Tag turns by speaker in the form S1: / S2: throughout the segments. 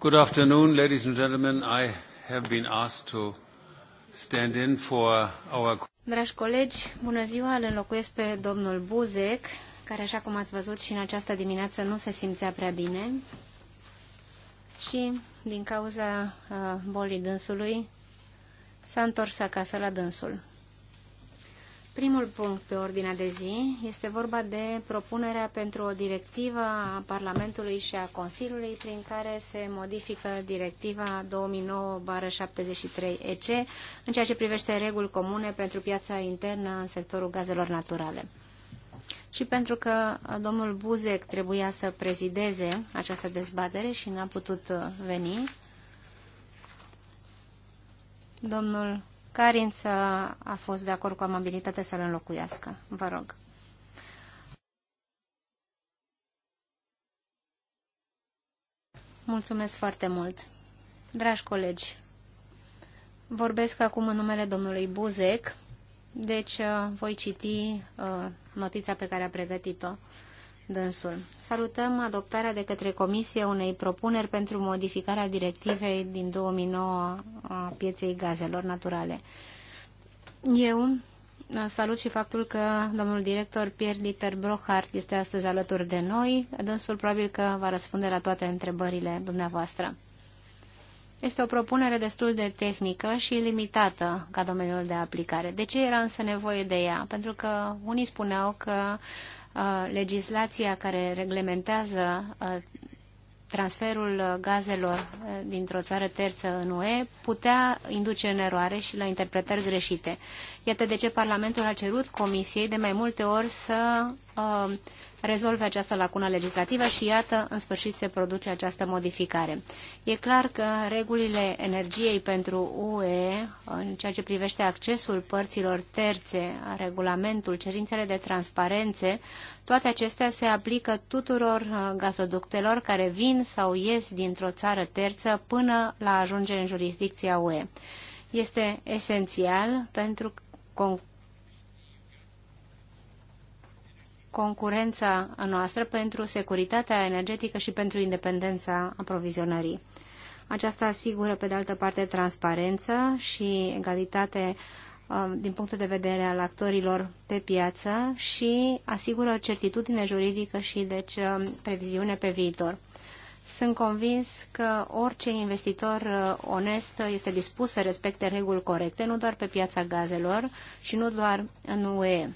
S1: Good afternoon, ladies and gentlemen. I have been asked to stand in for our...
S2: Dragi colegi, bună ziua, îl înlocuiesc pe domnul Buzek, care, așa cum ați văzut și în această dimineață, nu se simțea prea bine. Și, din cauza uh, bolii dânsului, s-a întors acasă la dânsul. Primul punct pe ordinea de zi este vorba de propunerea pentru o directivă a Parlamentului și a Consiliului prin care se modifică directiva 2009-73-EC în ceea ce privește reguli comune pentru piața internă în sectorul gazelor naturale. Și pentru că domnul Buzek trebuia să prezideze această dezbatere și n-a putut veni, domnul care însă a fost de acord cu amabilitatea să-l înlocuiască. Vă rog. Mulțumesc foarte mult. Dragi colegi, vorbesc acum în numele domnului Buzec, deci uh, voi citi uh, notița pe care a pregătit-o dânsul. Salutăm adoptarea de către Comisie unei propuneri pentru modificarea directivei din 2009 a pieței gazelor naturale. Eu salut și faptul că domnul director Pierre-Dieter Brochard este astăzi alături de noi. Dânsul probabil că va răspunde la toate întrebările dumneavoastră. Este o propunere destul de tehnică și limitată ca domeniul de aplicare. De ce era însă nevoie de ea? Pentru că unii spuneau că uh, Uh, legislația care reglementează uh, transferul uh, gazelor dintr-o țară terță în UE putea induce în eroare și la interpretări greșite. Iată de ce Parlamentul a cerut Comisiei de mai multe ori să uh, rezolve această lacună legislativă și iată, în sfârșit se produce această modificare. E clar că regulile energiei pentru UE, în ceea ce privește accesul părților terțe, regulamentul, cerințele de transparențe, toate acestea se aplică tuturor uh, gazoductelor care vin sau ies dintr-o țară terță până la ajunge în jurisdicția UE. Este esențial pentru concurența noastră pentru securitatea energetică și pentru independența aprovizionării. Aceasta asigură, pe de altă parte, transparență și egalitate uh, din punctul de vedere al actorilor pe piață și asigură certitudine juridică și, deci, uh, previziune pe viitor. Sunt convins că orice investitor uh, onest este dispus să respecte reguli corecte, nu doar pe piața gazelor și nu doar în UE.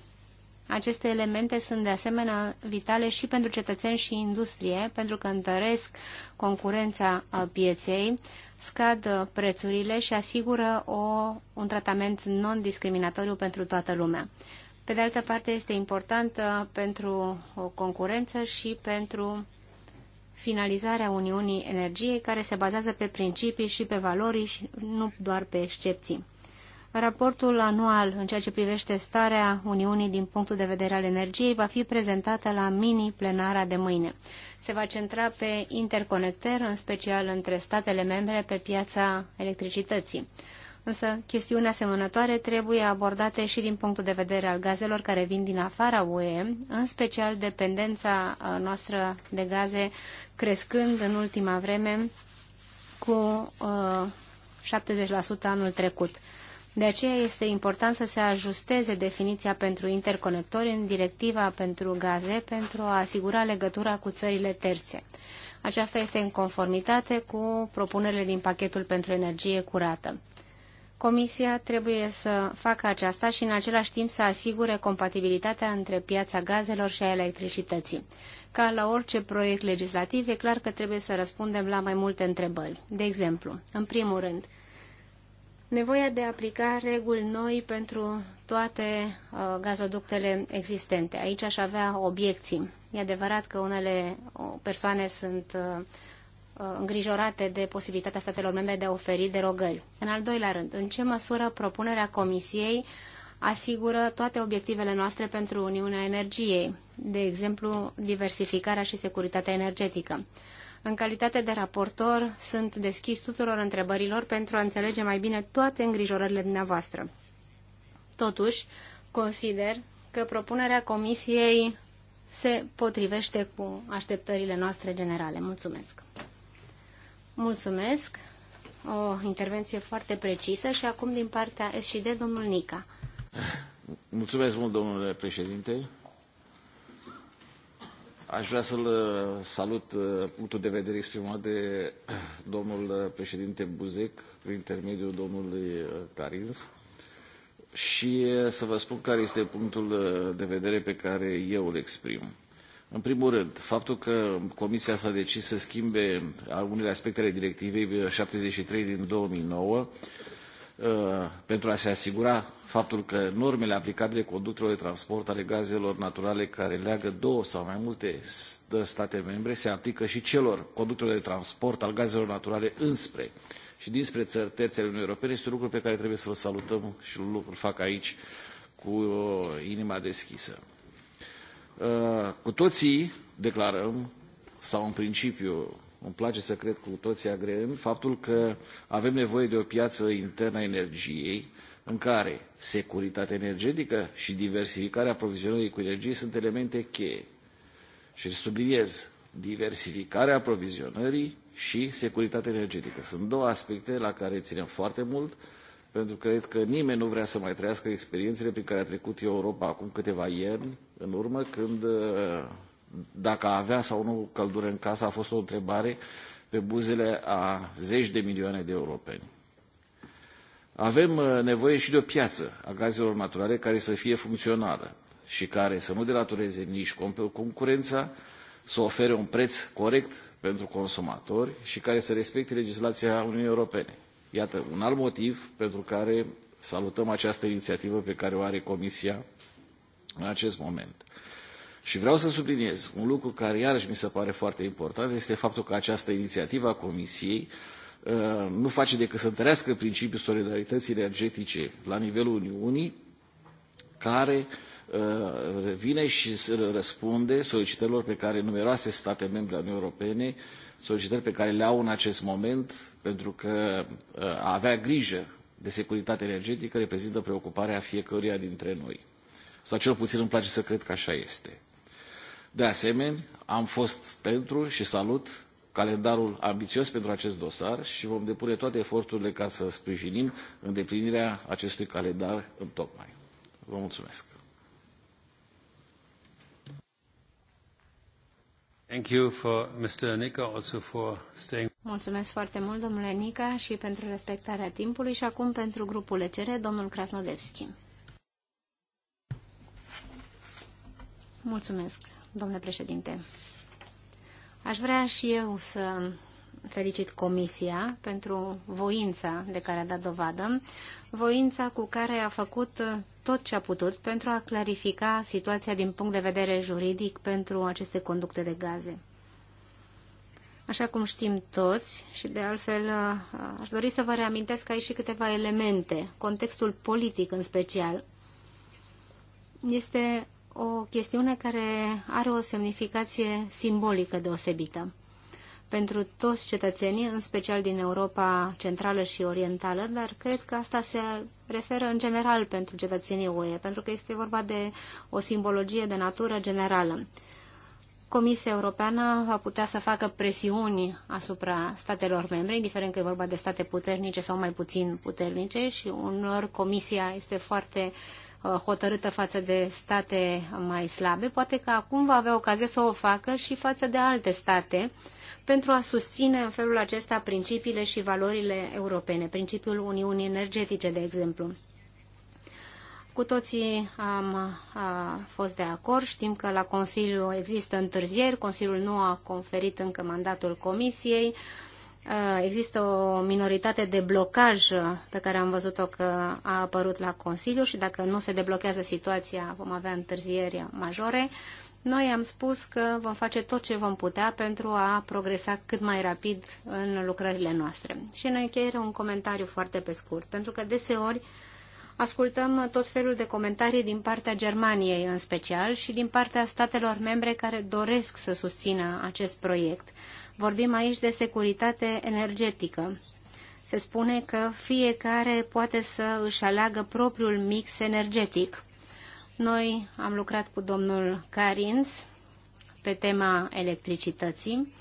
S2: Aceste elemente sunt de asemenea vitale și pentru cetățeni și industrie, pentru că întăresc concurența uh, pieței, scad uh, prețurile și asigură o, un tratament non-discriminatoriu pentru toată lumea. Pe de altă parte, este importantă uh, pentru o concurență și pentru finalizarea Uniunii Energiei, care se bazează pe principii și pe valori și nu doar pe excepții. Raportul anual în ceea ce privește starea Uniunii din punctul de vedere al energiei va fi prezentată la mini-plenara de mâine. Se va centra pe interconectări, în special între statele membre pe piața electricității. Însă, chestiuni asemănătoare trebuie abordate și din punctul de vedere al gazelor care vin din afara UE, în special dependența uh, noastră de gaze crescând în ultima vreme cu uh, 70% anul trecut. De aceea este important să se ajusteze definiția pentru interconectori în directiva pentru gaze pentru a asigura legătura cu țările terțe. Aceasta este în conformitate cu propunerile din pachetul pentru energie curată. Comisia trebuie să facă aceasta și în același timp să asigure compatibilitatea între piața gazelor și a electricității. Ca la orice proiect legislativ, e clar că trebuie să răspundem la mai multe întrebări. De exemplu, în primul rând, nevoia de a aplica reguli noi pentru toate uh, gazoductele existente. Aici aș avea obiecții. E adevărat că unele persoane sunt uh, uh, îngrijorate de posibilitatea statelor membre de a oferi derogări. În al doilea rând, în ce măsură propunerea Comisiei asigură toate obiectivele noastre pentru Uniunea Energiei, de exemplu diversificarea și securitatea energetică. În calitate de raportor, sunt deschis tuturor întrebărilor pentru a înțelege mai bine toate îngrijorările dumneavoastră. Totuși, consider că propunerea Comisiei se potrivește cu așteptările noastre generale. Mulțumesc! Mulțumesc! O intervenție foarte precisă și acum din partea SD, domnul Nica.
S3: Mulțumesc mult, domnule președinte. Aș vrea să-l uh, salut uh, punctul de vedere exprimat de uh, domnul președinte Buzek prin intermediul domnului Carins și să vă spun care este punctul de vedere pe care eu îl exprim. În primul rând, faptul că Comisia s-a decis să schimbe unele aspecte ale Directivei 73 din 2009 Uh, pentru a se asigura faptul că normele aplicabile conductelor de transport ale gazelor naturale care leagă două sau mai multe state membre se aplică și celor conductelor de transport al gazelor naturale înspre și dinspre țări terțe ale Uniunii Europene este un lucru pe care trebuie să-l salutăm și îl fac aici cu uh, inima deschisă. Uh, cu toții declarăm, sau în principiu îmi place să cred cu toții agreând, faptul că avem nevoie de o piață internă a energiei, în care securitatea energetică și diversificarea aprovizionării cu energie sunt elemente cheie. Și subliniez, diversificarea aprovizionării și securitatea energetică. Sunt două aspecte la care ținem foarte mult, pentru că cred că nimeni nu vrea să mai trăiască experiențele prin care a trecut Europa acum câteva ierni în urmă, când dacă avea sau nu căldură în casă a fost o întrebare pe buzele a zeci de milioane de europeni. Avem uh, nevoie și de o piață a gazelor naturale care să fie funcțională și care să nu delatureze nici concurența, să ofere un preț corect pentru consumatori și care să respecte legislația Uniunii Europene. Iată, un alt motiv pentru care salutăm această inițiativă pe care o are Comisia în acest moment. Și vreau să subliniez un lucru care iarăși mi se pare foarte important, este faptul că această inițiativă a Comisiei uh, nu face decât să întărească principiul solidarității energetice la nivelul Uniunii, care uh, vine și răspunde solicitărilor pe care numeroase state membre ale Uniunii Europene, solicitări pe care le au în acest moment, pentru că uh, a avea grijă de securitate energetică reprezintă preocuparea fiecăruia dintre noi. Sau cel puțin îmi place să cred că așa este. De asemenea, am fost pentru și salut calendarul ambițios pentru acest dosar și vom depune toate eforturile ca să sprijinim îndeplinirea acestui calendar în tocmai. Vă mulțumesc.
S2: Mulțumesc foarte mult, domnule Nica, și pentru respectarea timpului și acum pentru grupul ECR, domnul Krasnodevski. Mulțumesc, domnule președinte. Aș vrea și eu să felicit Comisia pentru voința de care a dat dovadă, voința cu care a făcut tot ce a putut pentru a clarifica situația din punct de vedere juridic pentru aceste conducte de gaze. Așa cum știm toți și de altfel aș dori să vă reamintesc aici și câteva elemente, contextul politic în special. Este o chestiune care are o semnificație simbolică deosebită pentru toți cetățenii, în special din Europa Centrală și Orientală, dar cred că asta se referă în general pentru cetățenii UE, pentru că este vorba de o simbologie de natură generală. Comisia Europeană va putea să facă presiuni asupra statelor membre, indiferent că e vorba de state puternice sau mai puțin puternice și unor comisia este foarte uh, Uh, hotărâtă față de state mai slabe, poate că acum va avea ocazie să o facă și față de alte state pentru a susține în felul acesta principiile și valorile europene, principiul Uniunii Energetice, de exemplu. Cu toții am a, uh, fost de acord, știm că la Consiliu există întârzieri, Consiliul nu a conferit încă mandatul Comisiei, Uh, există o minoritate de blocaj pe care am văzut-o că a apărut la Consiliu și dacă nu se deblochează situația, vom avea întârzieri majore. Noi am spus că vom face tot ce vom putea pentru a progresa cât mai rapid în lucrările noastre. Și în încheiere un comentariu foarte pe scurt, pentru că deseori ascultăm tot felul de comentarii din partea Germaniei în special și din partea statelor membre care doresc să susțină acest proiect. Vorbim aici de securitate energetică. Se spune că fiecare poate să își aleagă propriul mix energetic. Noi am lucrat cu domnul Carins pe tema electricității,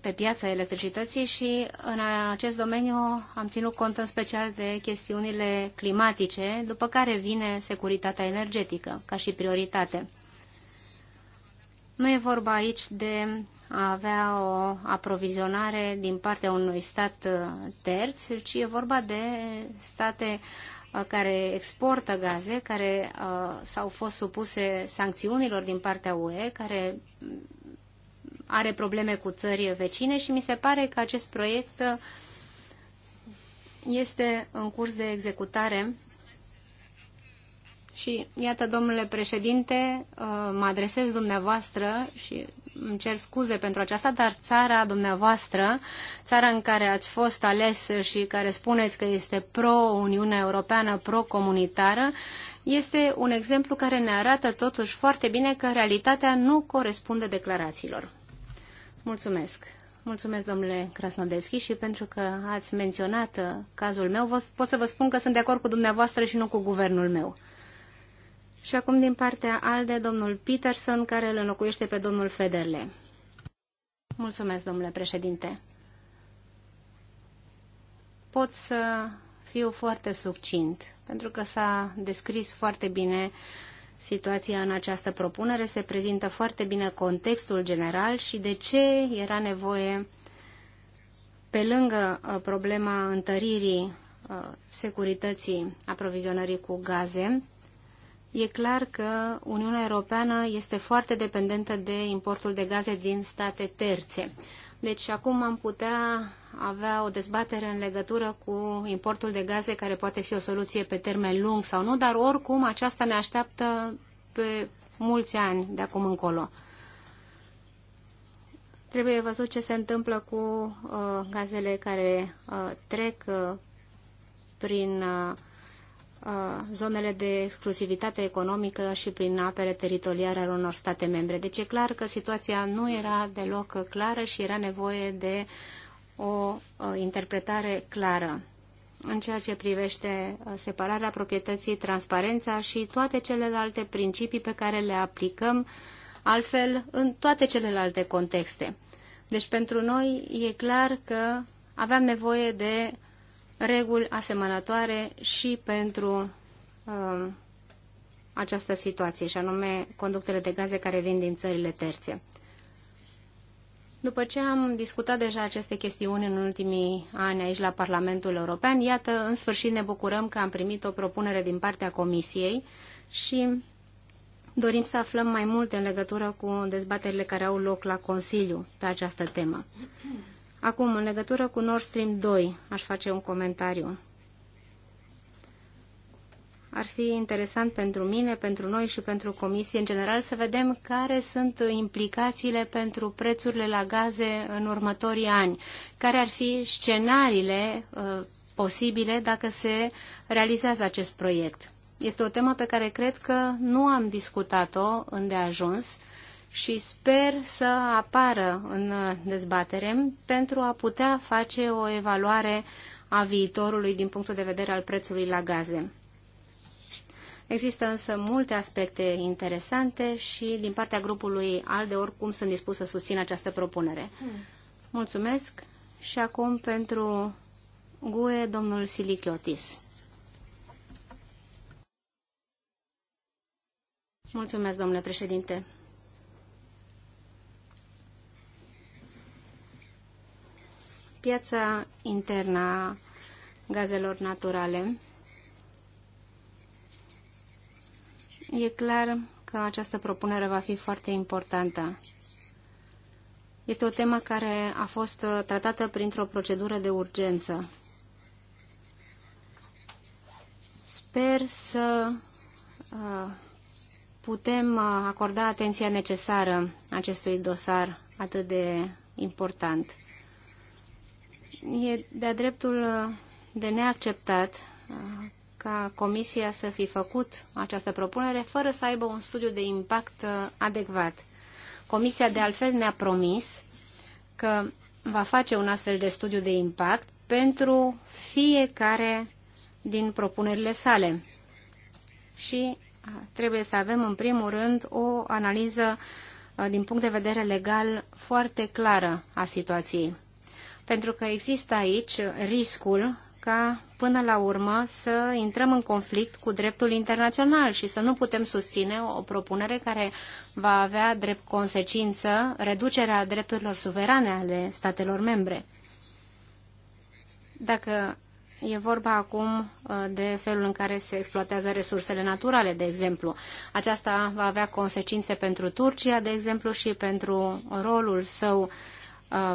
S2: pe piața electricității și în acest domeniu am ținut cont în special de chestiunile climatice, după care vine securitatea energetică ca și prioritate. Nu e vorba aici de a avea o aprovizionare din partea unui stat uh, terț, ci e vorba de state uh, care exportă gaze, care uh, s-au fost supuse sancțiunilor din partea UE, care mm, are probleme cu țări vecine și mi se pare că acest proiect este în curs de executare și iată, domnule președinte, mă adresez dumneavoastră și îmi cer scuze pentru aceasta, dar țara dumneavoastră, țara în care ați fost ales și care spuneți că este pro-Uniunea Europeană, pro-comunitară, este un exemplu care ne arată totuși foarte bine că realitatea nu corespunde declarațiilor. Mulțumesc! Mulțumesc, domnule Krasnodevski, și pentru că ați menționat cazul meu, pot să vă spun că sunt de acord cu dumneavoastră și nu cu guvernul meu. Și acum din partea ALDE, domnul Peterson, care îl înlocuiește pe domnul Federle. Mulțumesc, domnule președinte. Pot să fiu foarte succint, pentru că s-a descris foarte bine situația în această propunere, se prezintă foarte bine contextul general și de ce era nevoie, pe lângă uh, problema întăririi uh, securității aprovizionării cu gaze, E clar că Uniunea Europeană este foarte dependentă de importul de gaze din state terțe. Deci acum am putea avea o dezbatere în legătură cu importul de gaze care poate fi o soluție pe termen lung sau nu, dar oricum aceasta ne așteaptă pe mulți ani de acum încolo. Trebuie văzut ce se întâmplă cu uh, gazele care uh, trec uh, prin uh, zonele de exclusivitate economică și prin apere teritoriale ale unor state membre. Deci e clar că situația nu era deloc clară și era nevoie de o interpretare clară în ceea ce privește separarea proprietății, transparența și toate celelalte principii pe care le aplicăm altfel în toate celelalte contexte. Deci pentru noi e clar că aveam nevoie de reguli asemănătoare și pentru uh, această situație, și anume conductele de gaze care vin din țările terțe. După ce am discutat deja aceste chestiuni în ultimii ani aici la Parlamentul European, iată, în sfârșit ne bucurăm că am primit o propunere din partea Comisiei și dorim să aflăm mai multe în legătură cu dezbaterile care au loc la Consiliu pe această temă. Acum, în legătură cu Nord Stream 2, aș face un comentariu. Ar fi interesant pentru mine, pentru noi și pentru Comisie în general să vedem care sunt implicațiile pentru prețurile la gaze în următorii ani, care ar fi scenariile uh, posibile dacă se realizează acest proiect. Este o temă pe care cred că nu am discutat-o îndeajuns ajuns și sper să apară în dezbatere pentru a putea face o evaluare a viitorului din punctul de vedere al prețului la gaze. Există însă multe aspecte interesante și din partea grupului ALDE oricum sunt dispus să susțin această propunere. Hmm. Mulțumesc și acum pentru GUE domnul Silichiotis. Mulțumesc, domnule președinte. piața internă a gazelor naturale, e clar că această propunere va fi foarte importantă. Este o temă care a fost tratată printr-o procedură de urgență. Sper să uh, putem uh, acorda atenția necesară acestui dosar atât de important e de-a dreptul uh, de neacceptat uh, ca Comisia să fi făcut această propunere fără să aibă un studiu de impact uh, adecvat. Comisia, de altfel, ne-a promis că va face un astfel de studiu de impact pentru fiecare din propunerile sale. Și trebuie să avem, în primul rând, o analiză din punct de vedere legal foarte clară a situației pentru că există aici riscul ca până la urmă să intrăm în conflict cu dreptul internațional și să nu putem susține o propunere care va avea drept consecință reducerea drepturilor suverane ale statelor membre. Dacă E vorba acum uh, de felul în care se exploatează resursele naturale, de exemplu. Aceasta va avea consecințe pentru Turcia, de exemplu, și pentru rolul său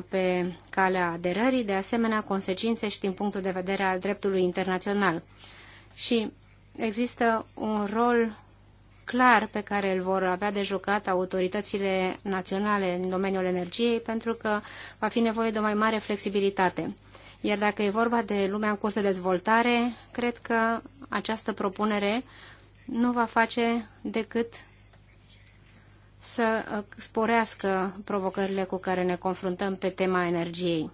S2: pe calea aderării, de asemenea consecințe și din punctul de vedere al dreptului internațional. Și există un rol clar pe care îl vor avea de jucat autoritățile naționale în domeniul energiei, pentru că va fi nevoie de o mai mare flexibilitate. Iar dacă e vorba de lumea în curs de dezvoltare, cred că această propunere nu va face decât să uh, sporească provocările cu care ne confruntăm pe tema energiei.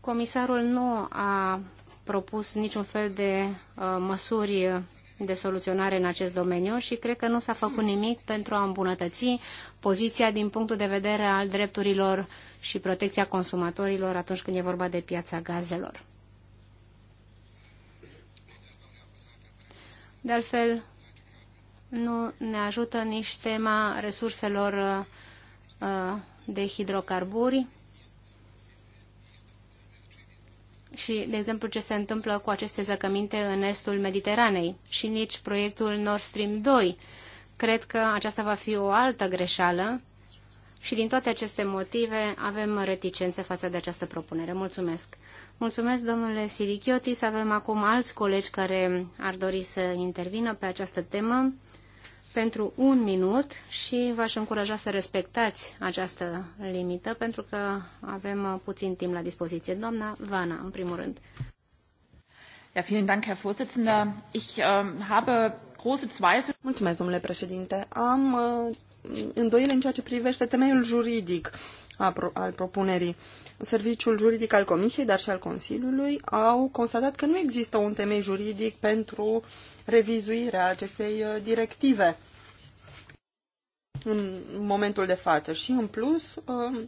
S2: Comisarul nu a propus niciun fel de uh, măsuri de soluționare în acest domeniu și cred că nu s-a făcut nimic pentru a îmbunătăți poziția din punctul de vedere al drepturilor și protecția consumatorilor atunci când e vorba de piața gazelor. De altfel, nu ne ajută nici tema resurselor uh, uh, de hidrocarburi și, de exemplu, ce se întâmplă cu aceste zăcăminte în estul Mediteranei și nici proiectul Nord Stream 2. Cred că aceasta va fi o altă greșeală și din toate aceste motive avem reticențe față de această propunere. Mulțumesc! Mulțumesc, domnule Sirichiotis. Avem acum alți colegi care ar dori să intervină pe această temă pentru un minut și v-aș încuraja să respectați această limită pentru că avem uh, puțin timp la dispoziție. Doamna Vana, în primul rând.
S4: Ja, vielen Dank, Herr Vorsitzender. Ich uh, habe große Zweifel. Mulțumesc,
S5: domnule președinte. Am uh, îndoiele în ceea ce privește temeiul juridic al propunerii. Uh, Serviciul juridic al Comisiei, dar și al Consiliului, au constatat că nu există un temei juridic pentru revizuirea acestei uh, directive în momentul de față. Și, în plus, um,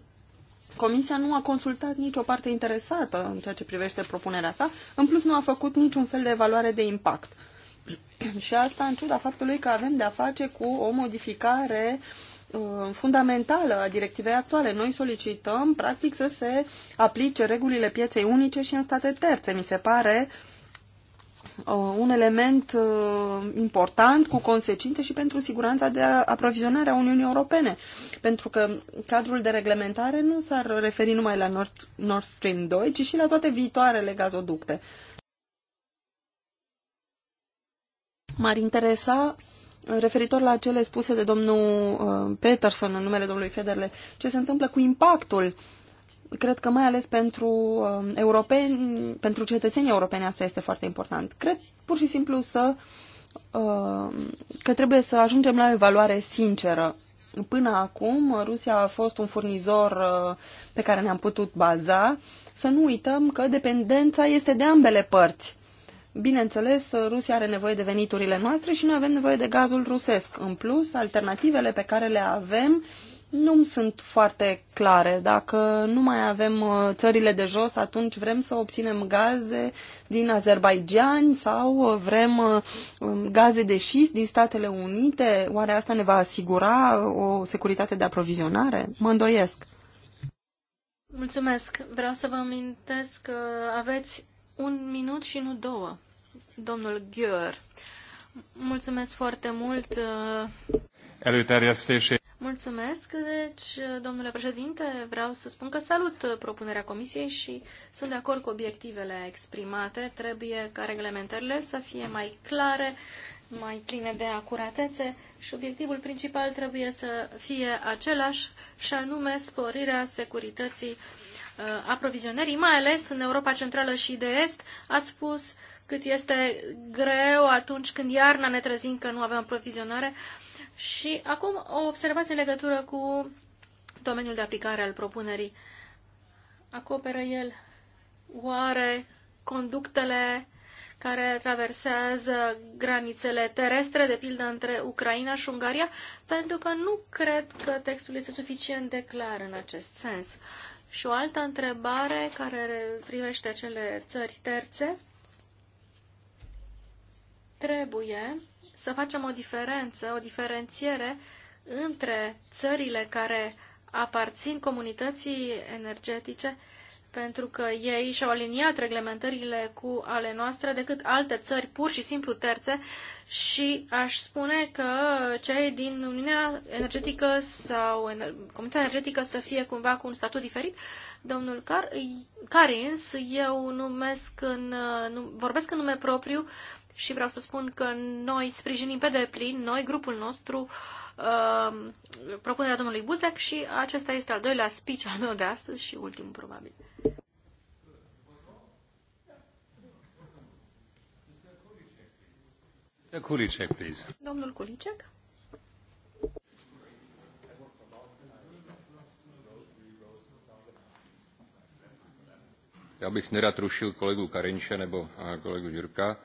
S5: Comisia nu a consultat nicio parte interesată în ceea ce privește propunerea sa, în plus nu a făcut niciun fel de evaluare de impact. Și asta în ciuda faptului că avem de-a face cu o modificare uh, Uh, fundamentală a directivei actuale. Noi solicităm, practic, să se aplice regulile pieței unice și în state terțe. Mi se pare uh, un element uh, important cu consecințe și pentru siguranța de aprovizionare a Uniunii Europene. Pentru că cadrul de reglementare nu s-ar referi numai la Nord, Nord Stream 2, ci și la toate viitoarele gazoducte. M-ar interesa referitor la cele spuse de domnul uh, Peterson în numele domnului Federle, ce se întâmplă cu impactul cred că mai ales pentru uh, europeni, pentru cetățenii europeni asta este foarte important. Cred pur și simplu să uh, că trebuie să ajungem la o evaluare sinceră. Până acum, Rusia a fost un furnizor pe care ne-am putut baza. Să nu uităm că dependența este de ambele părți. Bineînțeles, Rusia are nevoie de veniturile noastre și noi avem nevoie de gazul rusesc. În plus, alternativele pe care le avem nu sunt foarte clare. Dacă nu mai avem uh, țările de jos, atunci vrem să obținem gaze din Azerbaijan sau uh, vrem uh, um, gaze de șist din Statele Unite. Oare asta ne va asigura o securitate de aprovizionare? Mă îndoiesc.
S4: Mulțumesc. Vreau să vă amintesc că aveți un minut și nu două. Domnul Gheor, mulțumesc foarte mult. Uh,
S1: Előterjesztésé.
S4: Mulțumesc. Deci, domnule președinte, vreau să spun că salut propunerea comisiei și sunt de acord cu obiectivele exprimate. Trebuie ca reglementările să fie mai clare, mai pline de acuratețe și obiectivul principal trebuie să fie același și anume sporirea securității uh, Uh, aprovizionării, mai ales în Europa Centrală și de Est. Ați spus cât este greu atunci când iarna ne trezim că nu avem aprovizionare. Și acum o observație în legătură cu domeniul de aplicare al propunerii. Acoperă el oare conductele care traversează granițele terestre, de pildă între Ucraina și Ungaria, pentru că nu cred că textul este suficient de clar în acest sens. Și o altă întrebare care privește cele țări terțe. Trebuie să facem o diferență, o diferențiere între țările care aparțin comunității energetice pentru că ei și-au aliniat reglementările cu ale noastre decât alte țări pur și simplu terțe și aș spune că cei din Uniunea Energetică sau Comunitatea Energetică să fie cumva cu un statut diferit. Domnul Car Carins, eu numesc în, vorbesc în nume propriu și vreau să spun că noi sprijinim pe deplin, noi, grupul nostru, uh, propunerea domnului Buzek și acesta este al doilea speech al meu de astăzi și ultimul probabil.
S1: Kulicek, please.
S4: Domnul Kulicek.
S1: Já bych nerad rušil kolegu Karinče nebo eh, kolegu Jurka.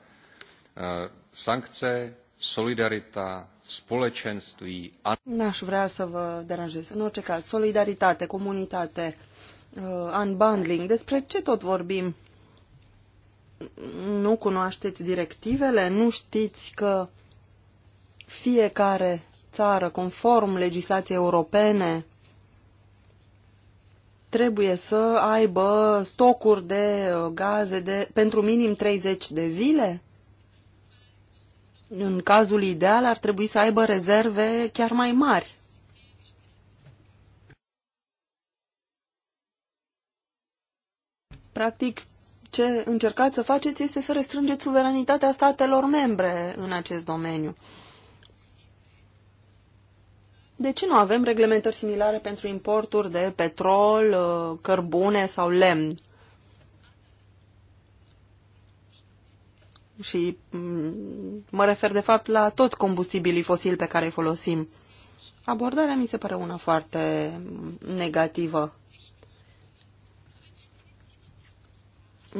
S1: Eh, sankce, solidarita, společenství...
S5: N-aș vrea să vă deranjez. În orice solidaritate, comunitate, eh, unbundling, despre ce tot vorbim nu cunoașteți directivele, nu știți că fiecare țară, conform legislației europene, trebuie să aibă stocuri de uh, gaze de, pentru minim 30 de zile? În cazul ideal ar trebui să aibă rezerve chiar mai mari. Practic, ce încercați să faceți este să restrângeți suveranitatea statelor membre în acest domeniu. De ce nu avem reglementări similare pentru importuri de petrol, uh, cărbune sau lemn? Și mm, mă refer de fapt la tot combustibilii fosili pe care îi folosim. Abordarea mi se pare una foarte negativă.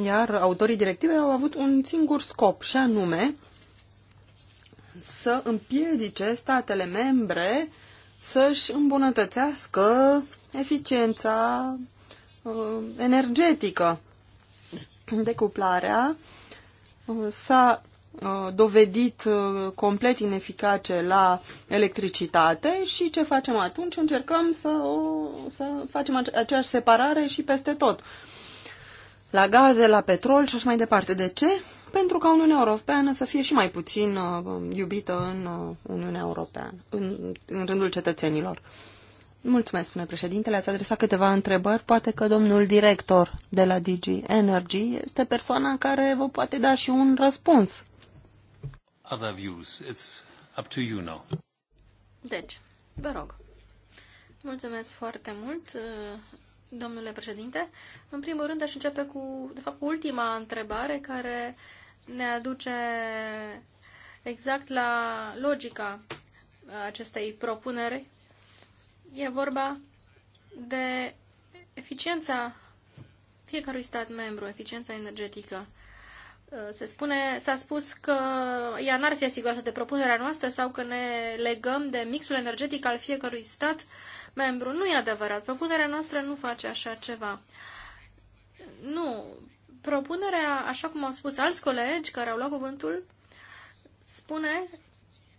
S5: iar autorii directivei au avut un singur scop, și anume să împiedice statele membre să-și îmbunătățească eficiența uh, energetică. Decuplarea uh, s-a uh, dovedit uh, complet ineficace la electricitate și ce facem atunci? Încercăm să, o, să facem aceeași separare și peste tot. Uh, la gaze, la petrol și așa mai departe. De ce? Pentru ca Uniunea Europeană să fie și mai puțin uh, iubită în uh, Uniunea Europeană, în, în rândul cetățenilor. Mulțumesc, spune președintele. Ați adresat câteva întrebări. Poate că domnul director de la DG Energy este persoana care vă poate da și un răspuns.
S1: Other views. It's up to you now.
S4: Deci, vă rog. Mulțumesc foarte mult. Uh, domnule președinte. În primul rând aș începe cu, de fapt, cu ultima întrebare care ne aduce exact la logica acestei propuneri. E vorba de eficiența fiecărui stat membru, eficiența energetică. Se spune, s-a spus că ea n-ar fi asigurată de propunerea noastră sau că ne legăm de mixul energetic al fiecărui stat uh, membru. Nu e adevărat. Propunerea noastră nu face așa ceva. Nu. Propunerea, așa cum au spus alți colegi care au luat cuvântul, spune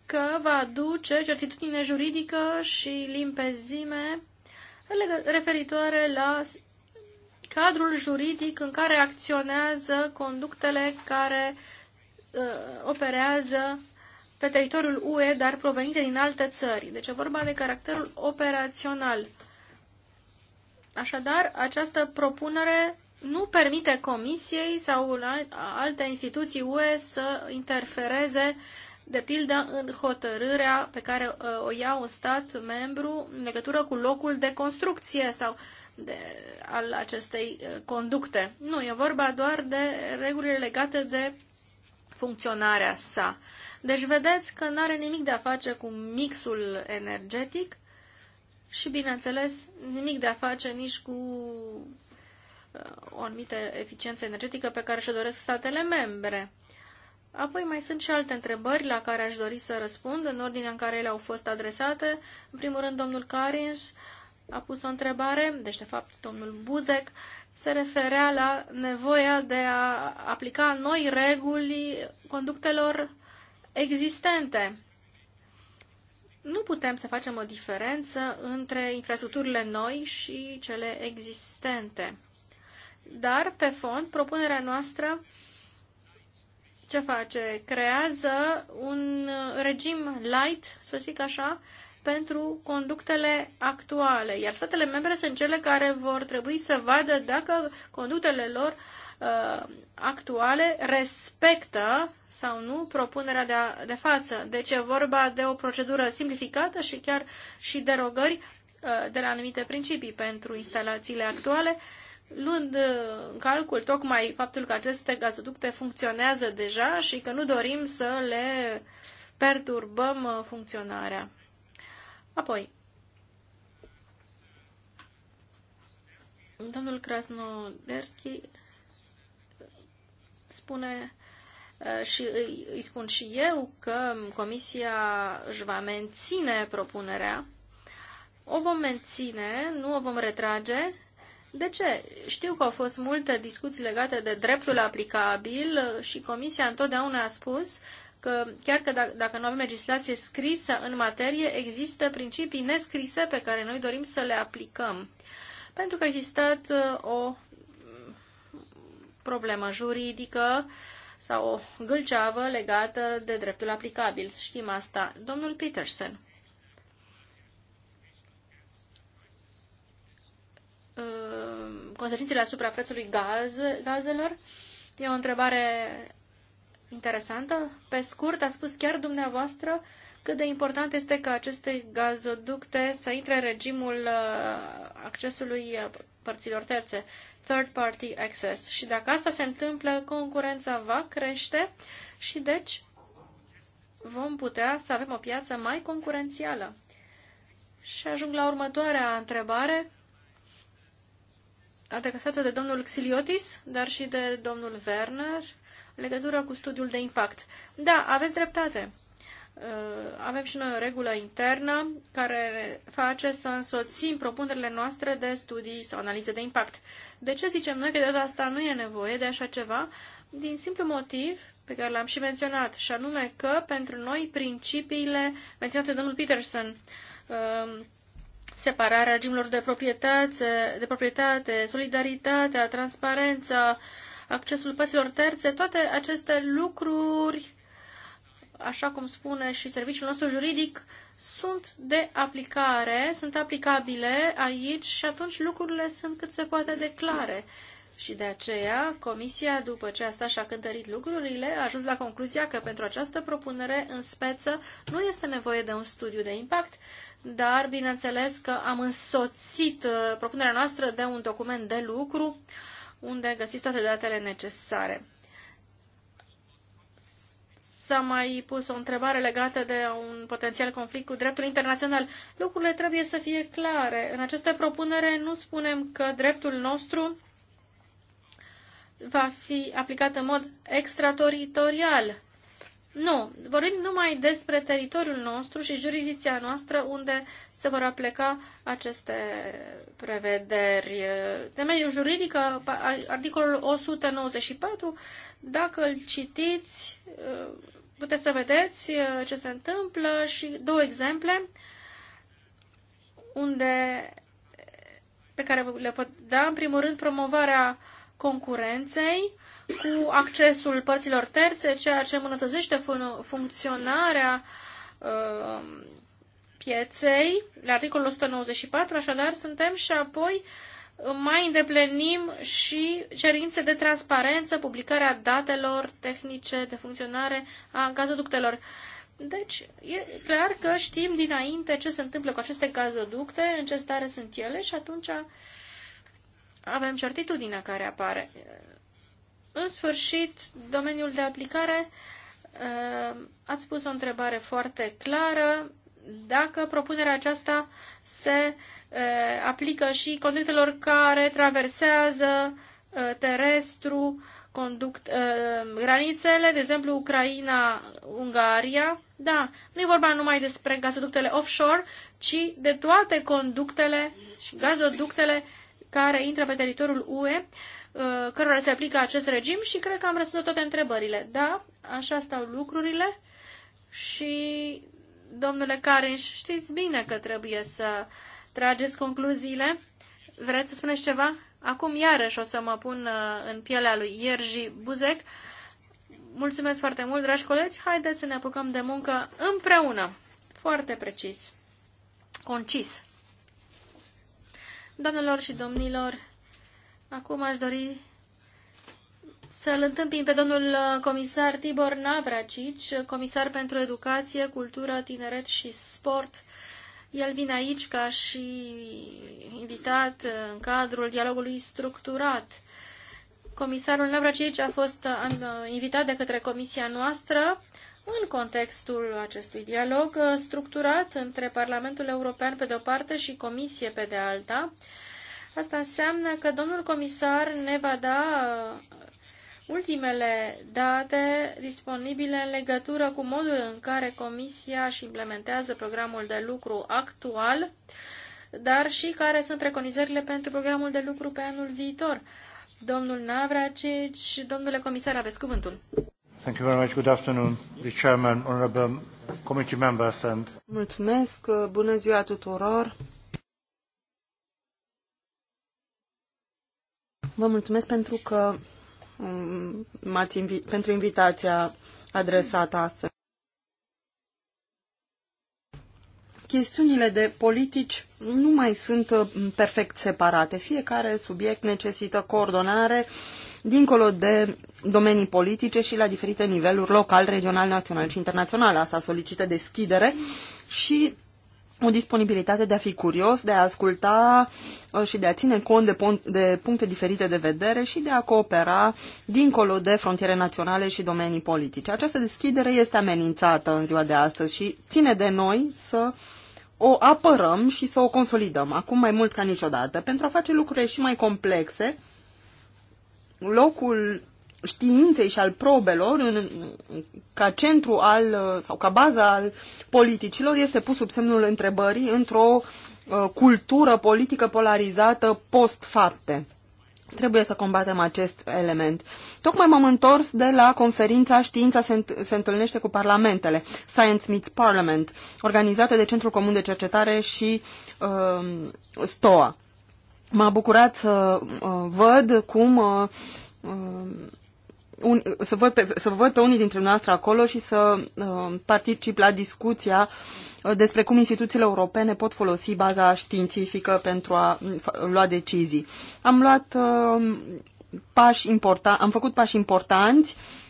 S4: că va aduce certitudine juridică și limpezime referitoare la cadrul juridic în care acționează conductele care uh, operează pe teritoriul UE, dar provenite din alte țări. Deci e vorba de caracterul operațional. Așadar, această propunere nu permite Comisiei sau alte instituții UE să interfereze, de pildă, în hotărârea pe care uh, o ia un stat membru în legătură cu locul de construcție sau de, al acestei uh, conducte. Nu, e vorba doar de regulile legate de funcționarea sa. Deci vedeți că nu are nimic de a face cu mixul energetic și, bineînțeles, nimic de a face nici cu uh, o anumită eficiență energetică pe care și-o doresc statele membre. Apoi mai sunt și alte întrebări la care aș dori să răspund în ordinea în care ele au fost adresate. În primul rând, domnul Carins a pus o întrebare, deci de fapt domnul Buzek, se referea la nevoia de a aplica noi reguli conductelor existente. Nu putem să facem o diferență între infrastructurile noi și cele existente. Dar, pe fond, propunerea noastră ce face? Creează un regim light, să zic așa, pentru conductele actuale, iar statele membre sunt cele care vor trebui să vadă dacă conductele lor uh, actuale respectă sau nu propunerea de, a, de față. Deci e vorba de o procedură simplificată și chiar și derogări uh, de la anumite principii pentru instalațiile actuale, luând uh, în calcul tocmai faptul că aceste gazoducte funcționează deja și că nu dorim să le perturbăm uh, funcționarea. Apoi, domnul Krasnoderski spune uh, și îi, îi spun și eu că Comisia își va menține propunerea. O vom menține, nu o vom retrage. De ce? Știu că au fost multe discuții legate de dreptul aplicabil și Comisia întotdeauna a spus că chiar că dacă, dacă nu avem legislație scrisă în materie, există principii nescrise pe care noi dorim să le aplicăm. Pentru că a existat uh, o mm, problemă juridică sau o gâlceavă legată de dreptul aplicabil. Știm asta. Domnul Peterson. Uh, consecințele asupra prețului gaz, gazelor. E o întrebare interesantă. Pe scurt, a spus chiar dumneavoastră cât de important este ca aceste gazoducte să intre în regimul uh, accesului uh, părților terțe, third party access. Și dacă asta se întâmplă, concurența va crește și deci vom putea să avem o piață mai concurențială. Și ajung la următoarea întrebare, adresată de domnul Xiliotis, dar și de domnul Werner legătură cu studiul de impact. Da, aveți dreptate. Uh, avem și noi o regulă internă care face să însoțim propunerile noastre de studii sau analize de impact. De ce zicem noi că de data asta nu e nevoie de așa ceva? Din simplu motiv pe care l-am și menționat, și anume că pentru noi principiile menționate de domnul Peterson, uh, separarea regimurilor de proprietate, de proprietate, solidaritatea, transparența, accesul părților terțe, toate aceste lucruri, așa cum spune și serviciul nostru juridic, sunt de aplicare, sunt aplicabile aici și atunci lucrurile sunt cât se poate de clare. Și de aceea, comisia, după ce a stat și-a cântărit lucrurile, a ajuns la concluzia că pentru această propunere în speță nu este nevoie de un studiu de impact, dar bineînțeles că am însoțit uh, propunerea noastră de un document de lucru uh, unde găsiți toate datele necesare. S-a mai pus o întrebare legată de un potențial conflict cu dreptul internațional. Lucrurile trebuie să fie clare. În această propunere nu spunem că dreptul nostru va fi aplicat în mod extratoritorial. Nu, vorbim numai despre teritoriul nostru și jurisdicția noastră unde se vor apleca aceste prevederi. de mediu juridic, articolul 194, dacă îl citiți, uh, puteți să vedeți uh, ce se întâmplă și două exemple unde pe care le pot da. În primul rând, promovarea concurenței cu accesul părților terțe, ceea ce îmbunătățește fun- funcționarea uh, pieței, la articolul 194, așadar suntem și apoi mai îndeplinim și cerințe de transparență, publicarea datelor tehnice de funcționare a gazoductelor. Deci, e clar că știm dinainte ce se întâmplă cu aceste gazoducte, în ce stare sunt ele și atunci avem certitudinea care apare. În sfârșit, domeniul de aplicare, uh, ați pus o întrebare foarte clară. Dacă propunerea aceasta se uh, aplică și conductelor care traversează uh, terestru conduct, granițele, de exemplu Ucraina-Ungaria, da, nu e vorba numai despre gazoductele offshore, ci de toate conductele și gazoductele care intră pe teritoriul UE, uh, Uh, cărora se aplică acest regim și cred că am răspuns toate întrebările. Da, așa stau lucrurile și, domnule Karin, știți bine că trebuie să trageți concluziile. Vreți să spuneți ceva? Acum iarăși o să mă pun uh, în pielea lui Ierji Buzek. Mulțumesc foarte mult, dragi colegi. Haideți să ne apucăm de muncă împreună. Foarte precis. Concis. Doamnelor și domnilor, Acum aș dori să-l întâmpin pe domnul uh, comisar Tibor Navracici, comisar pentru educație, cultură, tineret și sport. El vine aici ca și invitat uh, în cadrul dialogului structurat. Comisarul Navracici a fost uh, invitat de către comisia noastră în contextul acestui dialog structurat între Parlamentul European pe de o parte și Comisie pe de alta. Asta înseamnă că domnul comisar ne va da uh, ultimele date disponibile în legătură cu modul în care Comisia își implementează programul de lucru actual, dar și care sunt preconizările pentru programul de lucru pe anul viitor. Domnul și domnule comisar, aveți cuvântul.
S1: Thank you very much. Good afternoon, the chairman, honorable committee members and...
S5: Mulțumesc. Uh, bună ziua tuturor. Vă mulțumesc pentru că mm, m-ați invi- pentru invitația adresată astăzi. Chestiunile de politici nu mai sunt mm, perfect separate. Fiecare subiect necesită coordonare dincolo de domenii politice și la diferite niveluri local, regional, național și internațional. Asta solicită deschidere și o disponibilitate de a fi curios, de a asculta uh, și de a ține cont de, de puncte diferite de vedere și de a coopera dincolo de frontiere naționale și domenii politice. Această deschidere este amenințată în ziua de astăzi și ține de noi să o apărăm și să o consolidăm, acum mai mult ca niciodată, pentru a face lucrurile și mai complexe. Locul științei și al probelor în, ca centru al, sau ca bază al politicilor este pus sub semnul întrebării într-o uh, cultură politică polarizată post-fapte. Trebuie să combatem acest element. Tocmai m-am întors de la conferința Știința se, se întâlnește cu parlamentele, Science Meets Parliament, organizată de Centrul Comun de Cercetare și uh, STOA. M-a bucurat să uh, văd cum uh, uh un, să, văd pe, să văd pe unii dintre noastre acolo și să uh, particip la discuția uh, despre cum instituțiile europene pot folosi baza științifică pentru a mm, lua decizii. Am luat uh, pași important, am făcut pași importanți uh,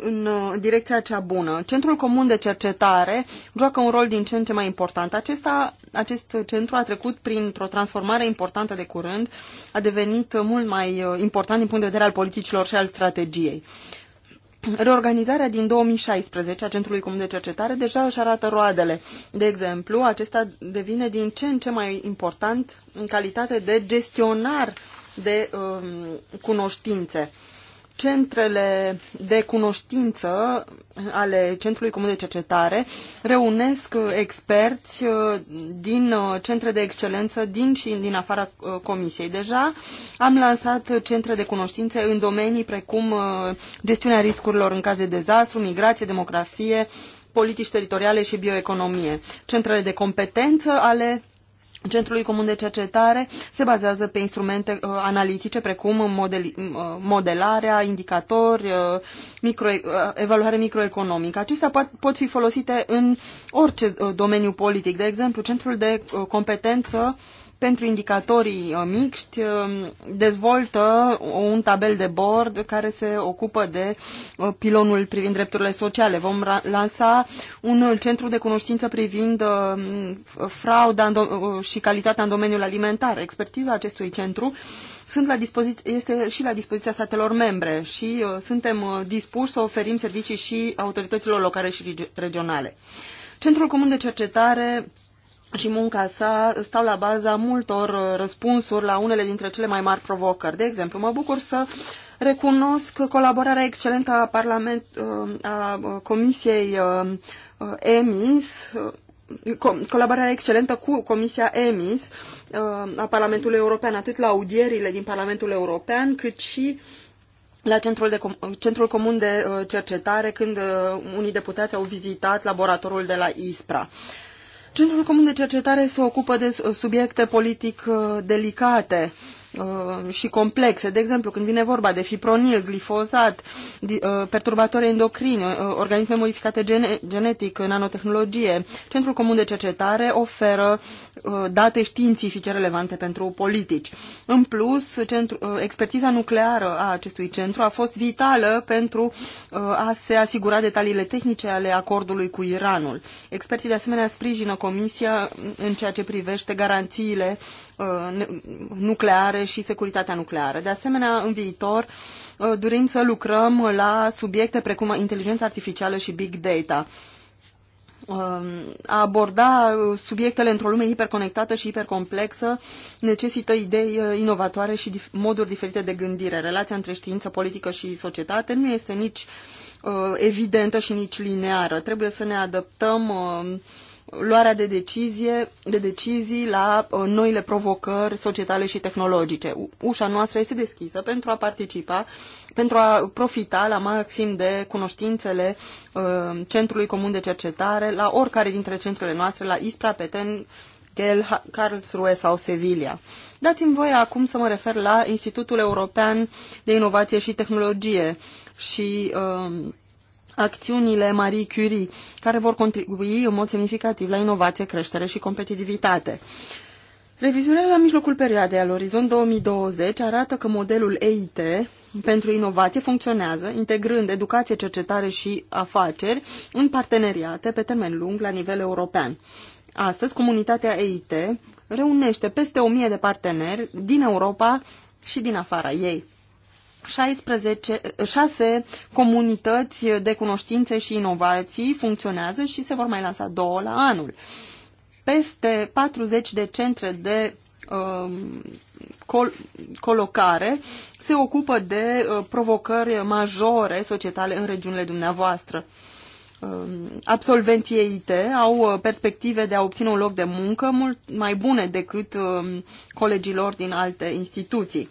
S5: în direcția cea bună. Centrul Comun de Cercetare joacă un rol din ce în ce mai important. Acesta, acest centru a trecut printr-o transformare importantă de curând, a devenit mult mai uh, important din punct de vedere al politicilor și al strategiei. Reorganizarea din 2016 a Centrului Comun de Cercetare deja își arată roadele. De exemplu, acesta devine din ce în ce mai important în calitate de gestionar de um, cunoștințe. Uh, centrele de cunoștință ale Centrului Comun de Cercetare reunesc uh, experți uh, din uh, centre de excelență din și din afara Comisiei. Deja am lansat centre de cunoștință în domenii precum gestiunea riscurilor în caz de dezastru, migrație, demografie, politici teritoriale și bioeconomie. Centrele de competență ale Centrului Comun de Cercetare se bazează pe instrumente uh, analitice precum modeli, uh, modelarea, indicatori, uh, micro, uh, evaluare microeconomică. Acestea pot, pot fi folosite în orice uh, domeniu politic. De exemplu, Centrul de uh, Competență uh, pentru indicatorii uh, mixti uh, dezvoltă un tabel de bord care se ocupă de uh, pilonul privind drepturile sociale. Vom lansa un centru de cunoștință privind frauda și calitatea în domeniul alimentar. Expertiza acestui centru sunt la este și la dispoziția statelor membre și suntem dispuși să oferim servicii și autorităților locale și regionale. Centrul Comun de Cercetare și munca sa stau la baza multor uh, răspunsuri la unele dintre cele mai mari provocări. De exemplu, mă bucur să recunosc colaborarea excelentă a, Parlament, uh, a uh, Comisiei EMIS, colaborarea excelentă cu Comisia EMIS a Parlamentului European, atât la audierile din Parlamentul European, cât și la Centrul, de, Centrul Comun de Cercetare, când unii deputați au vizitat laboratorul de la ISPRA. Uh, Centrul Comun de Cercetare se ocupă de subiecte politic uh, delicate Uh, și complexe. De exemplu, când vine vorba de fipronil, glifosat, uh, perturbatori endocrini, uh, organisme modificate gene, genetic, nanotehnologie, Centrul Comun de Cercetare oferă date științifice relevante pentru politici. În plus, centru, expertiza nucleară a acestui centru a fost vitală pentru a se asigura detaliile tehnice ale acordului cu Iranul. Experții de asemenea sprijină Comisia în ceea ce privește garanțiile Uh, nucleare și securitatea nucleară. De asemenea, în viitor uh, dorim să lucrăm la subiecte precum inteligența artificială și big data um, a aborda uh, subiectele într-o lume hiperconectată și hipercomplexă necesită idei inovatoare și dif moduri diferite de gândire. Relația între știință, politică și societate nu este nici evidentă și nici lineară. Trebuie să ne adaptăm um, luarea de, decizie, de decizii la uh, noile provocări societale și tehnologice. Ușa noastră este deschisă pentru a participa, pentru a profita la maxim de cunoștințele uh, Centrului Comun de Cercetare, la oricare dintre centrele noastre, la ISPRA, Peten, Gel, Karlsruhe sau Sevilla. Dați-mi voie acum să mă refer la Institutul European de Inovație și Tehnologie și uh, acțiunile Marie Curie, care vor contribui în mod semnificativ la inovație, creștere și competitivitate. Revizuirea la mijlocul perioadei al Orizont 2020 arată că modelul EIT pentru inovație funcționează, integrând educație, cercetare și afaceri în parteneriate pe termen lung la nivel european. Astăzi, comunitatea EIT reunește peste 1000 de parteneri din Europa și din afara ei. 16, 6 comunități de cunoștințe și inovații funcționează și se vor mai lansa două la anul. Peste 40 de centre de um, col colocare se ocupă de uh, provocări majore societale în regiunile dumneavoastră. Um, uh, absolvenții EIT au perspective de a obține un loc de muncă mult mai bune decât um, colegilor din alte instituții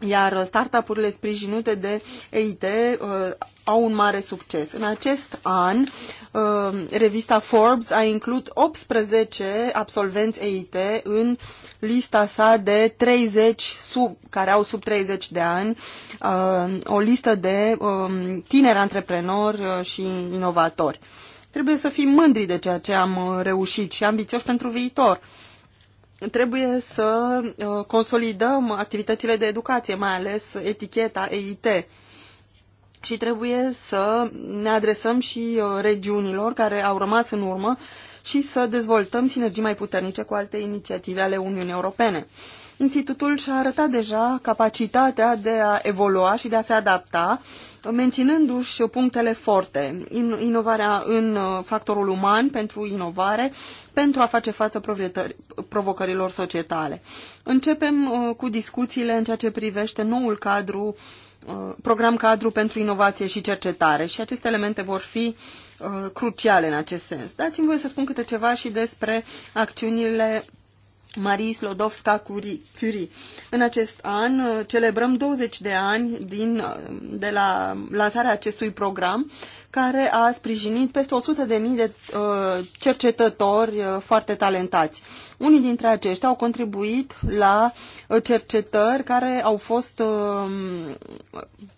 S5: iar startup-urile sprijinute de EIT uh, au un mare succes. În acest an, uh, revista Forbes a inclus 18 absolvenți EIT în lista sa de 30 sub, care au sub 30 de ani, uh, o listă de uh, tineri antreprenori uh, și inovatori. Trebuie să fim mândri de ceea ce am uh, reușit și ambițioși pentru viitor. Uh, trebuie să uh, consolidăm activitățile de educație, mai ales eticheta EIT. Și trebuie să ne adresăm și uh, regiunilor care au rămas în urmă și să dezvoltăm sinergii mai puternice cu alte inițiative ale Uniunii Europene institutul și-a arătat deja capacitatea de a evolua și de a se adapta, menținându-și punctele forte, in, inovarea în uh, factorul uman pentru inovare, pentru a face față provocărilor societale. Începem uh, cu discuțiile în ceea ce privește noul cadru, uh, program cadru pentru inovație și cercetare și aceste elemente vor fi uh, cruciale în acest sens. Dați-mi voie să spun câte ceva și despre acțiunile Marie Slodovska Curie. În acest an uh, celebrăm 20 de ani din, uh, de la lansarea acestui program care a sprijinit peste 100.000 de, mii de uh, cercetători uh, foarte talentați. Unii dintre aceștia au contribuit la uh, cercetări care au fost uh,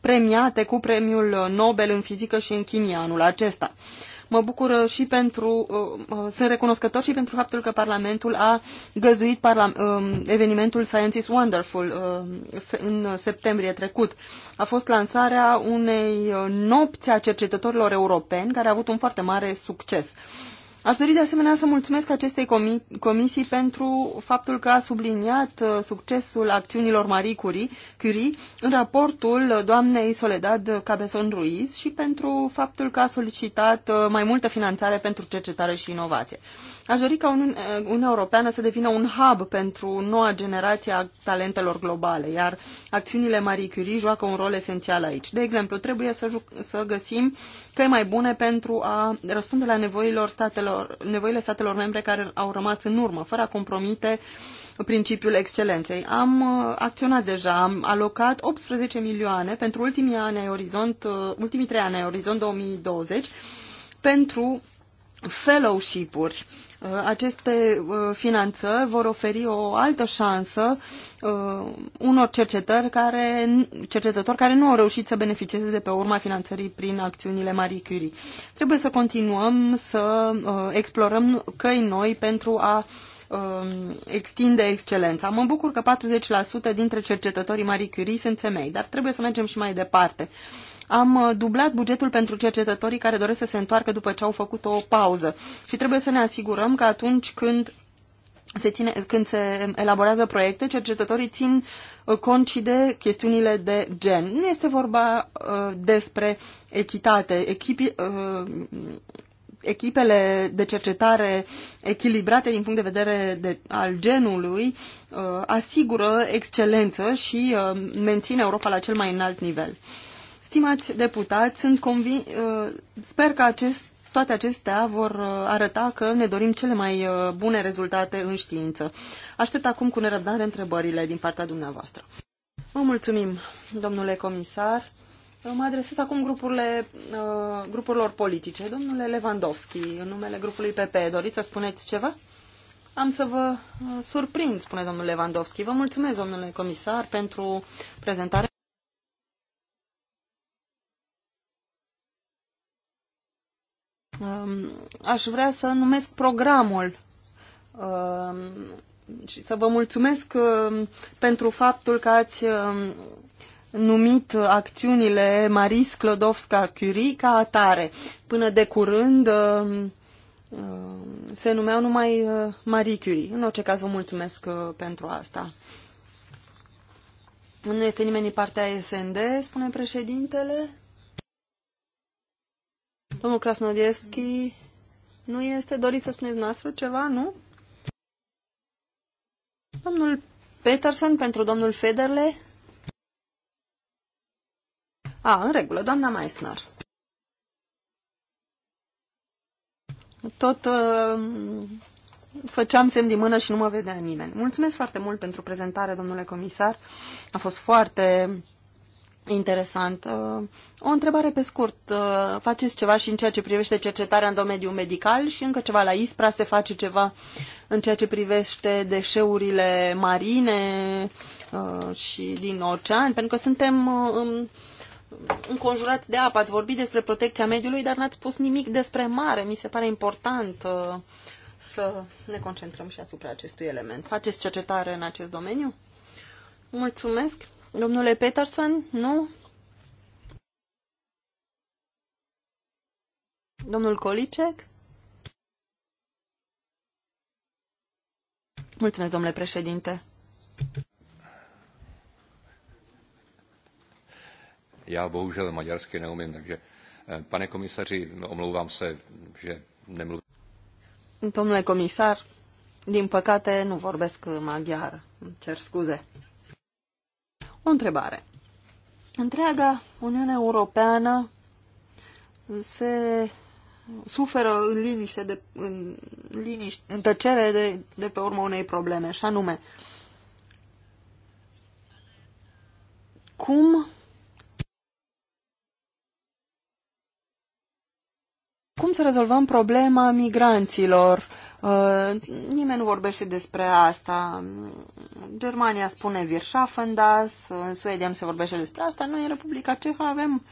S5: premiate cu premiul Nobel în fizică și în chimie anul acesta. Uh, Mă bucur uh, și pentru, uh, uh, sunt recunoscător și pentru faptul că Parlamentul a găzduit um, evenimentul Science is Wonderful în septembrie trecut. A fost lansarea unei nopți a cercetătorilor europeni care a avut un foarte mare succes. Aș dori de asemenea să mulțumesc acestei comisii pentru faptul că a subliniat uh, succesul acțiunilor Marie Curie, Curie în raportul doamnei Soledad Cabezon Ruiz și pentru faptul că a solicitat uh, mai multă finanțare pentru cercetare și inovație. Aș dori ca Uniunea Europeană să devină un hub pentru noua generație a talentelor globale, iar acțiunile Marie Curie joacă un rol esențial aici. De exemplu, trebuie să, să găsim căi mai bune pentru a răspunde la nevoilor statelor, nevoile statelor membre care au rămas în urmă, fără a compromite principiul excelenței. Am uh, acționat deja, am alocat 18 milioane pentru ultimii, ani ai orizont, uh, ultimii trei ani ai Orizont 2020 pentru fellowship-uri Uh, aceste uh, finanțări vor oferi o altă șansă uh, unor cercetări care, cercetători care nu au reușit să beneficieze de pe urma finanțării prin acțiunile Marie Curie. Trebuie să continuăm să explorăm căi noi pentru a extinde excelența. Mă bucur că 40% dintre cercetătorii Marie Curie sunt femei, dar trebuie să mergem și mai departe. Uh, am uh, dublat bugetul pentru cercetătorii care doresc să se întoarcă după ce au făcut o pauză și trebuie să ne asigurăm că atunci când se ține, când se elaborează proiecte, cercetătorii țin uh, cont și de chestiunile de gen. Nu este vorba uh, despre echitate. Echipi, uh, echipele de cercetare echilibrate din punct de vedere de, al genului uh, asigură excelență și uh, menține Europa la cel mai înalt nivel. Stimați deputați, sunt convin... Uh, sper că acest, toate acestea vor uh, arăta că ne dorim cele mai uh, bune rezultate în știință. Aștept acum cu nerăbdare întrebările din partea dumneavoastră. Vă mulțumim, domnule comisar. Mă adresez acum grupurile, grupurilor politice. Domnule Lewandowski, în numele grupului PP, doriți să spuneți ceva? Am să vă surprind, spune domnul Lewandowski. Vă mulțumesc, domnule comisar, pentru prezentare. Um, aș vrea să numesc programul um, și să vă mulțumesc um, pentru faptul că ați numit acțiunile Marie Sklodowska-Curie ca atare. Până de curând se numeau numai uh, Marie Curie. În orice caz vă mulțumesc uh, pentru asta. Nu este nimeni din partea SND, spune președintele. Domnul Krasnodievski nu este. Doriți să spuneți noastră ceva, nu? Domnul Peterson pentru domnul Federle? A, în regulă, doamna Meissner. Tot uh, făceam semn din mână și nu mă vedea nimeni. Mulțumesc foarte mult pentru prezentare, domnule comisar. A fost foarte interesant. Uh, o întrebare pe scurt. Uh, faceți ceva și în ceea ce privește cercetarea în domeniul medical și încă ceva la ISPRA? Se face ceva în ceea ce privește deșeurile marine uh, și din ocean? Pentru că suntem înconjurați de apă. Ați vorbit despre protecția mediului, dar n-ați spus nimic despre mare. Mi se pare important să ne concentrăm și asupra acestui element. Faceți cercetare în acest domeniu? Mulțumesc! Domnule Peterson, nu? Domnul Kolicek? Mulțumesc, domnule președinte.
S1: Já bohužel maďarsky neumím, takže eh, pane komisaři, omlouvám se, že nemluvím.
S5: Domnule comisar, din păcate nu vorbesc maghiar. Cer scuze. O întrebare. Întreaga Uniune Europeană se suferă în liniște, de, în, liniște, în tăcere de, de pe urma unei probleme, și anume cum Cum să rezolvăm problema migranților? Uh, nimeni nu vorbește despre asta. Germania spune virșafândas, în Suedia nu se vorbește despre asta. Noi în Republica Cehă avem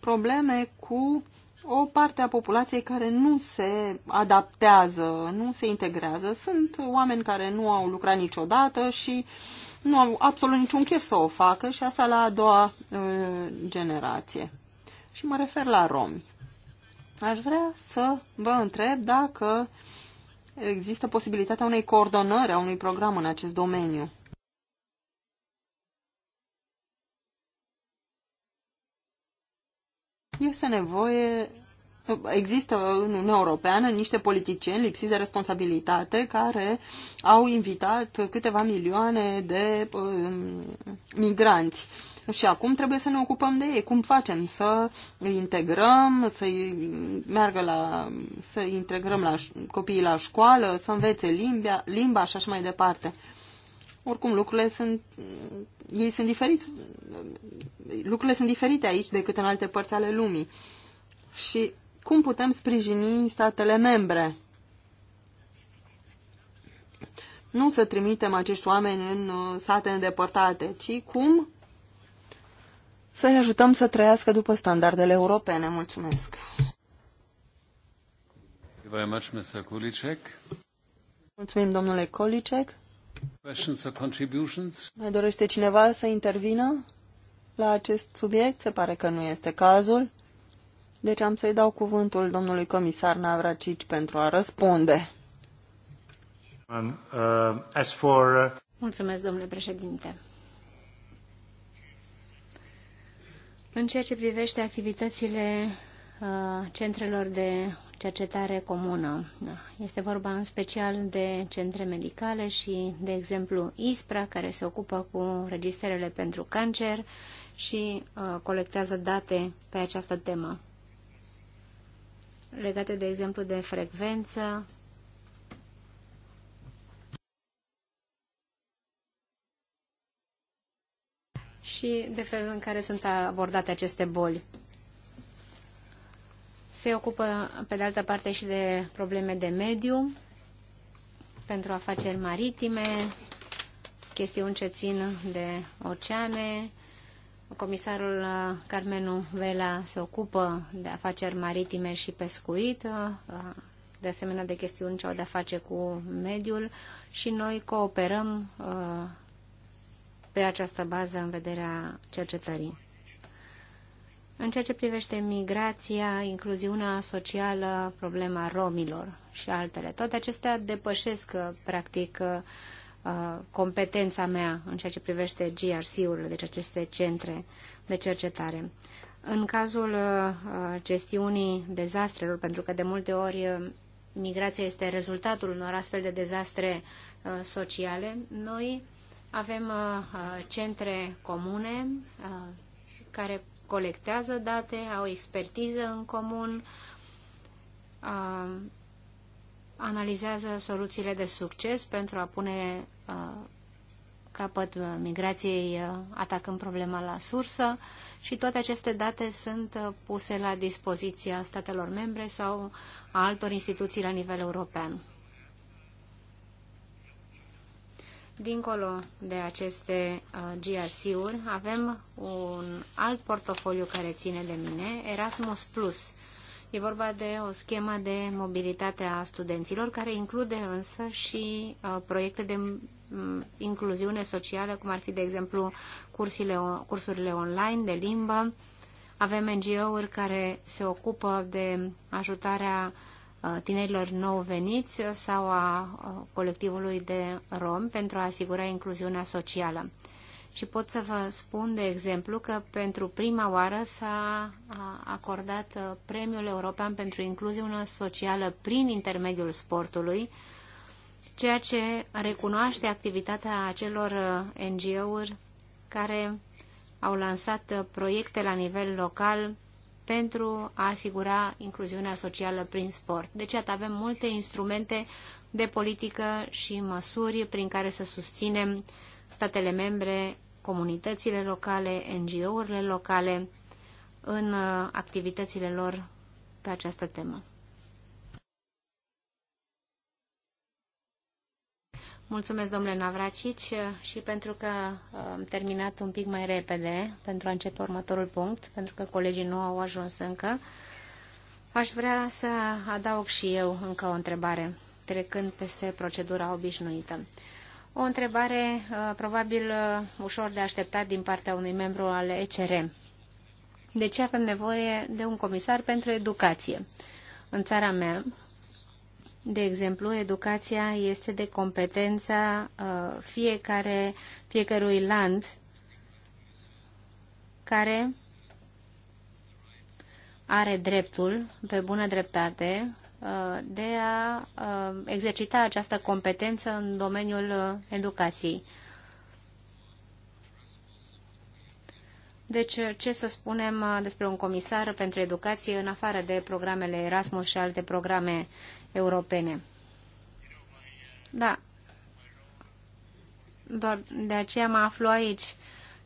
S5: probleme cu o parte a populației care nu se adaptează, nu se integrează. Sunt oameni care nu au lucrat niciodată și nu au absolut niciun chef să o facă și asta la a doua uh, generație. Și mă refer la romi. Aș vrea să vă întreb dacă există posibilitatea unei coordonări a unui program în acest domeniu. Este nevoie Există în Uniunea Europeană niște politicieni lipsiți de responsabilitate care au invitat câteva milioane de uh, migranți și acum trebuie să ne ocupăm de ei. Cum facem? Să îi integrăm, să meargă la, să integrăm la copiii la școală, să învețe limba, limba și așa mai departe. Oricum, lucrurile sunt, ei sunt diferiți, lucrurile sunt diferite aici decât în alte părți ale lumii. Și cum putem sprijini statele membre? Nu să trimitem acești oameni în uh, sate îndepărtate, ci cum să-i ajutăm să trăiască după standardele europene. Mulțumesc! Mulțumim, domnule Kolicek. Mai dorește cineva să intervină la acest subiect? Se pare că nu este cazul. Deci am să-i dau cuvântul domnului comisar Navracici pentru a răspunde.
S1: Uh, uh,
S5: Mulțumesc, domnule
S2: președinte. În ceea ce privește activitățile uh, centrelor de cercetare comună. Da, este vorba în special de centre medicale și, de exemplu, ISPRA, care se ocupă cu registrele pentru cancer și uh, colectează date pe această temă legate, de exemplu, de frecvență, și de felul în care sunt abordate aceste boli. Se ocupă, pe de altă parte, și de probleme de mediu, pentru afaceri maritime, chestiuni ce țin de oceane. Comisarul uh, Carmenu Vela se ocupă de afaceri maritime și pescuit, uh, de asemenea de chestiuni ce au de-a face cu mediul și noi cooperăm uh, pe această bază în vederea cercetării. În ceea ce privește migrația, incluziunea socială, problema romilor și altele, toate acestea depășesc, practic, uh, competența mea în ceea ce privește GRC-urile, deci aceste centre de cercetare. În cazul uh, gestiunii dezastrelor, pentru că de multe ori uh, migrația este rezultatul unor astfel de dezastre sociale, noi avem uh, uh, centre comune uh, care colectează date, au expertiză în comun, analizează soluțiile de succes pentru a pune capăt migrației atacând problema la sursă și toate aceste date sunt puse la dispoziția statelor membre sau a altor instituții la nivel european. Dincolo de aceste uh, GRC-uri, avem un alt portofoliu care ține de mine, Erasmus+. Plus. E vorba de o schemă de mobilitate a studenților, care include însă și uh, proiecte de incluziune socială, cum ar fi, de exemplu, cursile, cursurile online de limbă. Avem NGO-uri care se ocupă de ajutarea uh, Uh, tinerilor nou veniți sau a uh, colectivului de rom pentru a asigura incluziunea socială. Și pot să vă spun, de exemplu, că pentru prima oară s-a acordat uh, Premiul European pentru Incluziune Socială prin intermediul sportului, ceea ce recunoaște activitatea acelor NGO-uri care au lansat proiecte la nivel local pentru a asigura incluziunea socială prin sport. Deci, iată, avem multe instrumente de politică și măsuri prin care să susținem statele membre, comunitățile locale, NGO-urile locale în uh, activitățile lor pe această temă. Mulțumesc, domnule Navracici, și pentru că am terminat un pic mai repede pentru a începe următorul punct, pentru că colegii nu au ajuns încă. Aș vrea să adaug și eu încă o întrebare, trecând peste procedura obișnuită. O întrebare uh, probabil uh, ușor de așteptat din partea unui membru al ECR. De ce avem nevoie de un comisar pentru educație? În țara mea, de exemplu, educația este de competența uh, fiecare, fiecărui land care are dreptul, pe bună dreptate, uh, de a uh, exercita această competență în domeniul educației. Deci, ce să spunem despre un comisar pentru educație în afară de programele Erasmus și alte programe europene. Da. Doar de aceea mă aflu aici.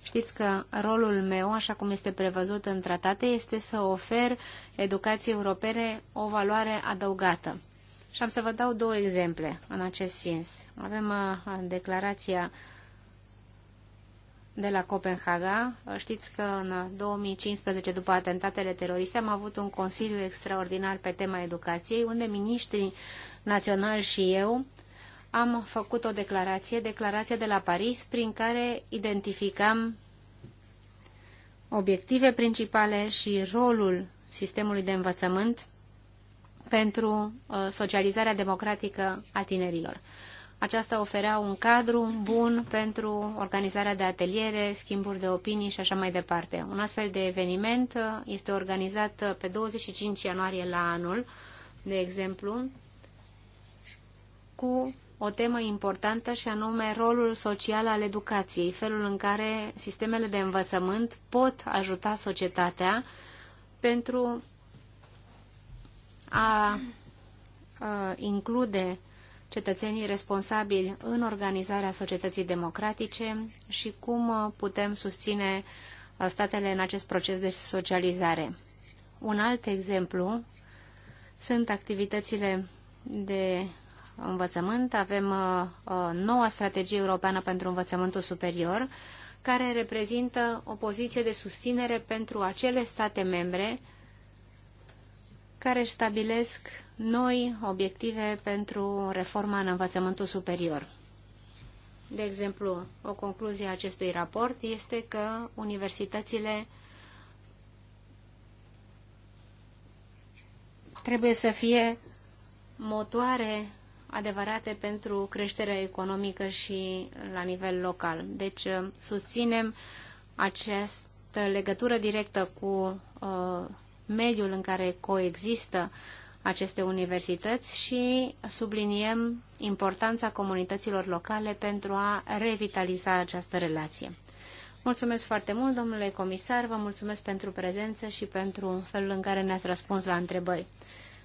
S2: Știți că rolul meu, așa cum este prevăzut în tratate, este să ofer educației europene o valoare adăugată. Și am să vă dau două exemple în acest sens. Avem uh, declarația de la Copenhaga. Știți că în 2015, după atentatele teroriste, am avut un consiliu extraordinar pe tema educației, unde ministrii naționali și eu am făcut o declarație, declarație de la Paris, prin care identificam obiective principale și rolul sistemului de învățământ pentru uh, socializarea democratică a tinerilor. Aceasta oferea un cadru bun pentru organizarea de ateliere, schimburi de opinii și așa mai departe. Un astfel de eveniment uh, este organizat uh, pe 25 ianuarie la anul, de exemplu, cu o temă importantă și anume rolul social al educației, felul în care sistemele de învățământ pot ajuta societatea pentru a, a uh, include cetățenii responsabili în organizarea societății democratice și cum putem susține statele în acest proces de socializare. Un alt exemplu sunt activitățile de învățământ. Avem uh, uh, noua strategie europeană pentru învățământul superior, care reprezintă o poziție de susținere pentru acele state membre care își stabilesc noi obiective pentru reforma în învățământul superior. De exemplu, o concluzie a acestui raport este că universitățile trebuie să fie motoare adevărate pentru creșterea economică și la nivel local. Deci uh, susținem această legătură directă cu uh, mediul în care coexistă uh, aceste universități și subliniem importanța comunităților locale pentru a revitaliza această relație. Mulțumesc foarte mult, domnule comisar, vă mulțumesc pentru prezență și pentru felul în care ne-ați răspuns la întrebări.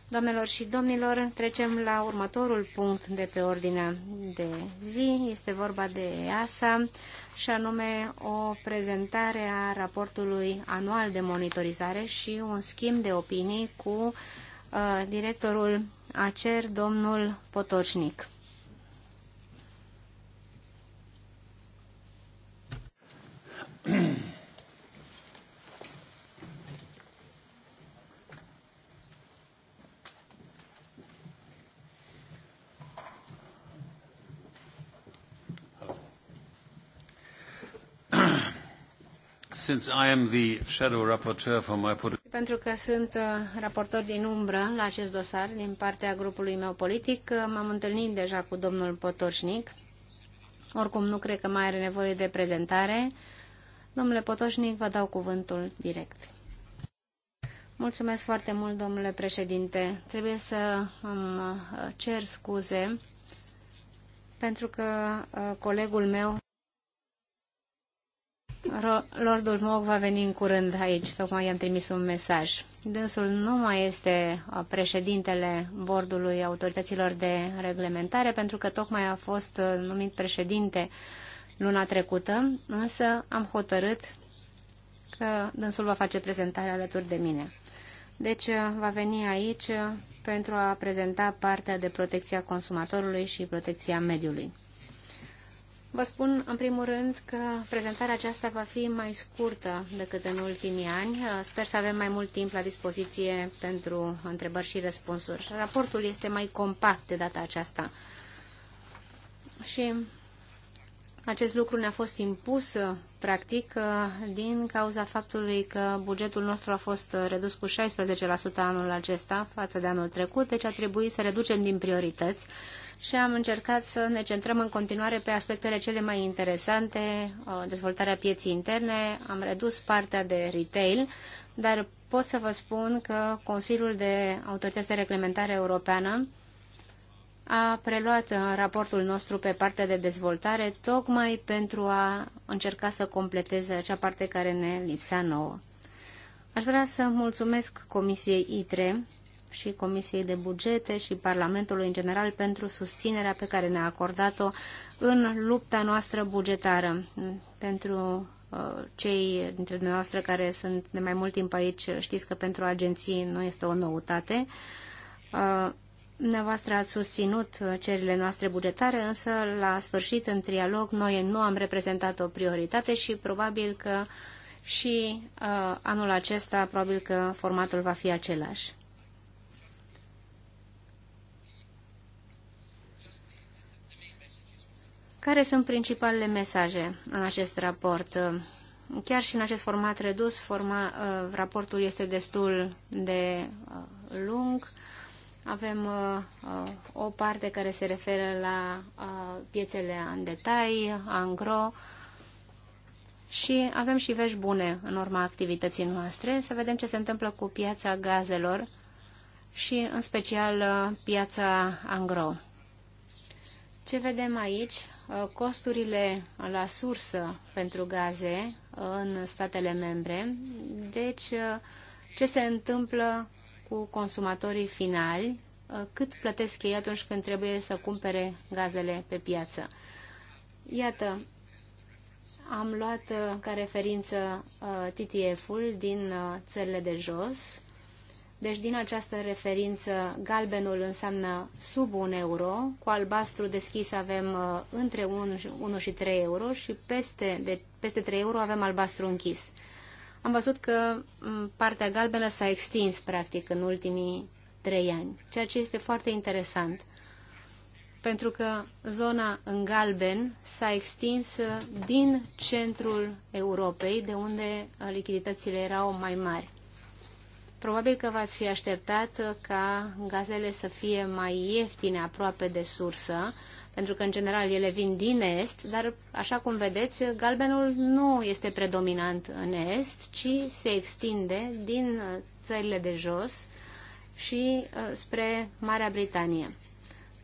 S2: Doamnelor și domnilor, trecem la următorul punct de pe ordinea de zi. Este vorba de EASA și anume o prezentare a raportului anual de monitorizare și un schimb de opinii cu Uh, directorul ACER, domnul Potocnic.
S1: Since I am the shadow rapporteur for my
S2: pentru că sunt uh, raportor din umbră la acest dosar din partea grupului meu politic. Uh, m-am întâlnit deja cu domnul Potoșnic. Oricum, nu cred că mai are nevoie de prezentare. Domnule Potoșnic, vă dau cuvântul direct. Mulțumesc foarte mult, domnule președinte. Trebuie să îmi uh, cer scuze pentru că colegul meu Lordul Mog va veni în curând aici, tocmai i-am trimis un mesaj. Dânsul nu mai este uh, președintele bordului autorităților de reglementare, pentru că tocmai a fost uh, numit președinte luna trecută, însă am hotărât că dânsul va face prezentarea alături de mine. Deci uh, va veni aici pentru a prezenta partea de protecția consumatorului și protecția mediului. Vă spun, în primul rând, că prezentarea aceasta va fi mai scurtă decât în ultimii ani. Sper să avem mai mult timp la dispoziție pentru întrebări și răspunsuri. Raportul este mai compact de data aceasta. Și acest lucru ne-a fost impus, practic, din cauza faptului că bugetul nostru a fost redus cu 16% anul acesta față de anul trecut, deci a trebuit să reducem din priorități și am încercat să ne centrăm în continuare pe aspectele cele mai interesante, uh, dezvoltarea pieții interne, am redus partea de retail, dar pot să vă spun că Consiliul de Autorități de Reglementare Europeană a preluat uh, raportul nostru pe partea de dezvoltare tocmai pentru a încerca să completeze acea parte care ne lipsea nouă. Aș vrea să mulțumesc Comisiei ITRE și Comisiei de Bugete și Parlamentului în general pentru susținerea pe care ne-a acordat-o în lupta noastră bugetară pentru uh, cei dintre dumneavoastră care sunt de mai mult timp aici, știți că pentru agenții nu este o noutate. Uh, dumneavoastră ați susținut cerile noastre bugetare, însă la sfârșit, în trialog, noi nu am reprezentat o prioritate și probabil că și uh, anul acesta, probabil că formatul va fi același. Care sunt principalele mesaje în acest raport? Chiar și în acest format redus, forma, uh, raportul este destul de uh, lung. Avem uh, o parte care se referă la piețele în detai, angro, și avem și vești bune în urma activității noastre, să vedem ce se întâmplă cu piața gazelor și, în special, piața angro. Ce vedem aici Uh, costurile la sursă pentru gaze în statele membre, deci uh, ce se întâmplă cu consumatorii finali, uh, cât plătesc ei atunci când trebuie să cumpere gazele pe piață. Iată, am luat ca referință TTF-ul din țările de jos, deci din această referință, galbenul înseamnă sub 1 euro, cu albastru deschis avem uh, între 1 și, 1 și 3 euro și peste, de, peste 3 euro avem albastru închis. Am văzut că partea galbenă s-a extins, practic, în ultimii 3 ani, ceea ce este foarte interesant, pentru că zona în galben s-a extins uh, din centrul Europei, de unde uh, lichiditățile erau mai mari. Probabil că v-ați fi așteptat ca gazele să fie mai ieftine aproape de sursă, pentru că în general ele vin din est, dar așa cum vedeți, galbenul nu este predominant în est, ci se extinde din uh, țările de jos și uh, spre Marea Britanie.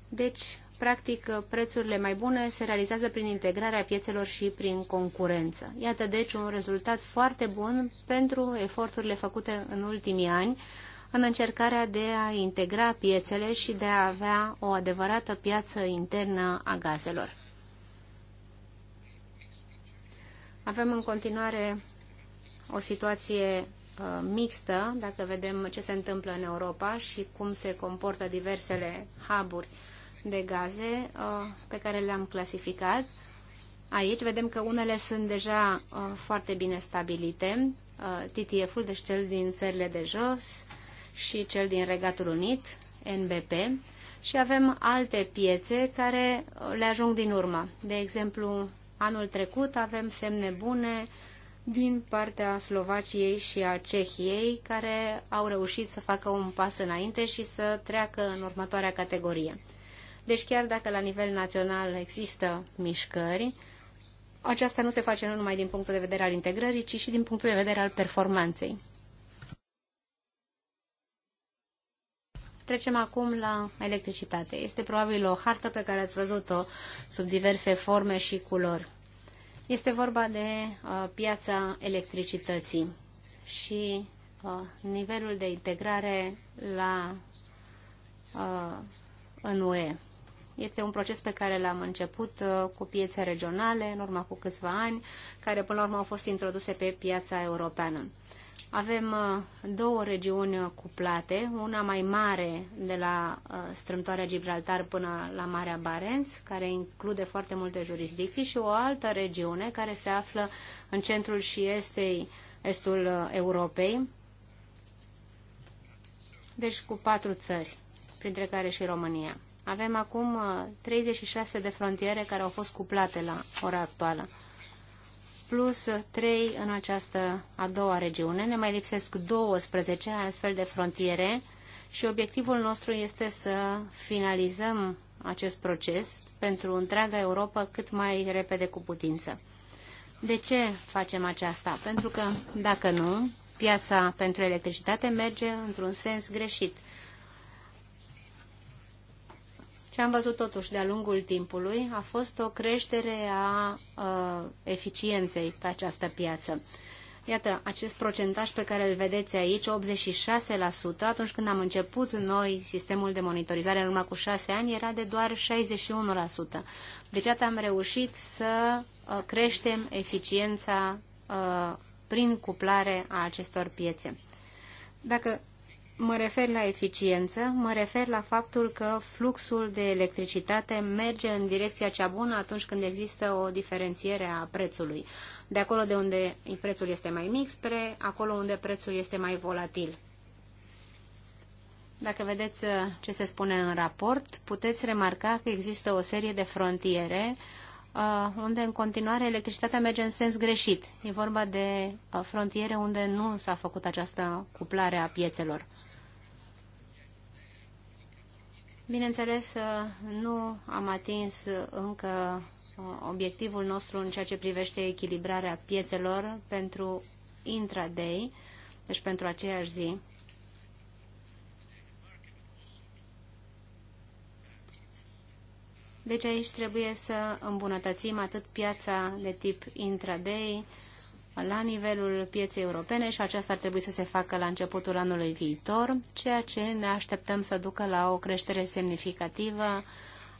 S2: Deci, Practic, prețurile mai bune se realizează prin integrarea piețelor și prin concurență. Iată, deci, un rezultat foarte bun pentru eforturile făcute în ultimii ani în încercarea de a integra piețele și de a avea o adevărată piață internă a gazelor. Avem în continuare o situație uh, mixtă, dacă vedem ce se întâmplă în Europa și cum se comportă diversele hub-uri de gaze uh, pe care le-am clasificat. Aici vedem că unele sunt deja uh, foarte bine stabilite, uh, TTF-ul, deci cel din țările de jos și cel din Regatul Unit, NBP, și avem alte piețe care le ajung din urmă. De exemplu, anul trecut avem semne bune din partea Slovaciei și a Cehiei, care au reușit să facă un pas înainte și să treacă în următoarea categorie. Deci chiar dacă la nivel național există mișcări, aceasta nu se face nu numai din punctul de vedere al integrării, ci și din punctul de vedere al performanței. Trecem acum la electricitate. Este probabil o hartă pe care ați văzut-o sub diverse forme și culori. Este vorba de uh, piața electricității și uh, nivelul de integrare la, uh, în UE. Este un proces pe care l-am început uh, cu piețe regionale în urma cu câțiva ani, care până la urmă au fost introduse pe piața europeană. Avem uh, două regiuni cuplate, una mai mare de la uh, strâmtoarea Gibraltar până la Marea Barenț, care include foarte multe jurisdicții, și o altă regiune care se află în centrul și estei, estul Europei, deci cu patru țări, printre care și România. Avem acum 36 uh, de frontiere care au fost cuplate la ora actuală, plus 3 uh, în această a doua regiune. Ne mai lipsesc 12 astfel de frontiere și obiectivul nostru este să finalizăm acest proces pentru întreaga Europa cât mai repede cu putință. De ce facem aceasta? Pentru că, dacă nu, piața pentru electricitate merge într-un sens greșit. ce am văzut totuși de-a lungul timpului a fost o creștere a a eficienței pe această piață. Iată, acest procentaj pe care îl vedeți aici, 86%, atunci când am început noi sistemul de monitorizare în urmă cu 6 ani, era de doar 61%. Deci atât am reușit să creștem eficiența prin cuplare a acestor piețe. Dacă Mă refer la eficiență, mă refer la faptul că fluxul de electricitate merge în direcția cea bună atunci când există o diferențiere a prețului. De acolo de unde prețul este mai mic spre acolo unde prețul este mai volatil. Dacă vedeți uh, ce se spune în raport, puteți remarca că există o serie de frontiere uh, unde în continuare electricitatea merge în sens greșit. E vorba de uh, frontiere unde nu s-a făcut această cuplare a piețelor. Bineînțeles, uh, nu am atins uh, încă uh, obiectivul nostru în ceea ce privește echilibrarea piețelor pentru intraday, deci pentru aceeași zi. Deci aici trebuie să îmbunătățim atât piața de tip intraday, la nivelul pieței europene și aceasta ar trebui să se facă la începutul anului viitor, ceea ce ne așteptăm să ducă la o creștere semnificativă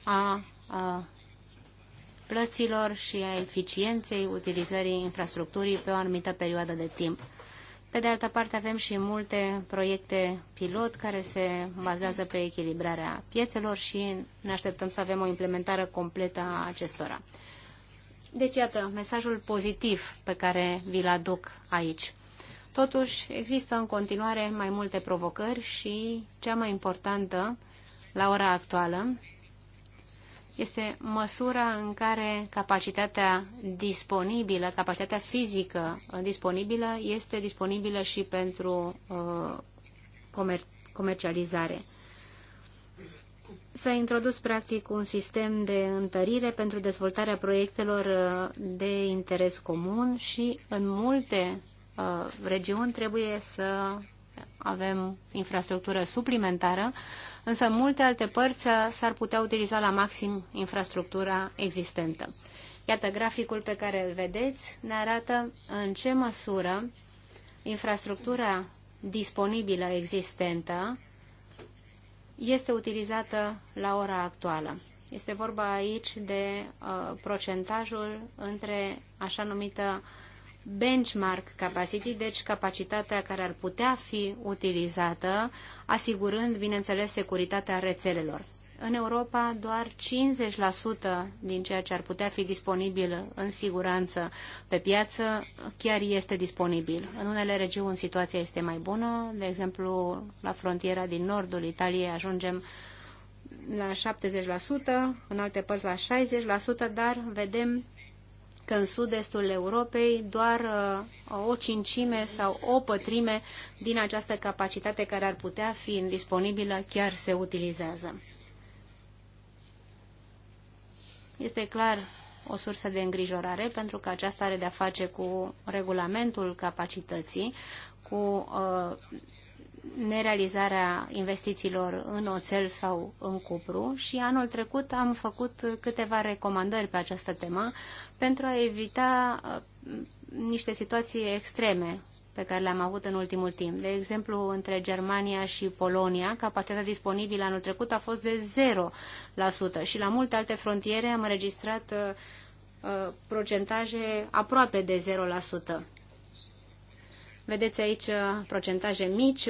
S2: a, a plăților și a eficienței utilizării infrastructurii pe o anumită perioadă de timp. Pe de altă parte, avem și multe proiecte pilot care se bazează pe echilibrarea piețelor și ne așteptăm să avem o implementare completă a acestora. Deci, iată, mesajul pozitiv pe care vi-l aduc aici. Totuși, există în continuare mai multe provocări și cea mai importantă la ora actuală este măsura în care capacitatea disponibilă, capacitatea fizică disponibilă este disponibilă și pentru uh, comer comercializare. S-a introdus practic un sistem de întărire pentru dezvoltarea proiectelor uh, de interes comun și în multe uh, regiuni trebuie să avem infrastructură suplimentară, însă în multe alte părți uh, s-ar putea utiliza la maxim infrastructura existentă. Iată, graficul pe care îl vedeți ne arată în ce măsură infrastructura disponibilă existentă este utilizată la ora actuală. Este vorba aici de uh, procentajul între așa numită benchmark capacity, deci capacitatea care ar putea fi utilizată, asigurând, bineînțeles, securitatea rețelelor în Europa doar 50% din ceea ce ar putea fi disponibil în siguranță pe piață chiar este disponibil. În unele regiuni situația este mai bună, de exemplu la frontiera din nordul Italiei ajungem la 70%, în alte părți la 60%, dar vedem că în sud-estul Europei doar uh, o cincime sau o pătrime din această capacitate care ar putea fi disponibilă chiar se utilizează. Este clar o sursă de îngrijorare pentru că aceasta are de-a face cu regulamentul capacității, cu uh, nerealizarea investițiilor în oțel sau în cupru și anul trecut am făcut câteva recomandări pe această temă pentru a evita uh, niște situații extreme pe care le-am avut în ultimul timp. De exemplu, între Germania și Polonia, capacitatea disponibilă anul trecut a fost de 0% și la multe alte frontiere am înregistrat uh, uh procentaje aproape de 0%. Vedeți aici uh, procentaje mici, 1%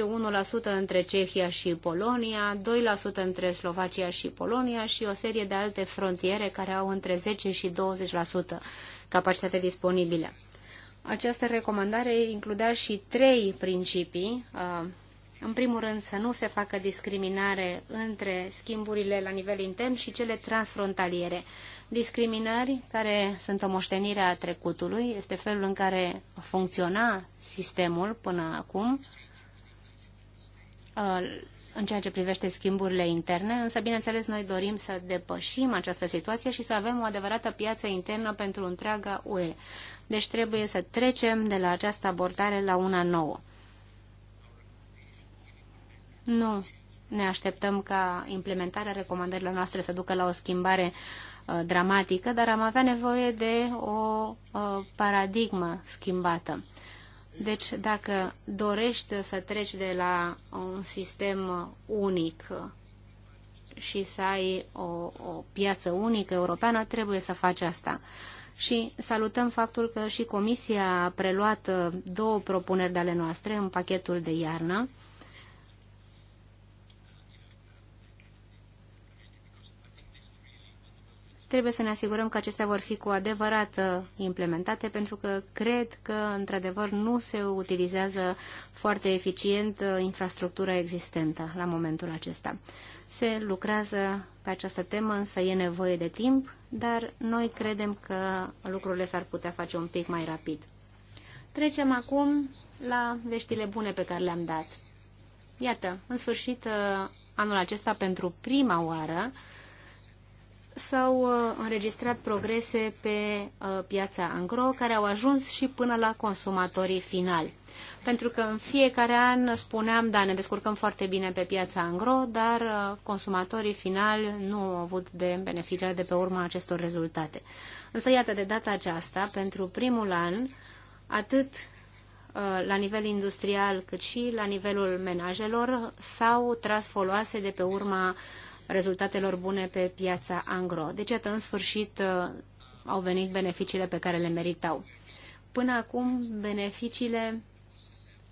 S2: între Cehia și Polonia, 2% între Slovacia și Polonia și o serie de alte frontiere care au între 10 și 20% capacitate disponibilă. Această recomandare includea și trei principii. Uh, în primul rând, să nu se facă discriminare între schimburile la nivel intern și cele transfrontaliere. Discriminări care sunt o moștenire a trecutului, este felul în care funcționa sistemul până acum, uh, în ceea ce privește schimburile interne, însă, bineînțeles, noi dorim să depășim această situație și să avem o adevărată piață internă pentru întreaga UE. Deci trebuie să trecem de la această abordare la una nouă. Nu ne așteptăm ca implementarea recomandărilor noastre să ducă la o schimbare uh, dramatică, dar am avea nevoie de o uh, paradigmă schimbată. Deci, dacă dorești să treci de la un sistem unic și să ai o, o piață unică europeană, trebuie să faci asta. Și salutăm faptul că și Comisia a preluat două propuneri de ale noastre în pachetul de iarnă Trebuie să ne asigurăm că acestea vor fi cu adevărat uh, implementate, pentru că cred că, într-adevăr, nu se utilizează foarte eficient uh, infrastructura existentă la momentul acesta. Se lucrează pe această temă, însă e nevoie de timp, dar noi credem că lucrurile s-ar putea face un pic mai rapid. Trecem acum la veștile bune pe care le-am dat. Iată, în sfârșit, uh, anul acesta, pentru prima oară, s-au uh, înregistrat progrese pe uh, piața angro, care au ajuns și până la consumatorii finali. Pentru că în fiecare an spuneam, da, ne descurcăm foarte bine pe piața angro, dar uh, consumatorii finali nu au avut de beneficiat de pe urma acestor rezultate. Însă, iată, de data aceasta, pentru primul an, atât la nivel industrial cât și la nivelul menajelor, s-au tras foloase de pe urma uh, rezultatelor bune pe piața Angro. Deci, atât în sfârșit, uh, au venit beneficiile pe care le meritau. Până acum, beneficiile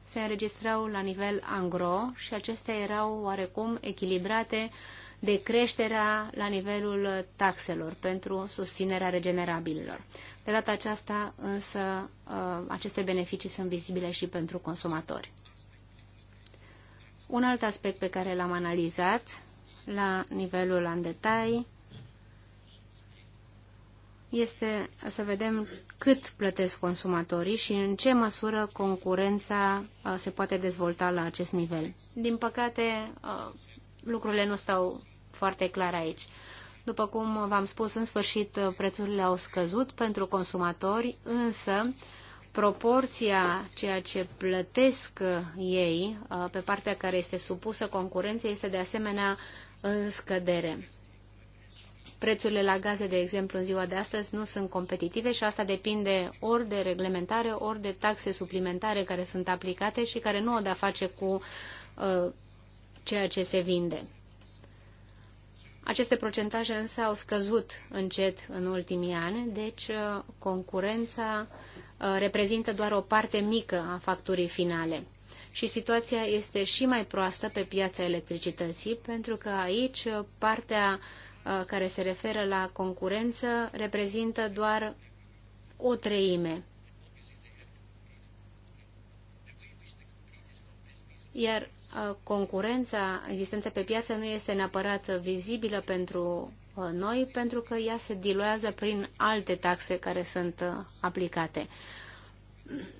S2: se înregistrau la nivel angro și acestea erau oarecum echilibrate de creșterea la nivelul taxelor pentru susținerea regenerabililor. De data aceasta, însă, uh, aceste beneficii sunt vizibile și pentru consumatori. Un alt aspect pe care l-am analizat la nivelul în detalii este să vedem cât plătesc consumatorii și în ce măsură concurența uh, se poate dezvolta la acest nivel. Din păcate, uh, lucrurile nu stau foarte clar aici. După cum v-am spus, în sfârșit, uh, prețurile au scăzut pentru consumatori, însă proporția ceea ce plătesc ei uh, pe partea care este supusă concurenței este de asemenea în scădere. Prețurile la gaze, de exemplu, în ziua de astăzi nu sunt competitive și asta depinde ori de reglementare, ori de taxe suplimentare care sunt aplicate și care nu au de-a face cu uh, ceea ce se vinde. Aceste procentaje însă au scăzut încet în ultimii ani, deci uh, concurența uh, Uh, reprezintă doar o parte mică a facturii finale. Și situația este și mai proastă pe piața electricității, pentru că aici uh, partea uh, care se referă la concurență reprezintă doar o treime. Iar concurența existentă pe piață nu este neapărat vizibilă pentru Uh, noi pentru că ea se diluează prin alte taxe care sunt uh, aplicate.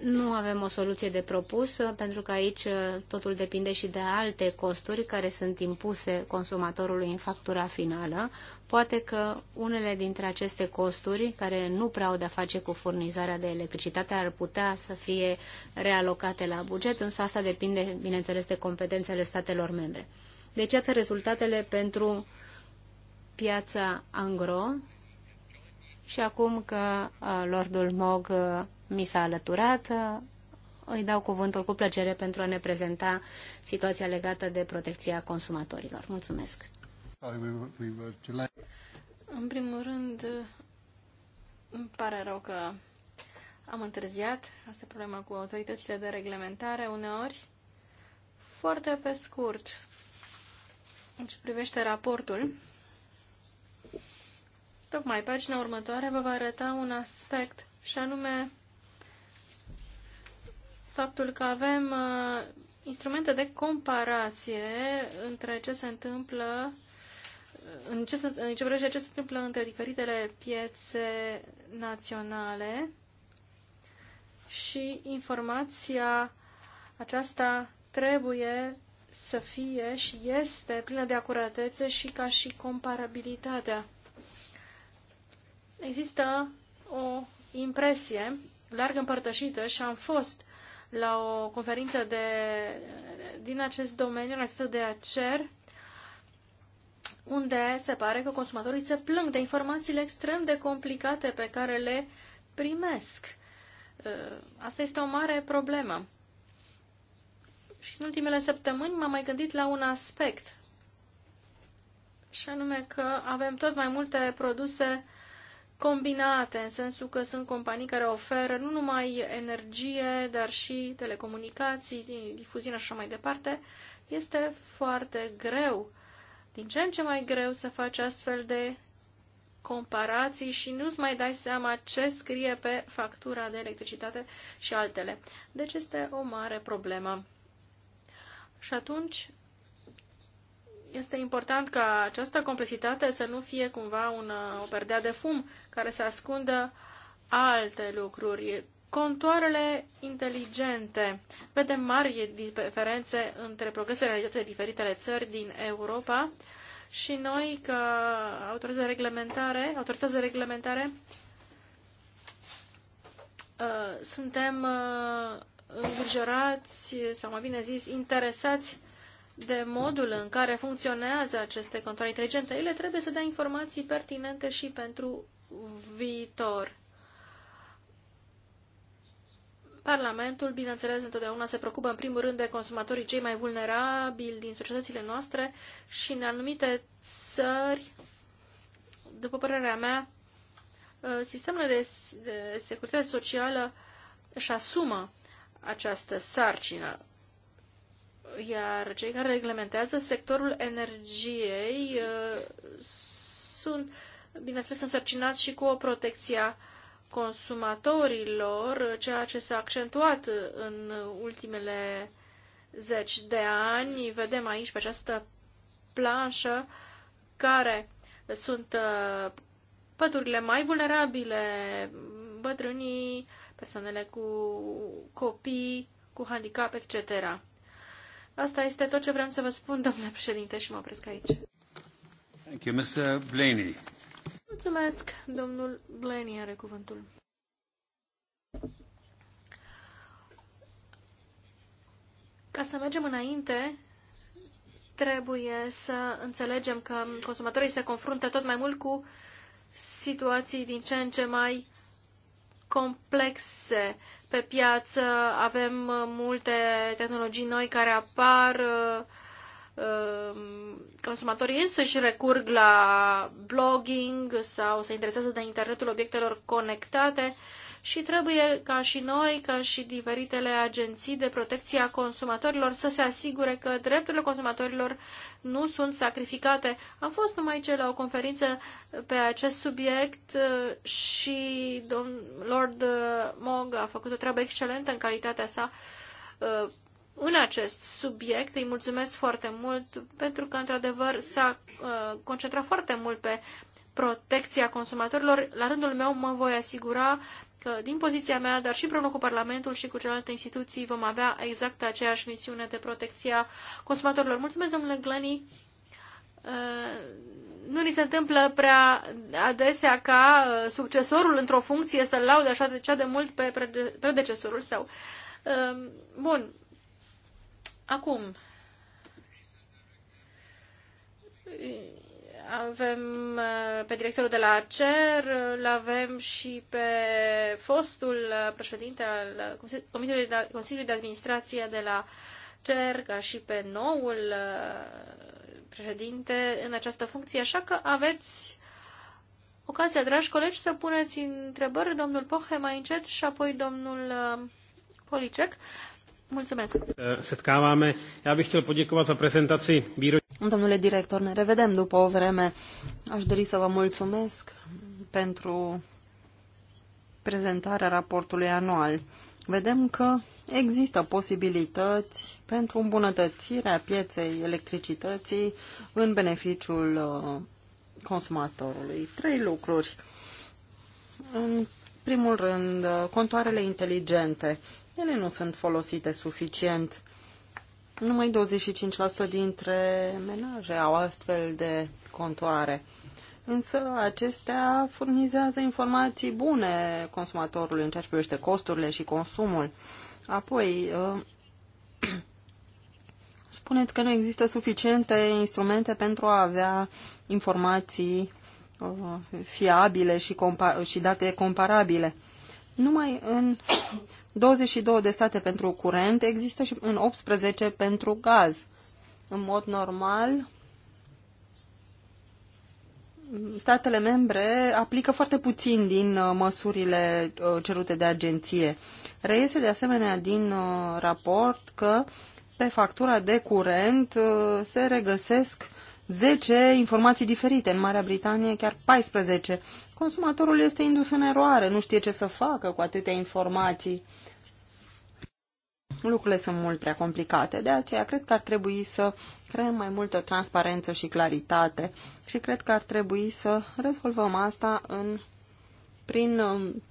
S2: Nu avem o soluție de propus, uh, pentru că aici totul depinde și de alte costuri care sunt impuse consumatorului în factura finală. Poate că unele dintre aceste costuri, care nu prea au de-a face cu furnizarea de electricitate, ar putea să fie realocate la buget, însă asta depinde, bineînțeles, de competențele statelor membre. Deci, iată rezultatele pentru uh, piața Angro și acum că uh, Lordul Mog uh, mi s-a alăturat, uh, îi dau cuvântul cu plăcere pentru a ne prezenta situația legată de protecția consumatorilor. Mulțumesc!
S4: În primul rând, îmi pare rău că am întârziat. Asta e problema cu autoritățile de reglementare uneori. Foarte pe scurt, în ce privește raportul, Tocmai pagina următoare vă va arăta un aspect și anume faptul că avem uh, instrumente de comparație între ce se întâmplă uh, în ce, se, în ce privește ce se întâmplă între diferitele piețe naționale și informația aceasta trebuie să fie și este plină de acuratețe și ca și comparabilitatea. Există o impresie larg împărtășită și am fost la o conferință de, din acest domeniu, acest de ACER, unde se pare că consumatorii se plâng de informațiile extrem de complicate pe care le primesc. Uh, asta este o mare problemă. Și în ultimele săptămâni m-am mai gândit la un aspect, și anume că avem tot mai multe produse combinate, în sensul că sunt companii care oferă nu numai energie, dar și telecomunicații, difuziune și așa mai departe, este foarte greu, din ce în ce mai greu să faci astfel de comparații și nu-ți mai dai seama ce scrie pe factura de electricitate și altele. Deci este o mare problemă. Și atunci este important ca această complexitate să nu fie cumva un, uh, o perdea de fum care să ascundă alte lucruri. Contoarele inteligente. Vedem mari diferențe între progresele realizate de diferitele țări din Europa și noi, ca autorități reglementare, autorități reglementare uh, suntem uh, îngrijorați sau mai bine zis interesați de modul în care funcționează aceste contoare inteligente. Ele trebuie să dea informații pertinente și pentru viitor. Parlamentul, bineînțeles, întotdeauna se preocupă în primul rând de consumatorii cei mai vulnerabili din societățile noastre și în anumite țări, după părerea mea, uh, sistemul de, de securitate socială își asumă această sarcină iar cei care reglementează sectorul energiei uh, sunt, bineînțeles, însărcinați și cu o protecția consumatorilor, ceea ce s-a accentuat în ultimele zeci de ani. Vedem aici pe această planșă care sunt uh, pădurile mai vulnerabile, bătrânii, persoanele cu copii, cu handicap, etc. Asta este tot ce vreau să vă spun, domnule președinte, și mă opresc aici.
S1: Thank you, Mr. Blaney.
S4: Mulțumesc, domnul Blaney are cuvântul. Ca să mergem înainte, trebuie să înțelegem că consumatorii se confruntă tot mai mult cu situații din ce în ce mai complexe pe piață, avem uh, multe tehnologii noi care apar, uh, uh, consumatorii își recurg la blogging sau se interesează de internetul obiectelor conectate și trebuie ca și noi, ca și diferitele agenții de protecție a consumatorilor să se asigure că drepturile consumatorilor nu sunt sacrificate. Am fost numai ce la o conferință pe acest subiect uh, și Lord uh, Mog a făcut o treabă excelentă în calitatea sa uh, în acest subiect. Îi mulțumesc foarte mult pentru că, într-adevăr, s-a concentrat foarte mult pe protecția consumatorilor. La rândul meu mă voi asigura că din poziția mea, dar și împreună cu Parlamentul și cu celelalte instituții, vom avea exact aceeași misiune de protecție a consumatorilor. Mulțumesc, domnule Glani. Uh, nu ni se întâmplă prea adesea ca uh, succesorul într-o funcție să-l laude așa de cea de mult pe predecesorul său. Uh, bun. Acum, avem uh, pe directorul de la CER, îl avem și pe fostul uh, președinte al uh, Consiliului de, de Administrație de la CER, ca și pe noul președinte în această funcție, așa că aveți ocazia, dragi colegi, să puneți întrebări domnul Pohe mai încet și apoi domnul Policec. Mulțumesc.
S1: Eh, setkáváme. Já bych chtěl poděkovat za prezentaci výroční.
S5: Domnule director, ne revedem după o vreme. Aș dori să vă mulțumesc pentru prezentarea raportului anual. Vedem că există posibilități pentru îmbunătățirea pieței electricității în beneficiul uh, consumatorului. Trei lucruri. În primul rând, uh, contoarele inteligente ele nu sunt folosite suficient. Numai 25% dintre menaje au astfel de contoare. Însă acestea furnizează informații bune consumatorului în ceea ce privește costurile și consumul. Apoi, ă, spuneți că nu există suficiente instrumente pentru a avea informații ă, fiabile și, compa- și date comparabile. Numai în 22 de state pentru curent, există și în 18 pentru gaz. În mod normal, statele membre aplică foarte puțin din uh, măsurile uh, cerute de agenție. Reiese de asemenea din uh, raport că pe factura de curent se regăsesc 10 informații diferite, în Marea Britanie chiar 14. Consumatorul este indus în eroare, nu știe ce să facă cu atâtea informații lucrurile sunt mult prea complicate. De aceea, cred că ar trebui să creăm mai multă transparență și claritate și cred că ar trebui să rezolvăm asta în, prin um,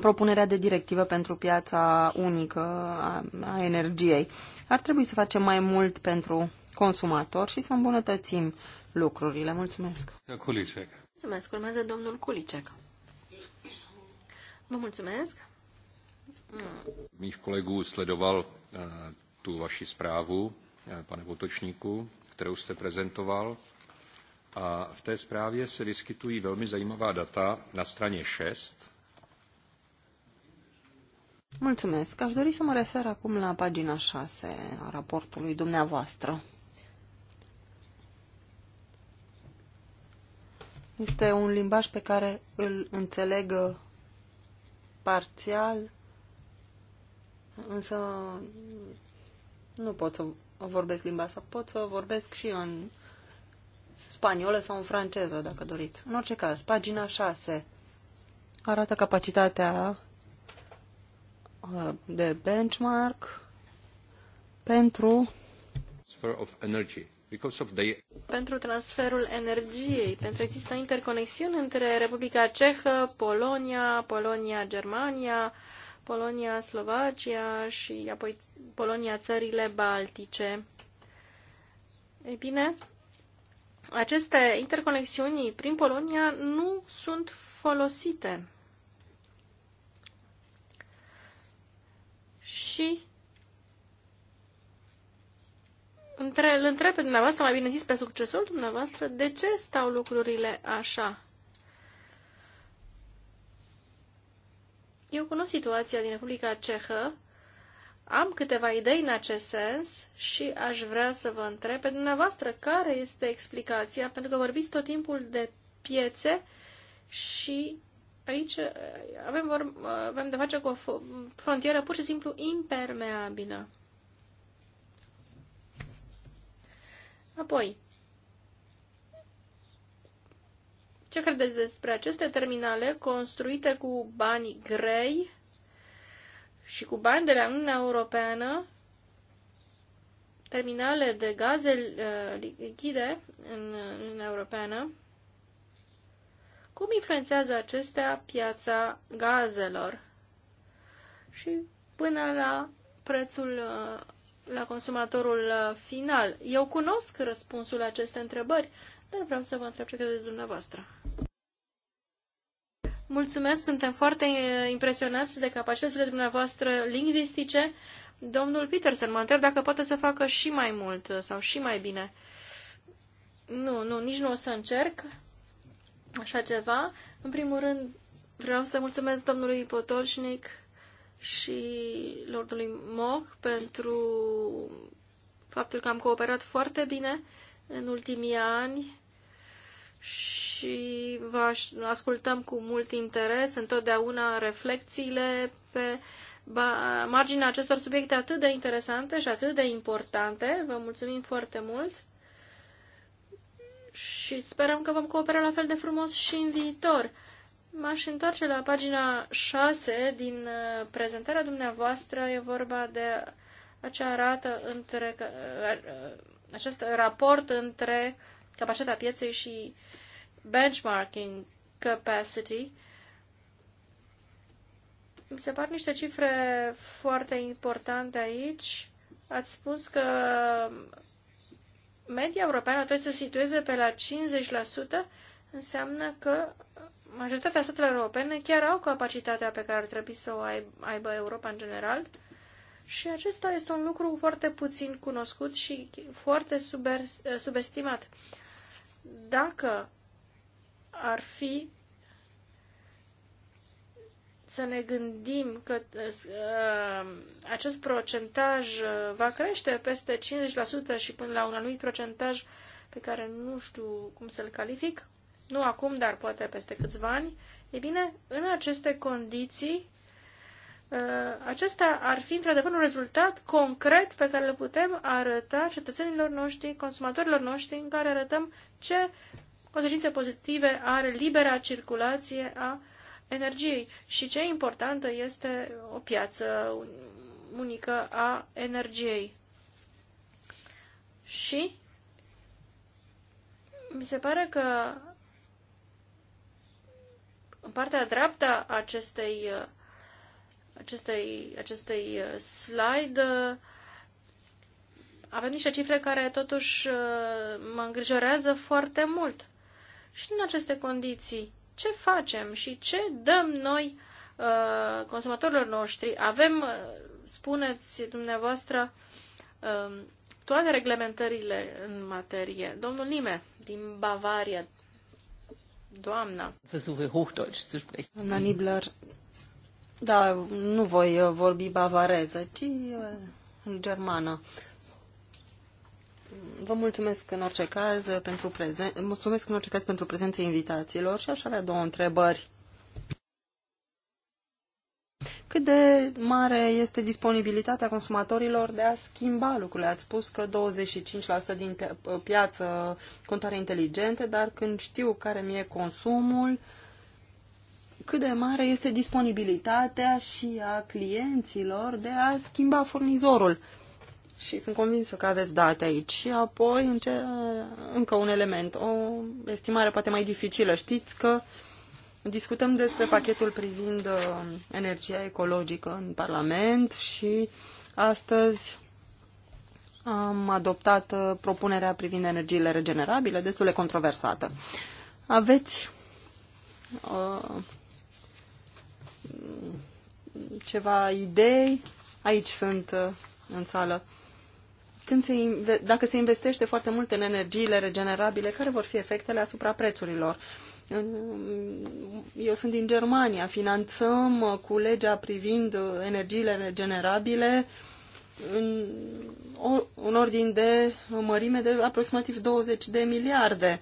S5: propunerea de directivă pentru piața unică a, a energiei. Ar trebui să facem mai mult pentru consumator și să îmbunătățim lucrurile. Mulțumesc!
S1: Culicec.
S4: Mulțumesc! Urmează domnul Culicec. Vă mulțumesc!
S1: Mých kolegů sledoval eh, tu vaši zprávu, eh, pane Votočníku, kterou jste prezentoval. A v té zprávě se vyskytují velmi zajímavá data na straně 6.
S5: Mulțumesc. Aș dori să mă refer acum la pagina 6 a raportului dumneavoastră. Este un limbaj pe care îl înțeleg eh, parțial însă nu pot să vorbesc limba asta. Pot să vorbesc și în spaniolă sau în franceză, dacă doriți. În orice caz, pagina 6 arată capacitatea uh, de benchmark pentru
S1: of energy. Because of the...
S4: pentru transferul energiei, pentru există interconexiuni între Republica Cehă, Polonia, Polonia, Germania, Polonia, Slovacia și apoi Polonia, țările baltice. Ei bine, aceste interconexiuni prin Polonia nu sunt folosite. Și între, îl întreb pe dumneavoastră, mai bine zis pe succesorul dumneavoastră, de ce stau lucrurile așa? Eu cunosc situația din Republica Cehă, am câteva idei în acest sens și aș vrea să vă întreb pe dumneavoastră care este explicația, pentru că vorbiți tot timpul de piețe și aici eh, avem, vor, eh, avem de face cu o frontieră pur și simplu impermeabilă. Apoi, Ce credeți despre aceste terminale construite cu bani grei și cu bani de la Uniunea Europeană, terminale de gaze uh, lichide în Uniunea Europeană? Cum influențează acestea piața gazelor și până la prețul uh, la consumatorul uh, final? Eu cunosc răspunsul la aceste întrebări, dar vreau să vă întreb ce credeți dumneavoastră. Mulțumesc, suntem foarte impresionați de capacitățile dumneavoastră lingvistice. Domnul Peterson, mă întreb dacă poate să facă și mai mult uh, sau și mai bine. Nu, nu, nici nu o să încerc așa ceva. În primul rând, vreau să mulțumesc domnului Potolșnic și lordului Moch pentru faptul că am cooperat foarte bine în ultimii ani și vă ascultăm cu mult interes întotdeauna reflexiile pe marginea acestor subiecte atât de interesante și atât de importante. Vă mulțumim foarte mult și sperăm că vom coopera la fel de frumos și în viitor. M-aș întoarce la pagina 6 din uh, prezentarea dumneavoastră. E vorba de acea rată între, uh, uh, acest raport între uh, capacitatea pieței și benchmarking capacity, mi se par niște cifre foarte importante aici. Ați spus că media europeană trebuie să situeze pe la 50%, înseamnă că majoritatea statelor europene chiar au capacitatea pe care ar trebui să o aibă Europa în general. Și acesta este un lucru foarte puțin cunoscut și foarte subestimat. Dacă ar fi să ne gândim că uh, acest procentaj uh, va crește peste 50% și până la un anumit procentaj pe care nu știu cum să-l calific, nu acum, dar poate peste câțiva ani, e bine, în aceste condiții Uh, acesta ar fi într-adevăr un rezultat concret pe care îl putem arăta cetățenilor noștri, consumatorilor noștri, în care arătăm ce consecințe pozitive are libera circulație a energiei și ce importantă este o piață unică a energiei. Și mi se pare că în partea dreaptă a acestei uh, acestei, acestei uh, slide uh, avem niște cifre care totuși uh, mă îngrijorează foarte mult. Și în aceste condiții, ce facem și ce dăm noi consumatorilor noștri? Avem, spuneți dumneavoastră, um, toate reglementările în materie. Domnul Lime, din Bavaria, doamna.
S1: Versuche Hochdeutsch zu sprechen. Doamna Nibler,
S5: da, nu voi uh, vorbi bavareză, ci uh, în germană. Vă mulțumesc în orice caz pentru prezență, mulțumesc în orice caz pentru prezența invitațiilor și aș avea două întrebări. Cât de mare este disponibilitatea consumatorilor de a schimba lucrurile? Ați spus că 25% din uh, piață contare inteligente, dar când știu care mi-e consumul, cât de mare este disponibilitatea și a clienților de a schimba furnizorul. Și sunt convinsă că aveți date aici. Și apoi înce încă un element, o estimare poate mai dificilă. Știți că discutăm despre pachetul privind uh, energia ecologică în Parlament și astăzi am adoptat uh, propunerea privind energiile regenerabile, destul de controversată. Aveți uh, ceva idei, aici sunt uh, în sală. Când se, dacă se investește foarte mult în energiile regenerabile, care vor fi efectele asupra prețurilor? Eu sunt din Germania, finanțăm uh, cu legea privind uh, energiile regenerabile în, un ordin de mărime de aproximativ 20 de miliarde.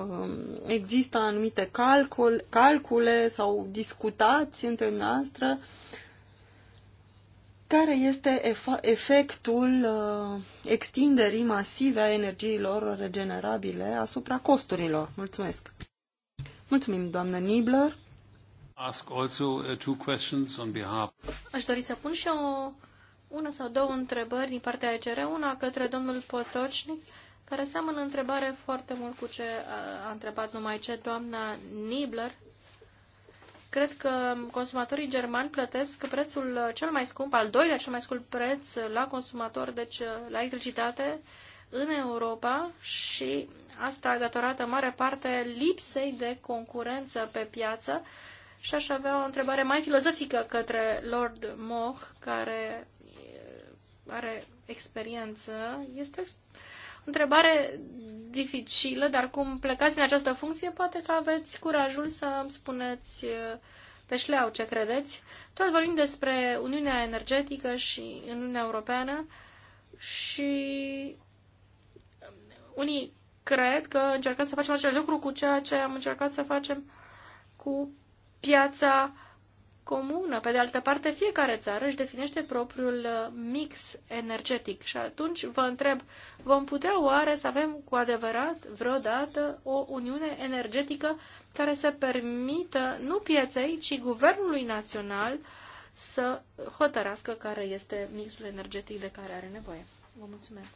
S5: Um, există anumite calcul, calcule sau discutați între noastră care este efectul uh, extinderii masive a energiilor regenerabile asupra costurilor. Mulțumesc! Mulțumim, doamnă Nibler!
S1: Ask also uh, two questions on behalf.
S4: Aș dori să pun și o, una sau două întrebări din partea ECR, una către domnul Potocnic care seamănă întrebare foarte mult cu ce uh, a întrebat numai ce doamna Nibler. Cred că consumatorii germani plătesc prețul uh, cel mai scump, al doilea cel mai scump preț la consumator, deci uh, la electricitate, în Europa și asta datorată în mare parte lipsei de concurență pe piață. Și aș avea o întrebare mai filozofică către Lord Moch, care are experiență. Este o întrebare dificilă, dar cum plecați în această funcție, poate că aveți curajul să îmi spuneți uh, pe șleau ce credeți. Tot vorbim despre Uniunea Energetică și Uniunea Europeană și um, unii cred că încercăm să facem același lucru cu ceea ce am încercat să facem cu piața uh, comună. Pe de altă parte, fiecare țară își definește propriul uh, mix energetic și atunci vă întreb, vom putea oare să avem cu adevărat vreodată o uniune energetică care să permită nu pieței, ci guvernului național să hotărască care este mixul energetic de care are nevoie? Vă mulțumesc!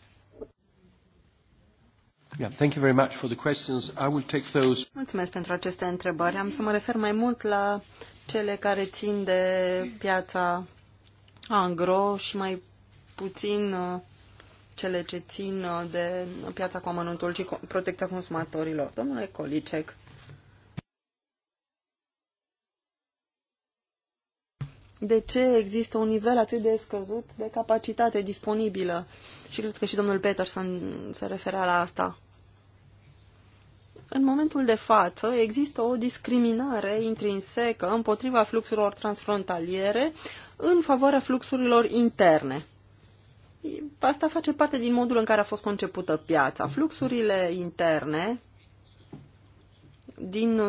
S5: Mulțumesc pentru aceste întrebări. Am să mă refer mai mult la cele care țin de piața angro și mai puțin uh, cele ce țin uh, de piața cu amănuntul și protecția consumatorilor. Domnule Colicec. De ce există un nivel atât de scăzut de capacitate disponibilă? Și cred că și domnul Peterson se referea la asta. În momentul de față există o discriminare intrinsecă împotriva fluxurilor transfrontaliere în favoarea fluxurilor interne. Asta face parte din modul în care a fost concepută piața. Fluxurile interne din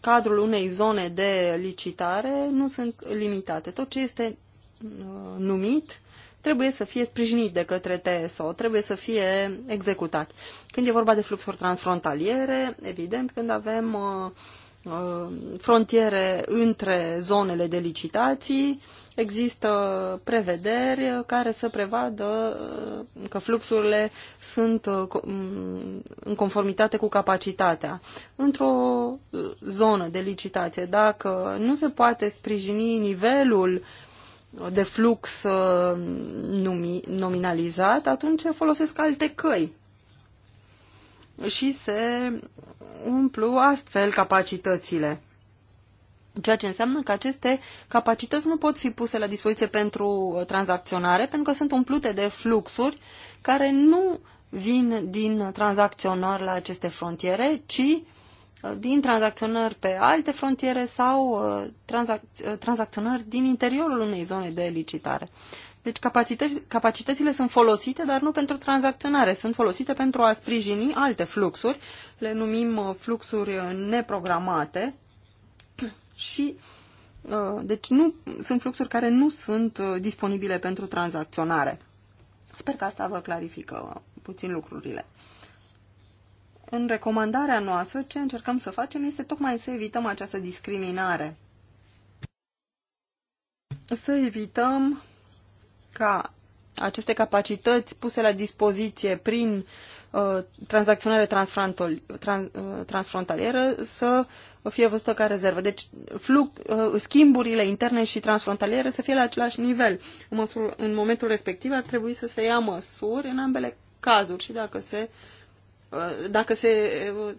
S5: cadrul unei zone de licitare nu sunt limitate. Tot ce este uh, numit trebuie să fie sprijinit de către TSO, trebuie să fie executat. Când e vorba de fluxuri transfrontaliere, evident, când avem uh, uh, frontiere între zonele de licitații, există prevederi care să prevadă uh, că fluxurile sunt mm, în conformitate cu capacitatea. Într-o zonă de licitație, dacă nu se poate sprijini nivelul uh, de flux uh, nominalizat, atunci se folosesc alte căi și se umplu astfel capacitățile. Ceea ce înseamnă că aceste capacități nu pot fi puse la dispoziție pentru uh, tranzacționare, pentru că sunt umplute de fluxuri care nu vin din tranzacționari la aceste frontiere, ci Uh, din tranzacționări pe alte frontiere sau uh, tranzac- uh, tranzacționări din interiorul unei zone de licitare. Deci capacități, capacitățile sunt folosite, dar nu pentru tranzacționare, sunt folosite pentru a sprijini alte fluxuri, le numim fluxuri neprogramate și deci nu sunt fluxuri care nu sunt disponibile pentru tranzacționare. Sper că asta vă clarifică puțin lucrurile în recomandarea noastră, ce încercăm să facem este tocmai să evităm această discriminare. Să evităm ca aceste capacități puse la dispoziție prin uh, tranzacționare trans, uh, transfrontalieră să fie văzută ca rezervă. Deci fluc, uh, schimburile interne și transfrontaliere să fie la același nivel. În, măsur, în momentul respectiv ar trebui să se ia măsuri în ambele cazuri și dacă se uh, Uh, dacă se uh,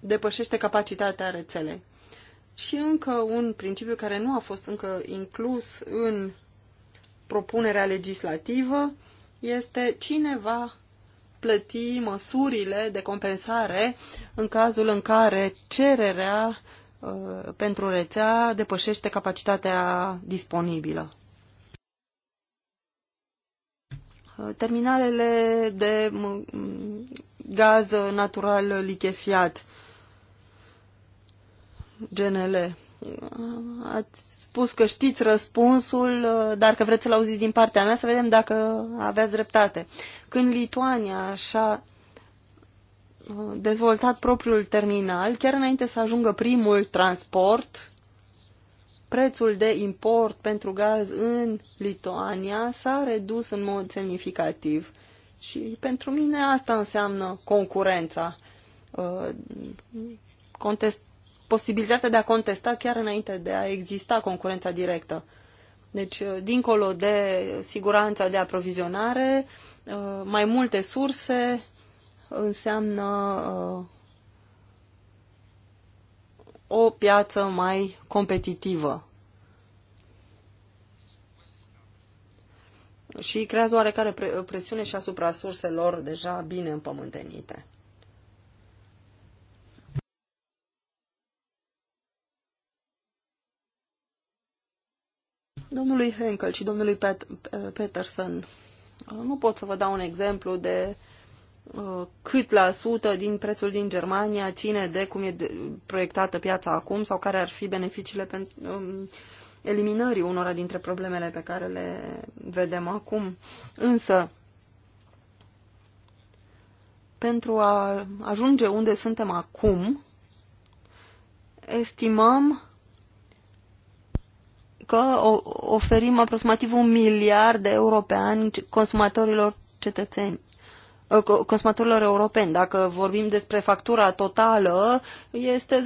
S5: depășește capacitatea rețelei. Și încă un principiu care nu a fost încă inclus în propunerea legislativă este cine va plăti măsurile de compensare în cazul în care cererea uh, pentru rețea depășește capacitatea disponibilă. terminalele de gaz natural lichefiat, GNL. Ați spus că știți răspunsul, dar că vreți să-l auziți din partea mea, să vedem dacă aveți dreptate. Când Lituania și-a uh, dezvoltat propriul terminal, chiar înainte să ajungă primul transport prețul de import pentru gaz în Lituania s-a redus în mod semnificativ. Și pentru mine asta înseamnă concurența. Uh, contest, posibilitatea de a contesta chiar înainte de a exista concurența directă. Deci, uh, dincolo de siguranța de aprovizionare, uh, mai multe surse înseamnă o piață mai competitivă. Și creează oarecare presiune și asupra surselor deja bine împământenite. Domnului Henkel și domnului Pet- Peterson, nu pot să vă dau un exemplu de uh, Uh, cât la sută din prețul din Germania ține de cum e proiectată piața acum sau care ar fi beneficiile pentru um, eliminării unora dintre problemele pe care le vedem acum. Însă, pentru a ajunge unde suntem acum, estimăm că oferim aproximativ un miliard de euro pe an consumatorilor cetățeni Uh, consumatorilor europeni. Dacă vorbim despre factura totală, este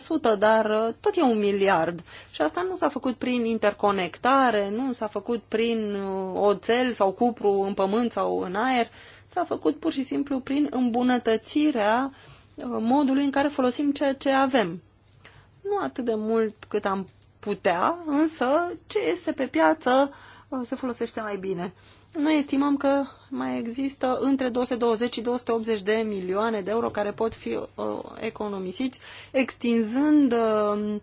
S5: 0,000%, dar uh, tot e un miliard. Și asta nu s-a făcut prin interconectare, nu s-a făcut prin uh, oțel sau cupru în pământ sau în aer, s-a făcut pur și simplu prin îmbunătățirea modului în care folosim ceea ce avem. Nu atât de mult cât am putea, însă ce este pe piață se folosește mai bine. Noi estimăm că mai există între 220 și 280 de milioane de euro care pot fi uh, economisiți, extinzând uh,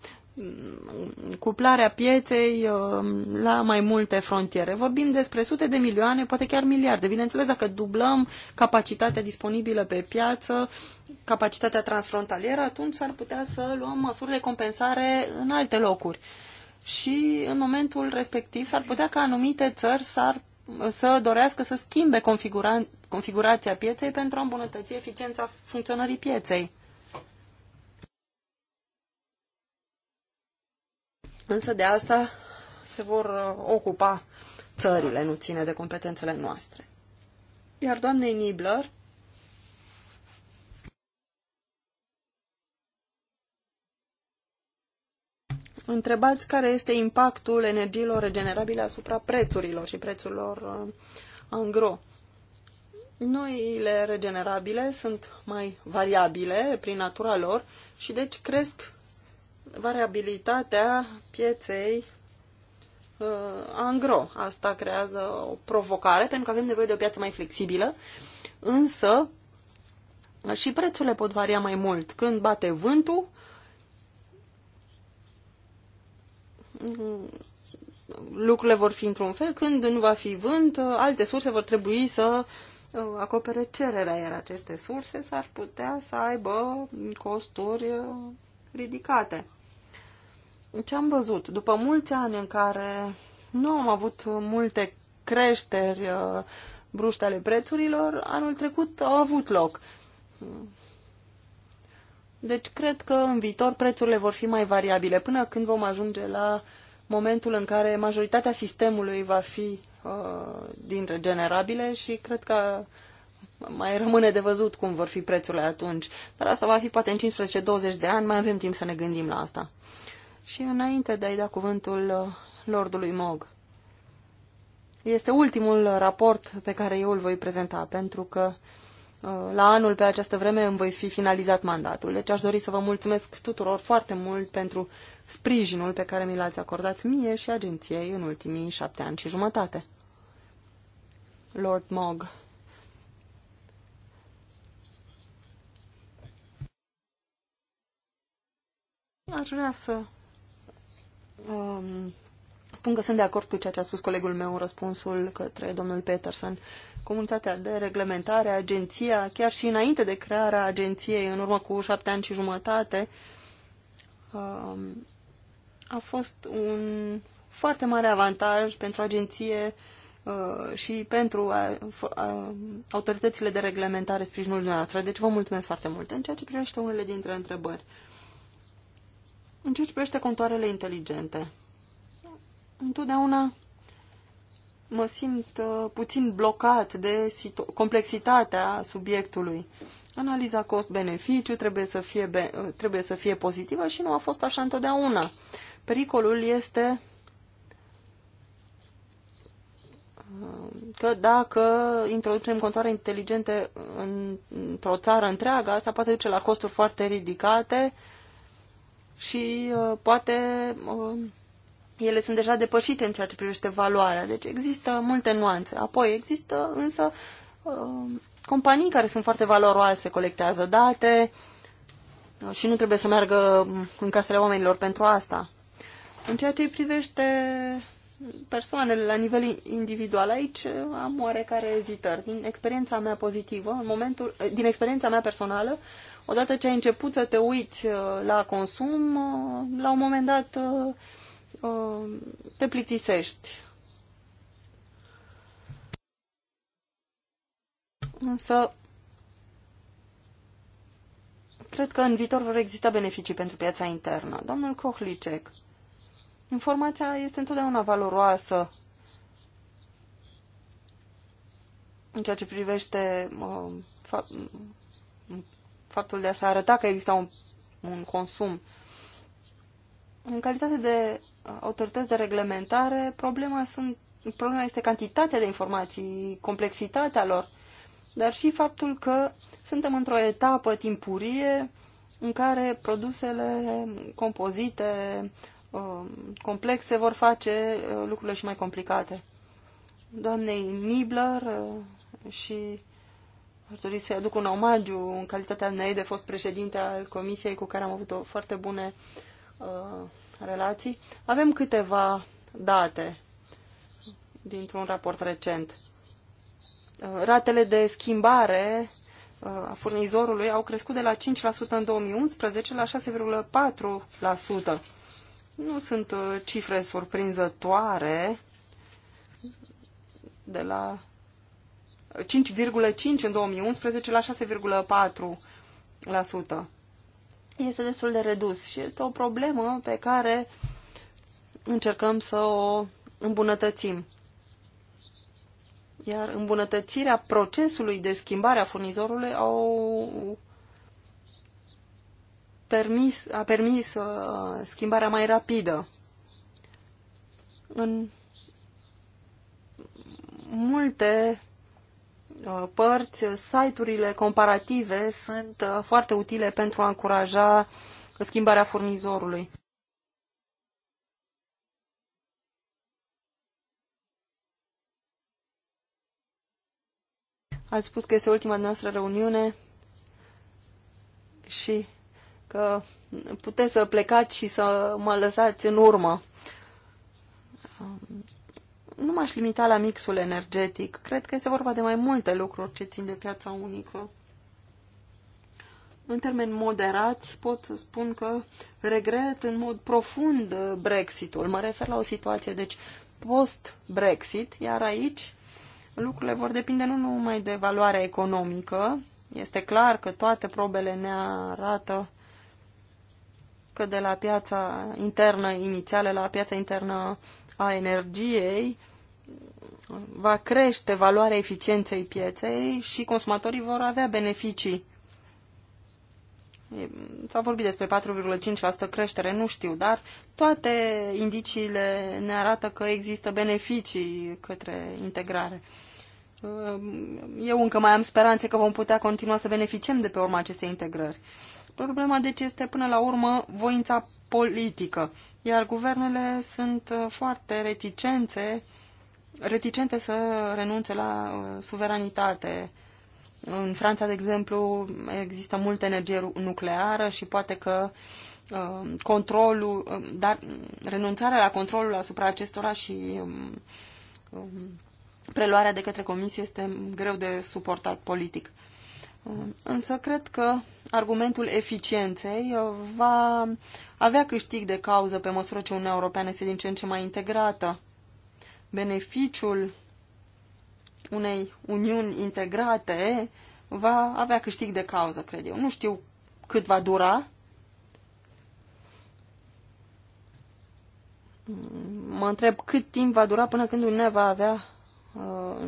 S5: cuplarea pieței uh, la mai multe frontiere. Vorbim despre sute de milioane, poate chiar miliarde. Bineînțeles, dacă dublăm capacitatea disponibilă pe piață, capacitatea transfrontalieră, atunci s-ar putea să luăm măsuri de compensare în alte locuri. Și în momentul respectiv s-ar putea ca anumite țări s-ar să dorească să schimbe configura configurația pieței pentru a îmbunătăți eficiența funcționării pieței. Însă de asta se vor uh, ocupa țările, nu ține de competențele noastre. Iar doamnei Nibler întrebați care este impactul energiilor regenerabile asupra prețurilor și prețurilor angro. Uh, Noile regenerabile sunt mai variabile prin natura lor și deci cresc variabilitatea pieței uh, angro. Asta creează o provocare pentru că avem nevoie de o piață mai flexibilă, însă și prețurile pot varia mai mult. Când bate vântul, lucrurile vor fi într-un fel, când nu va fi vânt, alte surse vor trebui să uh, acopere cererea, iar aceste surse s-ar putea să aibă costuri uh, ridicate. Ce am văzut? După mulți ani în care nu am avut multe creșteri uh, bruște ale prețurilor, anul trecut au avut loc. Deci cred că în viitor prețurile vor fi mai variabile până când vom ajunge la momentul în care majoritatea sistemului va fi uh, dintre generabile și cred că mai rămâne de văzut cum vor fi prețurile atunci. Dar asta va fi poate în 15-20 de ani, mai avem timp să ne gândim la asta. Și înainte de a-i da cuvântul uh, Lordului Mog, este ultimul raport pe care eu îl voi prezenta, pentru că Uh, la anul pe această vreme îmi voi fi finalizat mandatul. Deci aș dori să vă mulțumesc tuturor foarte mult pentru sprijinul pe care mi l-ați acordat mie și agenției în ultimii șapte ani și jumătate. Lord Mog. Aș vrea să um, spun că sunt de acord cu ceea ce a spus colegul meu în răspunsul către domnul Peterson. Comunitatea de reglementare, agenția, chiar și înainte de crearea agenției, în urmă cu șapte ani și jumătate, um, a fost un foarte mare avantaj pentru agenție uh, și pentru uh, uh, autoritățile de reglementare sprijinul noastră. Deci vă mulțumesc foarte mult. În ceea ce privește unele dintre întrebări, în ceea ce privește contoarele inteligente, întotdeauna mă simt uh, puțin blocat de complexitatea subiectului. Analiza cost-beneficiu trebuie să, fie uh, trebuie să fie pozitivă și nu a fost așa întotdeauna. Pericolul este uh, că dacă introducem contoare inteligente într-o țară întreagă, asta poate duce la costuri foarte ridicate și uh, poate ele sunt deja depășite în ceea ce privește valoarea. Deci există multe nuanțe. Apoi există însă uh, companii care sunt foarte valoroase, colectează date uh, și nu trebuie să meargă în casele oamenilor pentru asta. În ceea ce privește persoanele la nivel individual, aici am oarecare ezitări. Din experiența mea pozitivă, în momentul, eh, din experiența mea personală, odată ce ai început să te uiți eh, la consum, eh, la un moment dat Uh, te plictisești. Însă, cred că în viitor vor exista beneficii pentru piața internă. Domnul Kohlicek, informația este întotdeauna valoroasă în ceea ce privește uh, fa faptul de a se arăta că există un, un consum. În calitate de autorități de reglementare, problema, sunt, problema este cantitatea de informații, complexitatea lor, dar și faptul că suntem într-o etapă timpurie în care produsele compozite, um, complexe, vor face uh, lucrurile și mai complicate. Doamnei Nibler uh, și ar dori să-i aduc un omagiu în calitatea mea de fost președinte al comisiei cu care am avut o foarte bune uh, relații, avem câteva date dintr-un raport recent. Uh, ratele de schimbare uh, a furnizorului au crescut de la 5% în 2011 la 6,4%. Nu sunt uh, cifre surprinzătoare de la 5,5 în 2011 la 6,4% este destul de redus și este o problemă pe care încercăm să o îmbunătățim. Iar îmbunătățirea procesului de schimbare a furnizorului au permis, a permis uh, schimbarea mai rapidă. În multe Uh, părți, site-urile comparative sunt uh, foarte utile pentru a încuraja schimbarea furnizorului. Ați spus că este ultima noastră reuniune și că puteți să plecați și să mă lăsați în urmă. Um, nu m-aș limita la mixul energetic. Cred că este vorba de mai multe lucruri ce țin de piața unică. În termeni moderați pot să spun că regret în mod profund Brexitul. Mă refer la o situație, deci post-Brexit, iar aici lucrurile vor depinde nu numai de valoarea economică, este clar că toate probele ne arată că de la piața internă inițială la piața internă a energiei va crește valoarea eficienței pieței și consumatorii vor avea beneficii. S-a vorbit despre 4,5% creștere, nu știu, dar toate indiciile ne arată că există beneficii către integrare. Ehm, eu încă mai am speranțe că vom putea continua să beneficiem de pe urma acestei integrări. Problema deci este până la urmă voința politică, iar guvernele sunt uh, foarte reticențe reticente să renunțe la uh, suveranitate. În Franța, de exemplu, există multă energie nucleară și poate că uh, controlul, uh, dar renunțarea la controlul asupra acestora și um, um, preluarea de către comisie este greu de suportat politic. Însă cred că argumentul eficienței va avea câștig de cauză pe măsură ce Uniunea Europeană este din ce în ce mai integrată beneficiul unei uniuni integrate va avea câștig de cauză, cred eu. Nu știu cât va dura. Mă întreb cât timp va dura până când Uniunea va avea uh,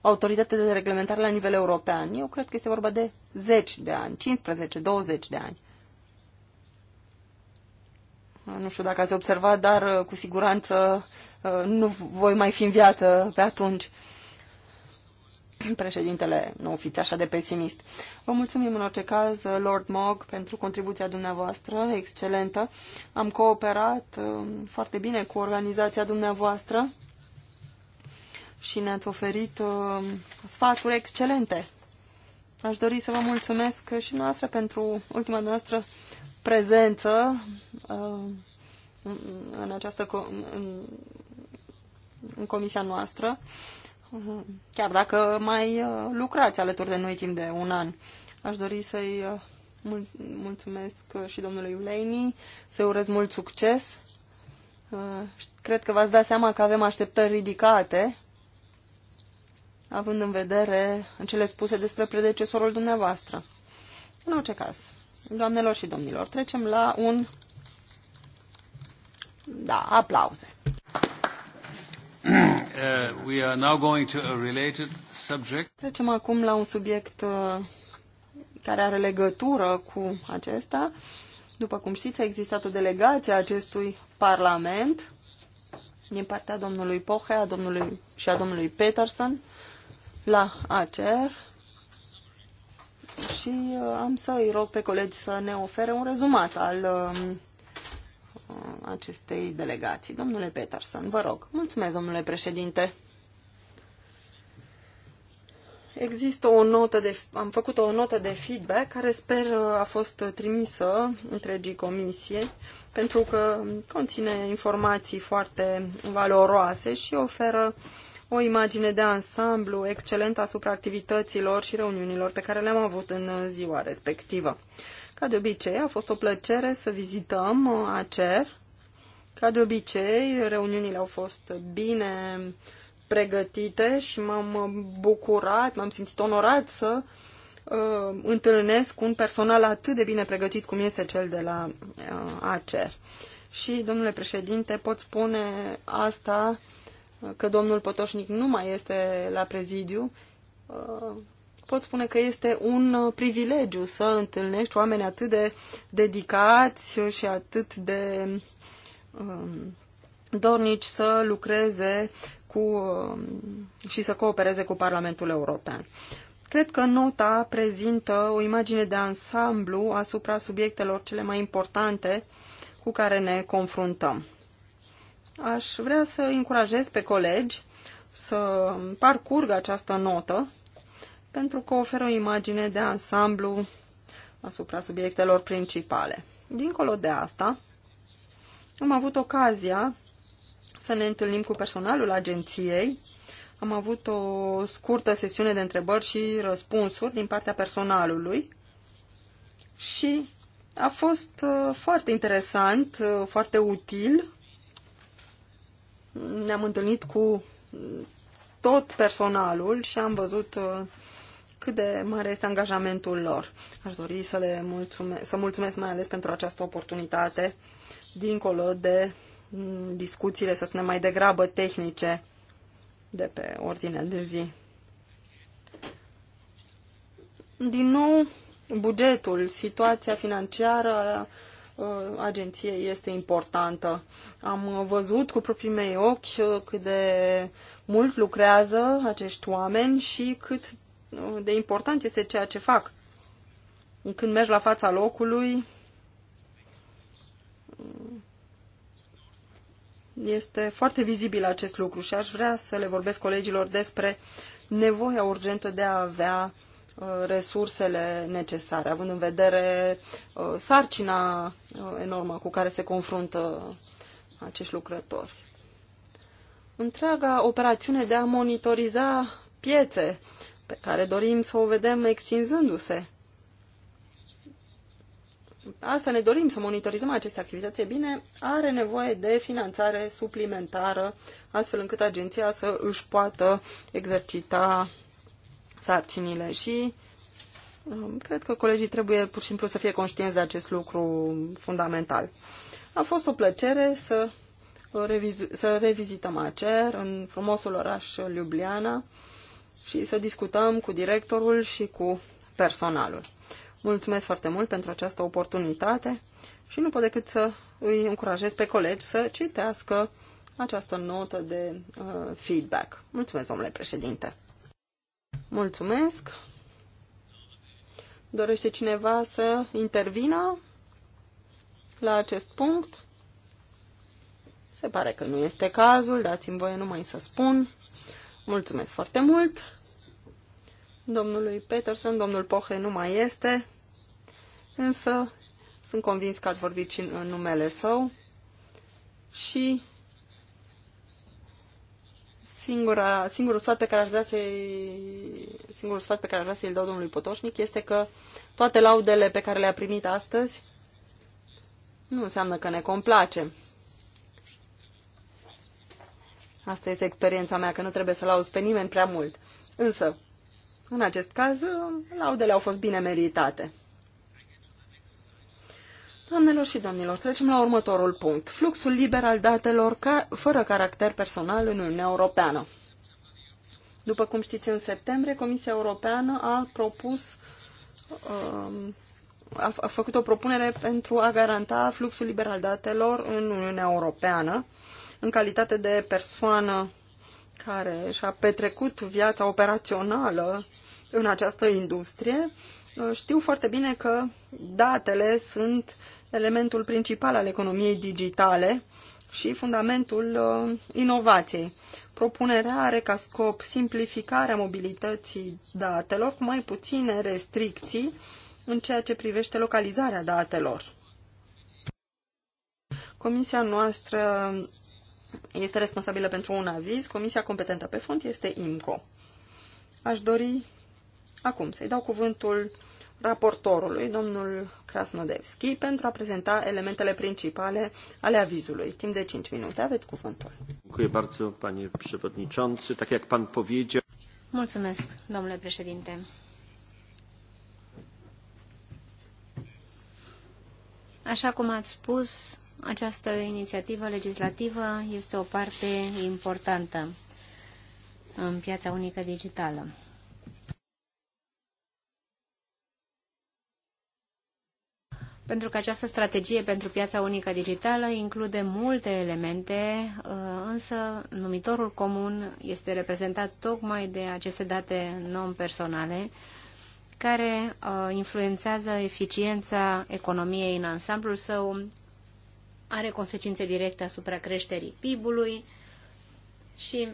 S5: autoritate de reglementare la nivel european. Eu cred că este vorba de 10 de ani, 15-20 de ani. Nu știu dacă ați observat, dar uh, cu siguranță Uh, nu voi mai fi în viață pe atunci. Președintele, nu fiți așa de pesimist. Vă mulțumim în orice caz, uh, Lord Mog, pentru contribuția dumneavoastră excelentă. Am cooperat um, foarte bine cu organizația dumneavoastră și ne-ați oferit uh, sfaturi excelente. Aș dori să vă mulțumesc și noastră pentru ultima noastră prezență uh, în, această, în, în comisia noastră, chiar dacă mai uh, lucrați alături de noi timp de un an. Aș dori să-i uh, mulțumesc uh, și domnului Uleini, să-i urez mult succes. Cred că v-ați dat seama că avem așteptări ridicate, având în vedere cele spuse despre predecesorul dumneavoastră. În orice caz, doamnelor și domnilor, trecem la un... Da, aplauze.
S1: Uh, we are now going to a related subject.
S5: Trecem acum la un subiect uh, care are legătură cu acesta. După cum știți, a existat o delegație a acestui Parlament din partea domnului Poche a domnului, și a domnului Peterson la ACER și uh, am să îi rog pe colegi să ne ofere un rezumat al um, acestei delegații. Domnule Peterson, vă rog. Mulțumesc, domnule președinte. Există o notă de, am făcut o notă de feedback care sper a fost trimisă întregii comisie pentru că conține informații foarte valoroase și oferă o imagine de ansamblu excelentă asupra activităților și reuniunilor pe care le-am avut în ziua respectivă. Ca de obicei, a fost o plăcere să vizităm uh, ACER. Ca de obicei, reuniunile au fost bine pregătite și m-am uh, bucurat, m-am simțit onorat să uh, întâlnesc un personal atât de bine pregătit cum este cel de la uh, ACER. Și, domnule președinte, pot spune asta că domnul Potoșnic nu mai este la prezidiu. Uh, pot spune că este un uh, privilegiu să întâlnești oameni atât de dedicați și atât de um, dornici să lucreze cu, um, și să coopereze cu Parlamentul European. Cred că nota prezintă o imagine de ansamblu asupra subiectelor cele mai importante cu care ne confruntăm. Aș vrea să încurajez pe colegi să parcurgă această notă pentru că oferă o imagine de ansamblu asupra subiectelor principale. Dincolo de asta, am avut ocazia să ne întâlnim cu personalul agenției. Am avut o scurtă sesiune de întrebări și răspunsuri din partea personalului și a fost uh, foarte interesant, uh, foarte util. Ne-am întâlnit cu tot personalul și am văzut uh, cât de mare este angajamentul lor. Aș dori să le mulțume- să mulțumesc mai ales pentru această oportunitate, dincolo de mm, discuțiile, să spunem, mai degrabă tehnice de pe ordinea de zi. Din nou, bugetul, situația financiară uh, agenției este importantă. Am văzut cu proprii mei ochi uh, cât de mult lucrează acești oameni și cât de important este ceea ce fac. Când mergi la fața locului, este foarte vizibil acest lucru și aș vrea să le vorbesc colegilor despre nevoia urgentă de a avea uh, resursele necesare, având în vedere uh, sarcina uh, enormă cu care se confruntă acești lucrători. Întreaga operațiune de a monitoriza piețe pe care dorim să o vedem extinzându-se. Asta ne dorim, să monitorizăm aceste activități. bine, are nevoie de finanțare suplimentară, astfel încât agenția să își poată exercita sarcinile și um, Cred că colegii trebuie pur și simplu să fie conștienți de acest lucru fundamental. A fost o plăcere să, revizu- să revizităm ACER în frumosul oraș Ljubljana și să discutăm cu directorul și cu personalul. Mulțumesc foarte mult pentru această oportunitate și nu pot decât să îi încurajez pe colegi să citească această notă de uh, feedback. Mulțumesc, domnule președinte. Mulțumesc. Dorește cineva să intervină la acest punct? Se pare că nu este cazul, dați-mi voie numai să spun Mulțumesc foarte mult domnului Peterson, domnul Pohe nu mai este, însă sunt convins că ați vorbit și în numele său și singura, singurul sfat pe care ar vrea să singurul sfat pe care ar vrea să-l dau domnului Potoșnic este că toate laudele pe care le-a primit astăzi nu înseamnă că ne complacem. Asta este experiența mea, că nu trebuie să lauzi pe nimeni prea mult. Însă, în acest caz, laudele au fost bine meritate. Doamnelor și domnilor, trecem la următorul punct. Fluxul liber al datelor ca, fără caracter personal în Uniunea Europeană. După cum știți, în septembrie Comisia Europeană a propus um, a făcut o propunere pentru a garanta fluxul liber al datelor în Uniunea Europeană în calitate de persoană care și-a petrecut viața operațională în această industrie, uh, știu foarte bine că datele sunt elementul principal al economiei digitale și fundamentul uh, inovației. Propunerea are ca scop simplificarea mobilității datelor cu mai puține restricții în ceea ce privește localizarea datelor. Comisia noastră este responsabilă pentru un aviz, comisia competentă pe fond este IMCO. Aș dori acum să-i dau cuvântul raportorului, domnul Krasnodevski, pentru a prezenta elementele principale ale avizului. Timp de 5 minute. Aveți cuvântul. Mulțumesc, domnule președinte.
S2: Așa cum ați spus, această inițiativă legislativă este o parte importantă în piața unică digitală. pentru că această strategie pentru piața unică digitală include multe elemente, uh, însă numitorul comun este reprezentat tocmai de aceste date non-personale care uh, influențează eficiența economiei în ansamblul său, are consecințe directe asupra creșterii PIB-ului și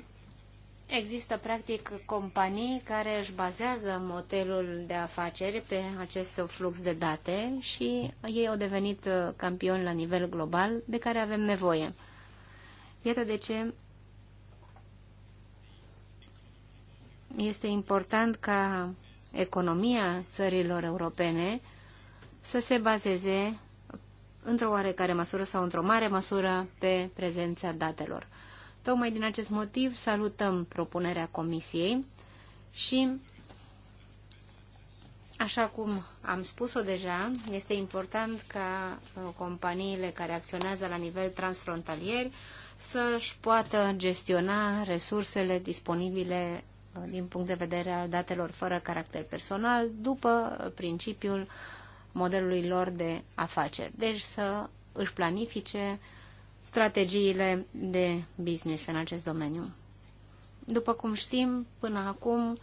S2: există practic companii care își bazează modelul de afaceri pe acest flux de date și ei au devenit uh, campioni la nivel global de care avem nevoie. Iată de ce este important ca economia țărilor europene să se bazeze într-o oarecare măsură sau într-o mare măsură pe prezența datelor. Tocmai din acest motiv salutăm propunerea Comisiei și, așa cum am spus-o deja, este important ca uh, companiile care acționează la nivel transfrontalier să-și poată gestiona resursele disponibile uh, din punct de vedere al datelor fără caracter personal, după principiul uh, modelului lor de afaceri. Deci să își planifice strategiile de business în acest domeniu. După cum știm, până acum,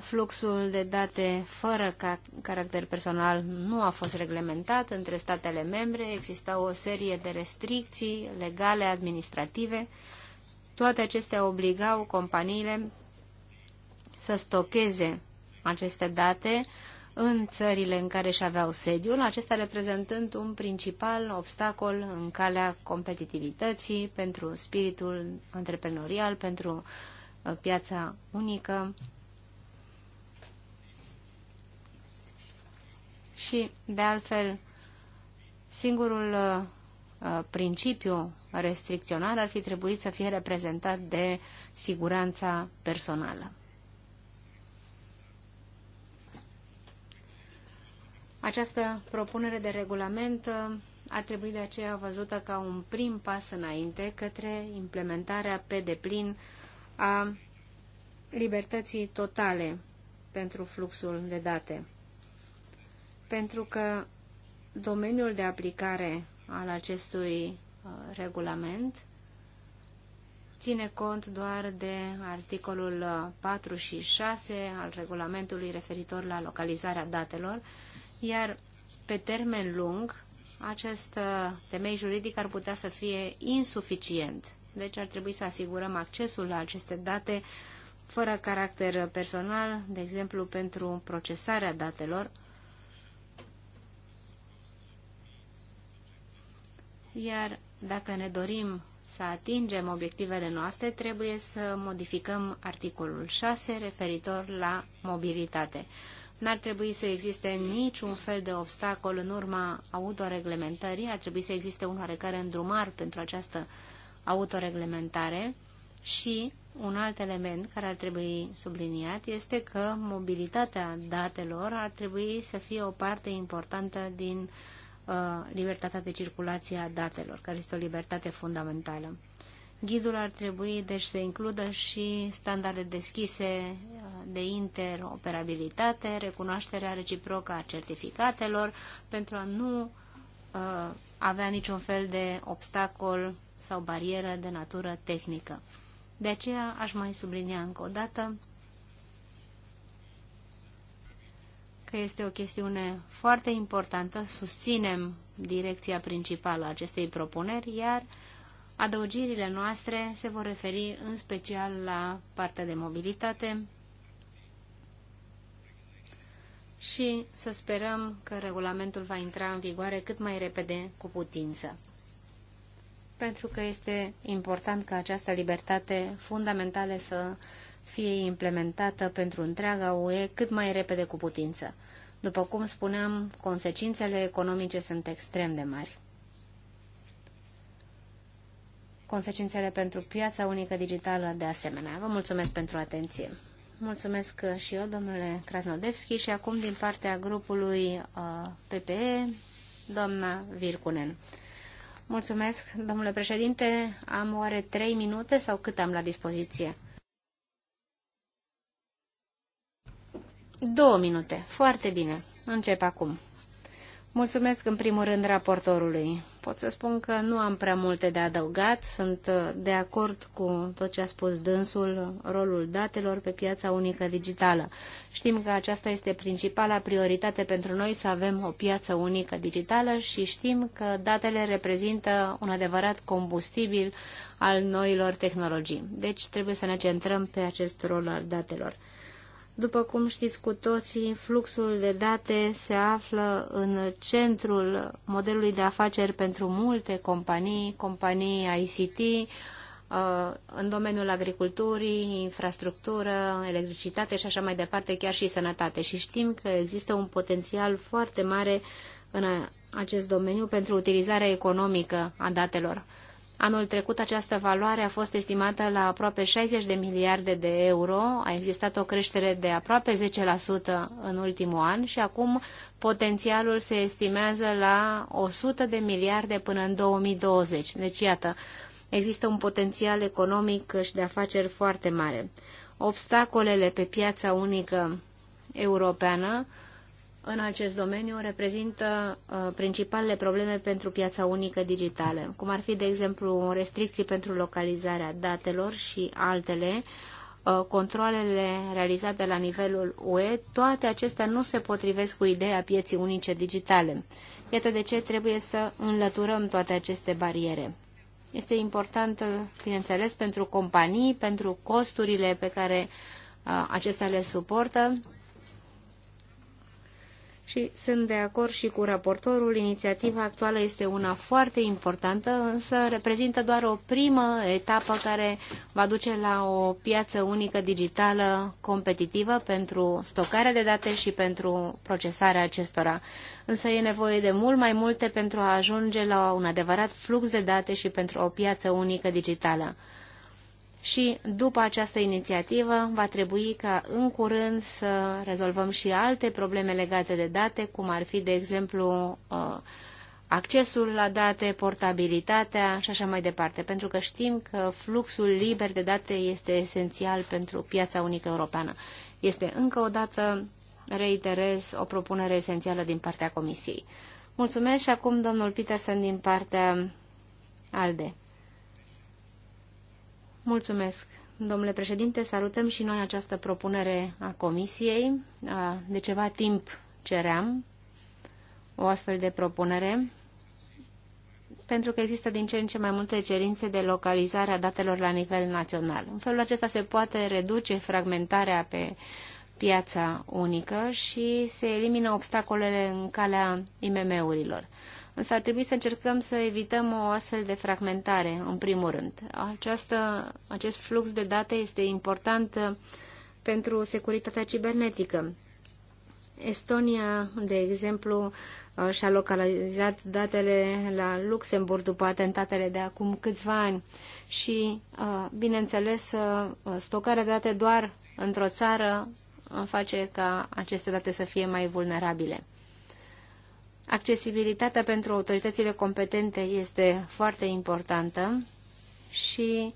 S2: fluxul de date fără ca caracter personal nu a fost reglementat între statele membre, Există o serie de restricții legale, administrative. Toate acestea obligau companiile să stocheze aceste date în țările în care își aveau sediul, acesta reprezentând un principal obstacol în calea competitivității pentru spiritul antreprenorial, pentru uh, piața unică. Și, de altfel, singurul uh, uh, principiu restricționar ar fi trebuit să fie reprezentat de siguranța personală. Această propunere de regulament uh, ar trebui de aceea văzută ca un prim pas înainte către implementarea pe deplin a libertății totale pentru fluxul de date. Pentru că domeniul de aplicare al acestui uh, regulament ține cont doar de articolul 4 uh, și 6 al regulamentului referitor la localizarea datelor, iar pe termen lung acest uh, temei juridic ar putea să fie insuficient. Deci ar trebui să asigurăm accesul la aceste date fără caracter personal, de exemplu pentru procesarea datelor, iar dacă ne dorim să atingem obiectivele noastre, trebuie să modificăm articolul 6 referitor la mobilitate. N-ar trebui să existe niciun fel de obstacol în urma autoreglementării, ar trebui să existe un oarecare îndrumar pentru această autoreglementare și un alt element care ar trebui subliniat este că mobilitatea datelor ar trebui să fie o parte importantă din uh, libertatea de circulație a datelor, care este o libertate fundamentală. Ghidul ar trebui deci să includă și standarde deschise uh, de interoperabilitate, recunoașterea reciprocă a certificatelor pentru a nu uh, avea niciun fel de obstacol sau barieră de natură tehnică. De aceea aș mai sublinia încă o dată că este o chestiune foarte importantă, susținem direcția principală a acestei propuneri, iar uh, Adăugirile noastre se vor referi în special la partea de mobilitate și să sperăm că regulamentul va intra în vigoare cât mai repede cu putință. Pentru că este important ca această libertate fundamentală să fie implementată pentru întreaga UE cât mai repede cu putință. După cum spuneam, consecințele economice sunt extrem de mari consecințele pentru piața unică digitală de asemenea. Vă mulțumesc pentru atenție. Mulțumesc și eu, domnule Krasnodevski, și acum din partea grupului uh, PPE, doamna Virkunen. Mulțumesc, domnule președinte. Am oare trei minute sau cât am la dispoziție? Două minute. Foarte bine. Încep acum. Mulțumesc în primul rând raportorului pot să spun că nu am prea multe de adăugat. Sunt uh, de acord cu tot ce a spus dânsul, rolul datelor pe piața unică digitală. Știm că aceasta este principala prioritate pentru noi să avem o piață unică digitală și știm că datele reprezintă un adevărat combustibil al noilor tehnologii. Deci trebuie să ne centrăm pe acest rol al datelor. După cum știți cu toții, fluxul de date se află în centrul modelului de afaceri pentru multe companii, companii ICT, uh, în domeniul agriculturii, infrastructură, electricitate și așa mai departe, chiar și sănătate. Și știm că există un potențial foarte mare în acest domeniu pentru utilizarea economică a datelor. Anul trecut această valoare a fost estimată la aproape 60 de miliarde de euro, a existat o creștere de aproape 10% în ultimul an și acum potențialul se estimează la 100 de miliarde până în 2020. Deci, iată, există un potențial economic și de afaceri foarte mare. Obstacolele pe piața unică europeană în acest domeniu reprezintă uh, principalele probleme pentru piața unică digitală, cum ar fi, de exemplu, restricții pentru localizarea datelor și altele, uh, controlele realizate la nivelul UE, toate acestea nu se potrivesc cu ideea pieții unice digitale. Iată de ce trebuie să înlăturăm toate aceste bariere. Este important, uh, bineînțeles, pentru companii, pentru costurile pe care uh, acestea le suportă, și sunt de acord și cu raportorul. Inițiativa actuală este una foarte importantă, însă reprezintă doar o primă etapă care va duce la o piață unică digitală competitivă pentru stocarea de date și pentru procesarea acestora. Însă e nevoie de mult mai multe pentru a ajunge la un adevărat flux de date și pentru o piață unică digitală și după această inițiativă va trebui ca în curând să rezolvăm și alte probleme legate de date, cum ar fi, de exemplu, uh, accesul la date, portabilitatea și așa mai departe, pentru că știm că fluxul liber de date este esențial pentru piața unică europeană. Este încă o dată, reiterez, o propunere esențială din partea Comisiei. Mulțumesc și acum domnul Peterson din partea ALDE. Mulțumesc. Domnule președinte, salutăm și noi această propunere a Comisiei. De ceva timp ceream o astfel de propunere, pentru că există din ce în ce mai multe cerințe de localizare a datelor la nivel național. În felul acesta se poate reduce fragmentarea pe piața unică și se elimină obstacolele în calea IMM-urilor. Însă ar trebui să încercăm să evităm o astfel de fragmentare, în primul rând. Această, acest flux de date este important uh, pentru securitatea cibernetică. Estonia, de exemplu, uh, și-a localizat datele la Luxemburg după atentatele de acum câțiva ani și, uh, bineînțeles, stocarea de date doar într-o țară face ca aceste date să fie mai vulnerabile. Accesibilitatea pentru autoritățile competente este foarte importantă și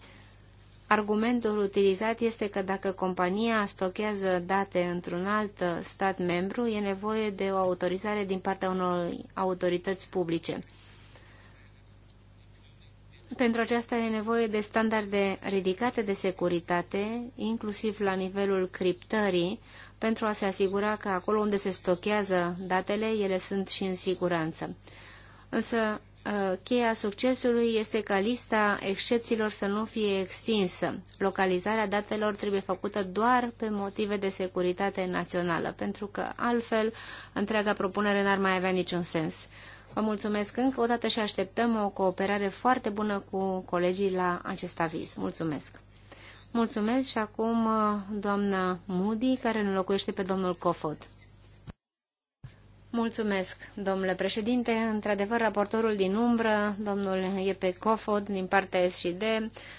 S2: argumentul utilizat este că dacă compania stochează date într-un alt stat membru, e nevoie de o autorizare din partea unor autorități publice. Pentru aceasta e nevoie de standarde ridicate de securitate, inclusiv la nivelul criptării, pentru a se asigura că acolo unde se stochează datele, ele sunt și în siguranță. Însă, uh, cheia succesului este ca lista excepțiilor să nu fie extinsă. Localizarea datelor trebuie făcută doar pe motive de securitate națională, pentru că altfel întreaga propunere n-ar mai avea niciun sens. Vă mulțumesc încă o dată și așteptăm o cooperare foarte bună cu colegii la acest aviz. Mulțumesc! Mulțumesc și acum uh, doamna Moody, care înlocuiește pe domnul Cofot. Mulțumesc, domnule președinte. Într-adevăr, raportorul din umbră, domnul Iepe Cofod, din partea SD,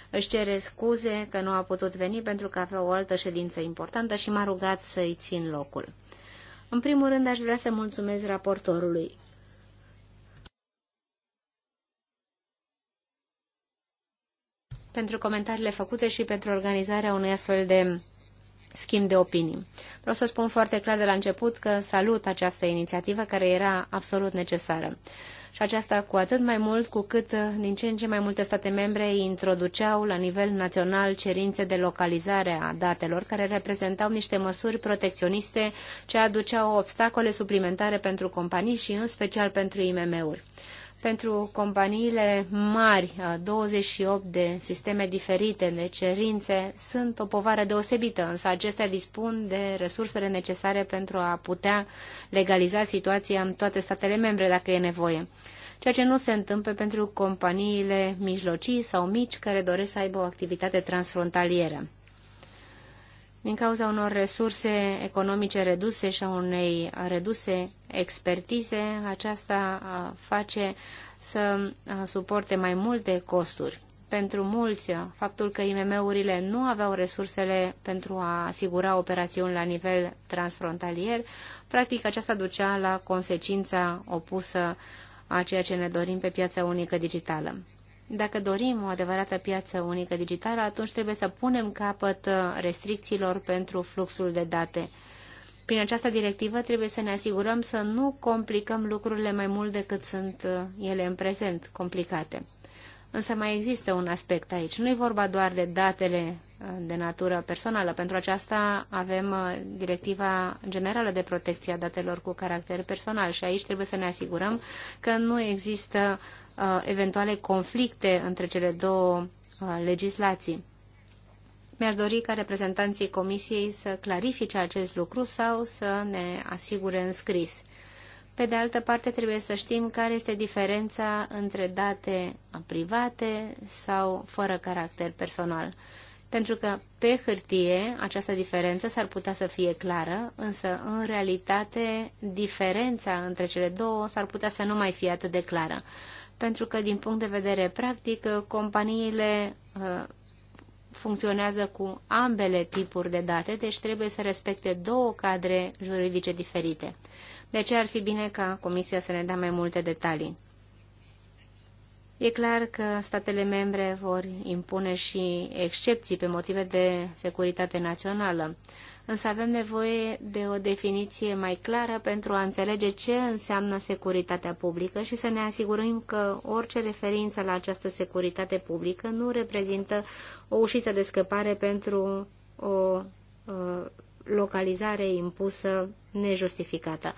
S2: își cere scuze că nu a putut veni pentru că avea o altă ședință importantă și m-a rugat să-i țin locul. În primul rând, aș vrea să mulțumesc raportorului. pentru comentariile făcute și pentru organizarea unui astfel de schimb de opinii. Vreau să spun foarte clar de la început că salut această inițiativă care era absolut necesară. Și aceasta cu atât mai mult cu cât uh, din ce în ce mai multe state membre introduceau la nivel național cerințe de localizare a datelor care reprezentau niște măsuri protecționiste ce aduceau obstacole suplimentare pentru companii și în special pentru IMM-uri pentru companiile mari, 28 de sisteme diferite de cerințe, sunt o povară deosebită, însă acestea dispun de resursele necesare pentru a putea legaliza situația în toate statele membre dacă e nevoie. Ceea ce nu se întâmplă pentru companiile mijlocii sau mici care doresc să aibă o activitate transfrontalieră din cauza unor resurse economice reduse și a unei reduse expertize, aceasta face să suporte mai multe costuri. Pentru mulți, faptul că IMM-urile nu aveau resursele pentru a asigura operațiuni la nivel transfrontalier, practic aceasta ducea la consecința opusă a ceea ce ne dorim pe piața unică digitală. Dacă dorim o adevărată piață unică digitală, atunci trebuie să punem capăt uh, restricțiilor pentru fluxul de date. Prin această directivă trebuie să ne asigurăm să nu complicăm lucrurile mai mult decât sunt uh, ele în prezent complicate. Însă mai există un aspect aici. Nu e vorba doar de datele uh, de natură personală. Pentru aceasta avem directiva generală de protecție a datelor cu caracter personal și aici trebuie să ne asigurăm că nu există Uh, eventuale conflicte între cele două uh, legislații. Mi-aș dori ca reprezentanții Comisiei să clarifice acest lucru sau să ne asigure în scris. Pe de altă parte, trebuie să știm care este diferența între date private sau fără caracter personal. Pentru că pe hârtie această diferență s-ar putea să fie clară, însă în realitate diferența între cele două s-ar putea să nu mai fie atât de clară pentru că, din punct de vedere practic, companiile uh, funcționează cu ambele tipuri de date, deci trebuie să respecte două cadre juridice diferite. De aceea ar fi bine ca Comisia să ne dea mai multe detalii. E clar că statele membre vor impune și excepții pe motive de securitate națională însă avem nevoie de o definiție mai clară pentru a înțelege ce înseamnă securitatea publică și să ne asigurăm că orice referință la această securitate publică nu reprezintă o ușiță de scăpare pentru o localizare impusă nejustificată.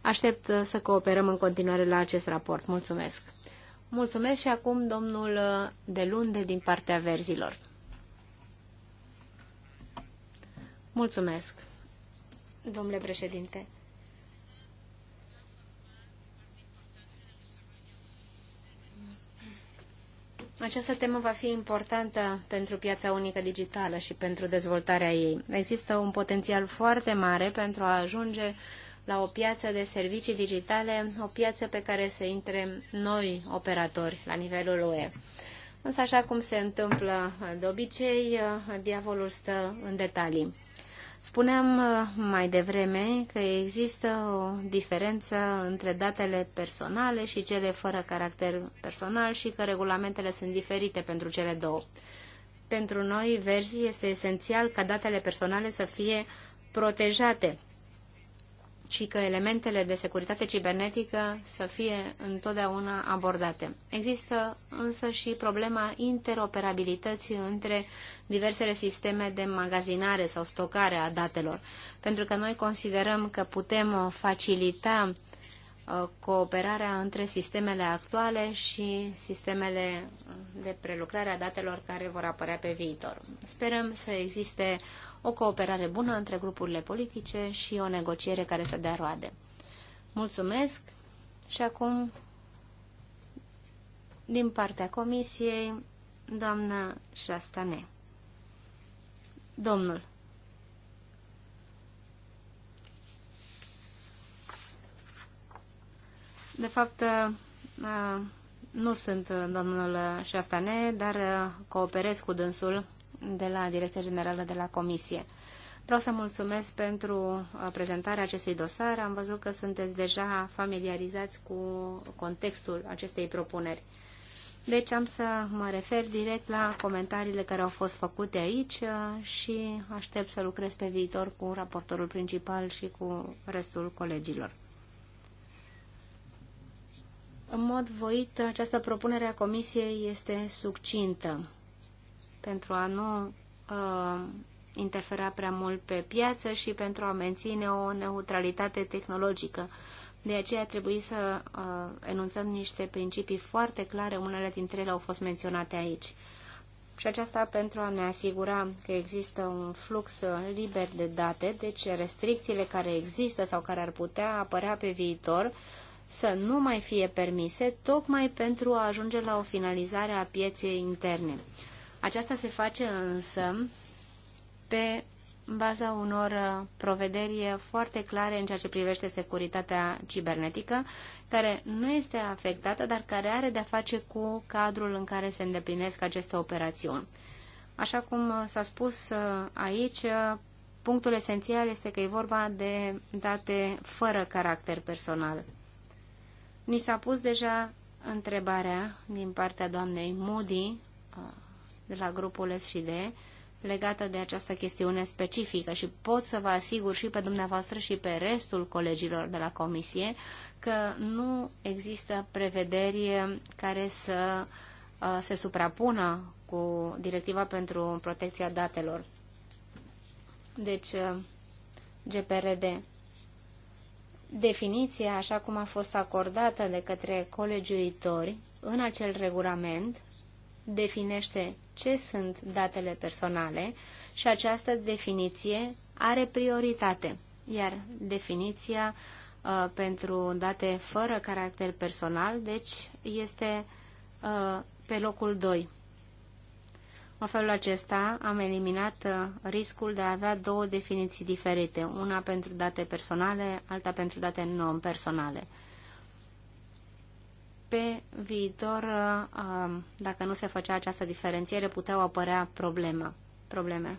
S2: Aștept să cooperăm în continuare la acest raport. Mulțumesc! Mulțumesc și acum domnul de Lunde din partea verzilor. Mulțumesc, domnule președinte. Această temă va fi importantă pentru piața unică digitală și pentru dezvoltarea ei. Există un potențial foarte mare pentru a ajunge la o piață de servicii digitale, o piață pe care să intre noi operatori la nivelul UE. Însă, așa cum se întâmplă de obicei, diavolul stă în detalii. Spuneam uh, mai devreme că există o diferență între datele personale și cele fără caracter personal și că regulamentele sunt diferite pentru cele două. Pentru noi, verzi, este esențial ca datele personale să fie protejate ci că elementele de securitate cibernetică să fie întotdeauna abordate. Există însă și problema interoperabilității între diversele sisteme de magazinare sau stocare a datelor, pentru că noi considerăm că putem facilita uh, cooperarea între sistemele actuale și sistemele de prelucrare a datelor care vor apărea pe viitor. Sperăm să existe o cooperare bună între grupurile politice și o negociere care să dea roade. Mulțumesc și acum, din partea Comisiei, doamna Șastane. Domnul. De fapt, uh, nu sunt domnul Șastane, dar uh, cooperez cu dânsul de la Direcția Generală de la Comisie. Vreau să mulțumesc pentru uh, prezentarea acestui dosar. Am văzut că sunteți deja familiarizați cu contextul acestei propuneri. Deci am să mă refer direct la comentariile care au fost făcute aici uh, și aștept să lucrez pe viitor cu raportorul principal și cu restul colegilor. În mod voit, această propunere a Comisiei este succintă pentru a nu uh, interfera prea mult pe piață și pentru a menține o neutralitate tehnologică. De aceea trebuie să uh, enunțăm niște principii foarte clare, unele dintre ele au fost menționate aici. Și aceasta pentru a ne asigura că există un flux liber de date, deci restricțiile care există sau care ar putea apărea pe viitor să nu mai fie permise, tocmai pentru a ajunge la o finalizare a pieței interne. Aceasta se face însă pe baza unor uh, provederi foarte clare în ceea ce privește securitatea cibernetică, care nu este afectată, dar care are de-a face cu cadrul în care se îndeplinesc aceste operațiuni. Așa cum uh, s-a spus uh, aici, punctul esențial este că e vorba de date fără caracter personal. Ni s-a pus deja întrebarea din partea doamnei Moody de la grupul SD legată de această chestiune specifică și pot să vă asigur și pe dumneavoastră și pe restul colegilor de la comisie că nu există prevederi care să uh, se suprapună cu directiva pentru protecția datelor. Deci, uh, GPRD. Definiția, așa cum a fost acordată de către colegiuitori în acel regulament, definește ce sunt datele personale și această definiție are prioritate, iar definiția uh, pentru date fără caracter personal, deci, este uh, pe locul 2. În felul acesta am eliminat uh, riscul de a avea două definiții diferite, una pentru date personale, alta pentru date non-personale pe viitor, uh, um, dacă nu se făcea această diferențiere, puteau apărea problema, probleme.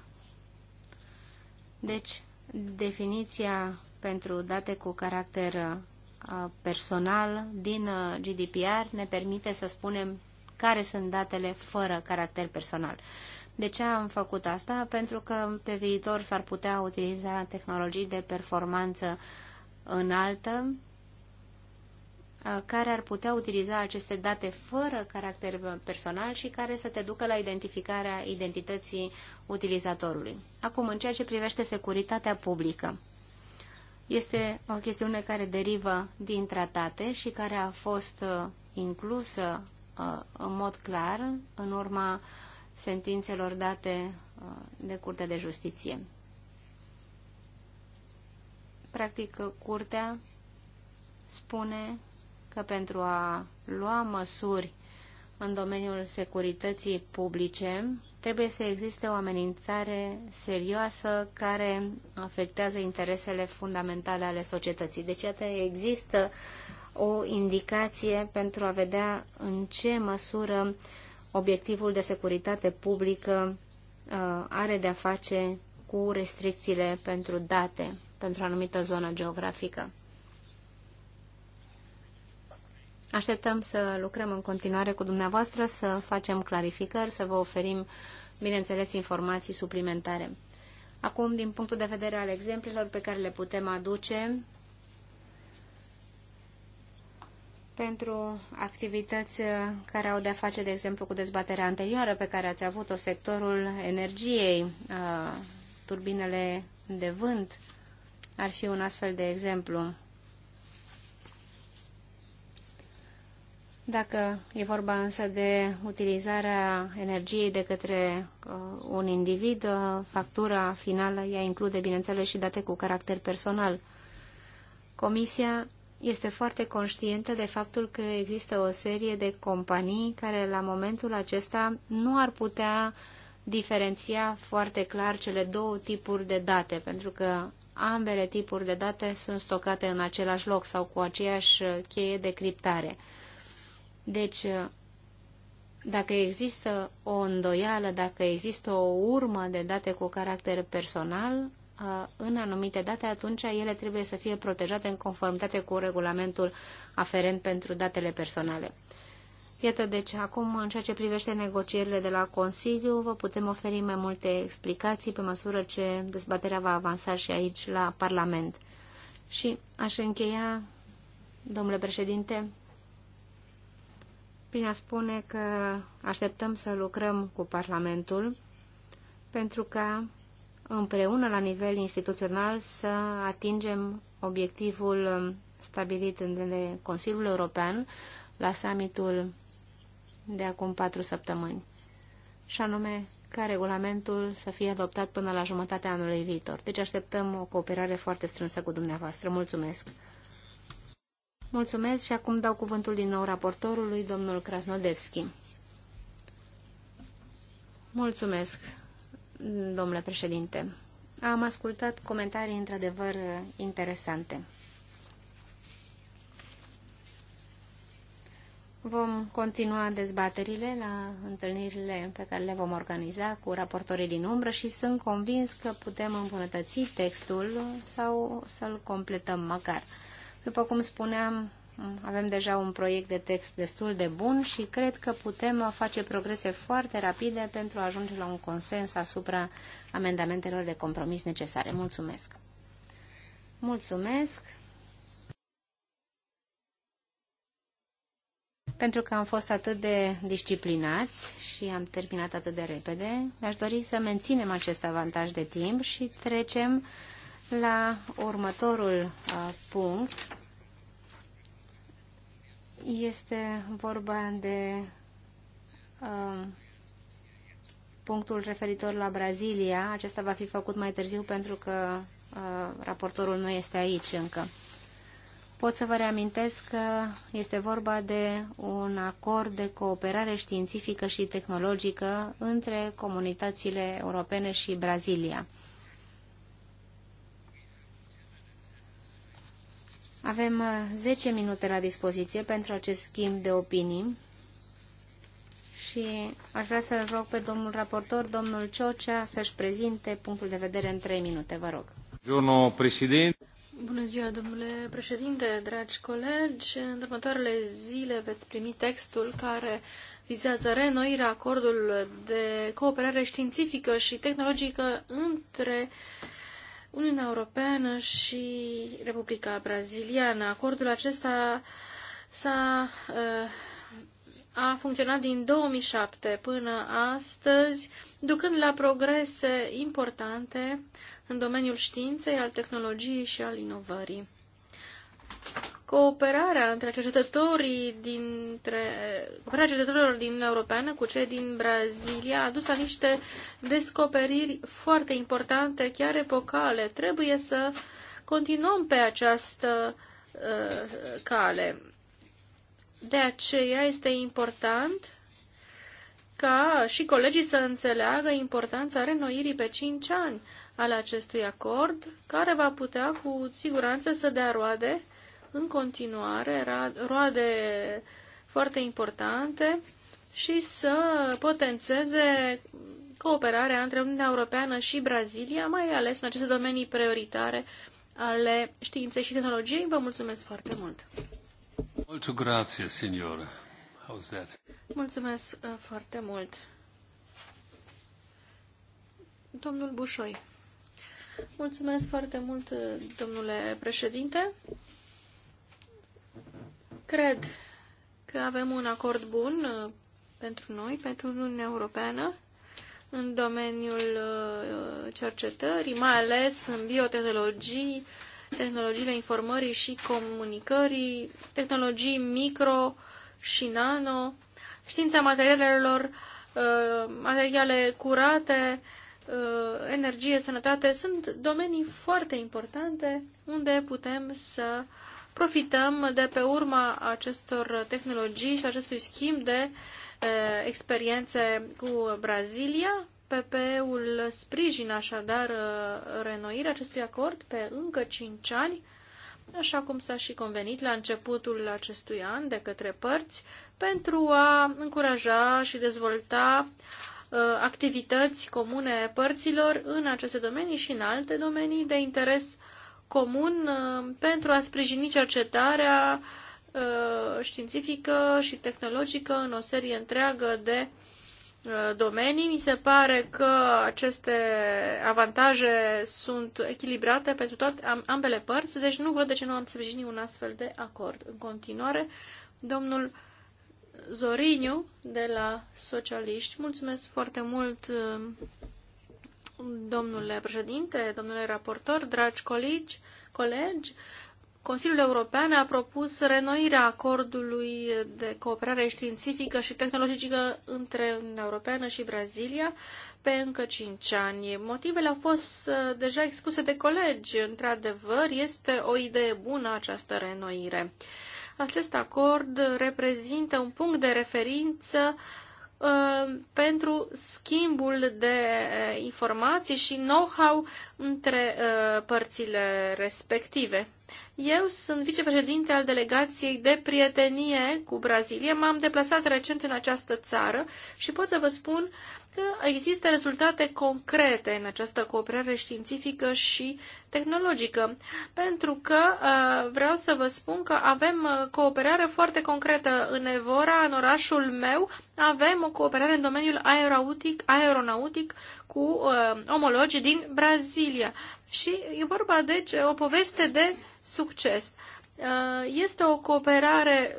S2: Deci, definiția pentru date cu caracter uh, personal din uh, GDPR ne permite să spunem care sunt datele fără caracter personal. De ce am făcut asta? Pentru că pe viitor s-ar putea utiliza tehnologii de performanță înaltă Uh, care ar putea utiliza aceste date fără caracter personal și care să te ducă la identificarea identității utilizatorului. Acum, în ceea ce privește securitatea publică, este o chestiune care derivă din tratate și care a fost uh, inclusă uh, în mod clar în urma sentințelor date de Curtea de Justiție. Practic, Curtea spune că pentru a lua măsuri în domeniul securității publice trebuie să existe o amenințare serioasă care afectează interesele fundamentale ale societății. Deci, iată, există o indicație pentru a vedea în ce măsură obiectivul de securitate publică uh, are de-a face cu restricțiile pentru date pentru o anumită zonă geografică. Așteptăm să lucrăm în continuare cu dumneavoastră, să facem clarificări, să vă oferim, bineînțeles, informații suplimentare. Acum, din punctul de vedere al exemplelor pe care le putem aduce pentru activități care au de-a face, de exemplu, cu dezbaterea anterioară pe care ați avut-o, sectorul energiei, uh, turbinele de vânt, ar fi un astfel de exemplu. Dacă e vorba însă de utilizarea energiei de către uh, un individ, uh, factura finală ea include, bineînțeles, și date cu caracter personal. Comisia este foarte conștientă de faptul că există o serie de companii care la momentul acesta nu ar putea diferenția foarte clar cele două tipuri de date, pentru că ambele tipuri de date sunt stocate în același loc sau cu aceeași cheie de criptare. Deci, dacă există o îndoială, dacă există o urmă de date cu caracter personal, în anumite date, atunci ele trebuie să fie protejate în conformitate cu regulamentul aferent pentru datele personale. Iată deci, acum, în ceea ce privește negocierile de la Consiliu, vă putem oferi mai multe explicații pe măsură ce dezbaterea va avansa și aici la Parlament. Și aș încheia, domnule președinte, prin a spune că așteptăm să lucrăm cu Parlamentul pentru ca împreună la nivel instituțional să atingem obiectivul stabilit de Consiliul European la summitul de acum patru săptămâni, și anume ca regulamentul să fie adoptat până la jumătatea anului viitor. Deci așteptăm o cooperare foarte strânsă cu dumneavoastră. Mulțumesc! Mulțumesc și acum dau cuvântul din nou raportorului, domnul Krasnodevski. Mulțumesc, domnule președinte. Am ascultat comentarii într-adevăr interesante. Vom continua dezbaterile la întâlnirile pe care le vom organiza cu raportorii din umbră și sunt convins că putem îmbunătăți textul sau să-l completăm măcar. După cum spuneam, avem deja un proiect de text destul de bun și cred că putem face progrese foarte rapide pentru a ajunge la un consens asupra amendamentelor de compromis necesare. Mulțumesc! Mulțumesc! Pentru că am fost atât de disciplinați și am terminat atât de repede, mi-aș dori să menținem acest avantaj de timp și trecem la următorul punct. Este vorba de punctul referitor la Brazilia. Acesta va fi făcut mai târziu pentru că raportorul nu este aici încă. Pot să vă reamintesc că este vorba de un acord de cooperare științifică și tehnologică între comunitățile europene și Brazilia. Avem 10 uh, minute la dispoziție pentru acest schimb de opinii și aș vrea să-l rog pe domnul raportor, domnul Ciocea, să-și prezinte punctul de vedere în 3 minute. Vă rog.
S1: Bună, președinte.
S2: Bună ziua,
S4: domnule președinte, dragi colegi. În următoarele zile veți primi textul care vizează renoirea acordului de cooperare științifică și tehnologică între Uniunea Europeană și Republica Braziliană. Acordul acesta s-a, uh, a funcționat din 2007 până astăzi, ducând la progrese importante în domeniul științei, al tehnologiei și al inovării cooperarea între cercetătorii dintre, cooperarea cercetătorilor din Europeană cu cei din Brazilia a dus la niște descoperiri foarte importante, chiar epocale. Trebuie să continuăm pe această uh, cale. De aceea este important ca și colegii să înțeleagă importanța renoirii pe 5 ani al acestui acord, care va putea cu siguranță să dea roade în continuare roade foarte importante și să potențeze cooperarea între Uniunea Europeană și Brazilia, mai ales în aceste domenii prioritare ale științei și tehnologiei. Vă mulțumesc foarte mult!
S1: Mulțumesc, signor. How's that?
S4: Mulțumesc uh, foarte mult! Domnul Bușoi. Mulțumesc foarte mult, uh, domnule președinte. Cred că avem un acord bun uh, pentru noi, pentru Uniunea Europeană, în domeniul uh, uh, cercetării, mai ales în biotehnologii, tehnologiile informării și comunicării, tehnologii micro și nano, știința materialelor, materiale curate, energie, sănătate, sunt domenii foarte importante unde putem să uh, profităm de pe urma acestor tehnologii și acestui schimb de experiențe cu Brazilia. PP-ul sprijină așadar renoirea acestui acord pe încă 5 ani, așa cum s-a și convenit la începutul acestui an de către părți, pentru a încuraja și dezvolta activități comune părților în aceste domenii și în alte domenii de interes uh, comun uh, pentru a sprijini cercetarea uh, științifică și tehnologică în o serie întreagă de uh, domenii. Mi se pare că aceste avantaje sunt echilibrate pentru toate, ambele părți, deci nu văd de ce nu am sprijini un astfel de acord. În continuare, domnul Zoriniu de la Socialiști, mulțumesc foarte mult Domnule președinte, domnule raportor, dragi colegi, colegi, Consiliul European a propus renoirea acordului de cooperare științifică și tehnologică între Uniunea Europeană și Brazilia pe încă 5 ani. Motivele au fost uh, deja expuse de colegi. Într-adevăr, este o idee bună această renoire. Acest acord reprezintă un punct de referință uh, Uh, pentru schimbul de uh, informații și know-how între uh, părțile respective. Eu sunt vicepreședinte al delegației de prietenie cu Brazilia. M-am deplasat recent în această țară și pot să vă spun că există rezultate concrete în această cooperare științifică și tehnologică, pentru că uh, vreau să vă spun că avem uh, cooperare foarte concretă în Evora, în orașul meu, avem o cooperare în domeniul aeronautic, aeronautic cu uh, omologii din Brazilia. Și e vorba, deci, o poveste de succes. Uh, este o cooperare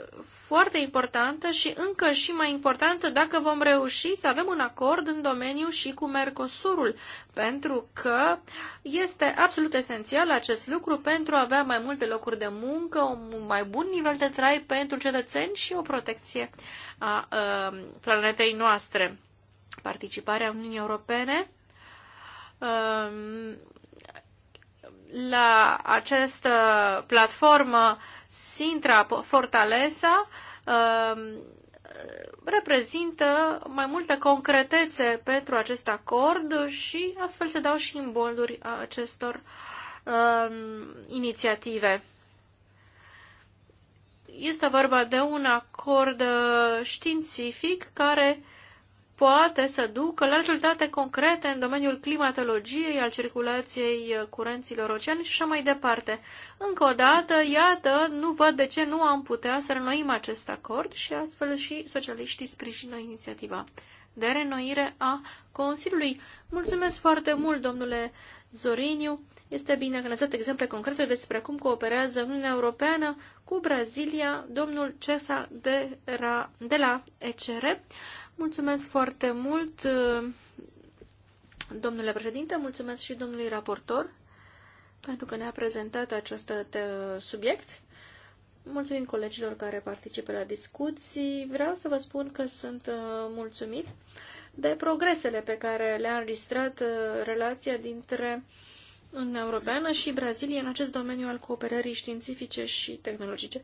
S4: foarte importantă și încă și mai importantă dacă vom reuși să avem un acord în domeniu și cu Mercosurul, pentru că este absolut esențial acest lucru pentru a avea mai multe locuri de muncă, un mai bun nivel de trai pentru cetățeni și o protecție a, a uh, planetei noastre. Participarea Uniunii Europene uh, la această platformă Sintra Fortaleza um, reprezintă mai multă concretețe pentru acest acord și astfel se dau și imbolduri acestor um, inițiative. Este vorba de un acord uh, științific care uh, poate să ducă la rezultate concrete în domeniul climatologiei, al circulației curenților oceanice și așa mai departe. Încă o dată, iată, nu văd de ce nu am putea să renoim acest acord și astfel și socialiștii sprijină inițiativa de renoire a Consiliului. Mulțumesc foarte mult, domnule Zoriniu. Este bine că ne dat exemple concrete despre cum cooperează Uniunea Europeană cu Brazilia, domnul Cesa de, de la ECR. Mulțumesc foarte mult, uh, domnule președinte, mulțumesc și domnului raportor pentru că ne-a prezentat acest uh, subiect. Mulțumim colegilor care participă la discuții. Vreau să vă spun că sunt uh, mulțumit de progresele pe care le-a înregistrat relația dintre Uniunea Europeană și Brazilia în acest domeniu al cooperării științifice și tehnologice.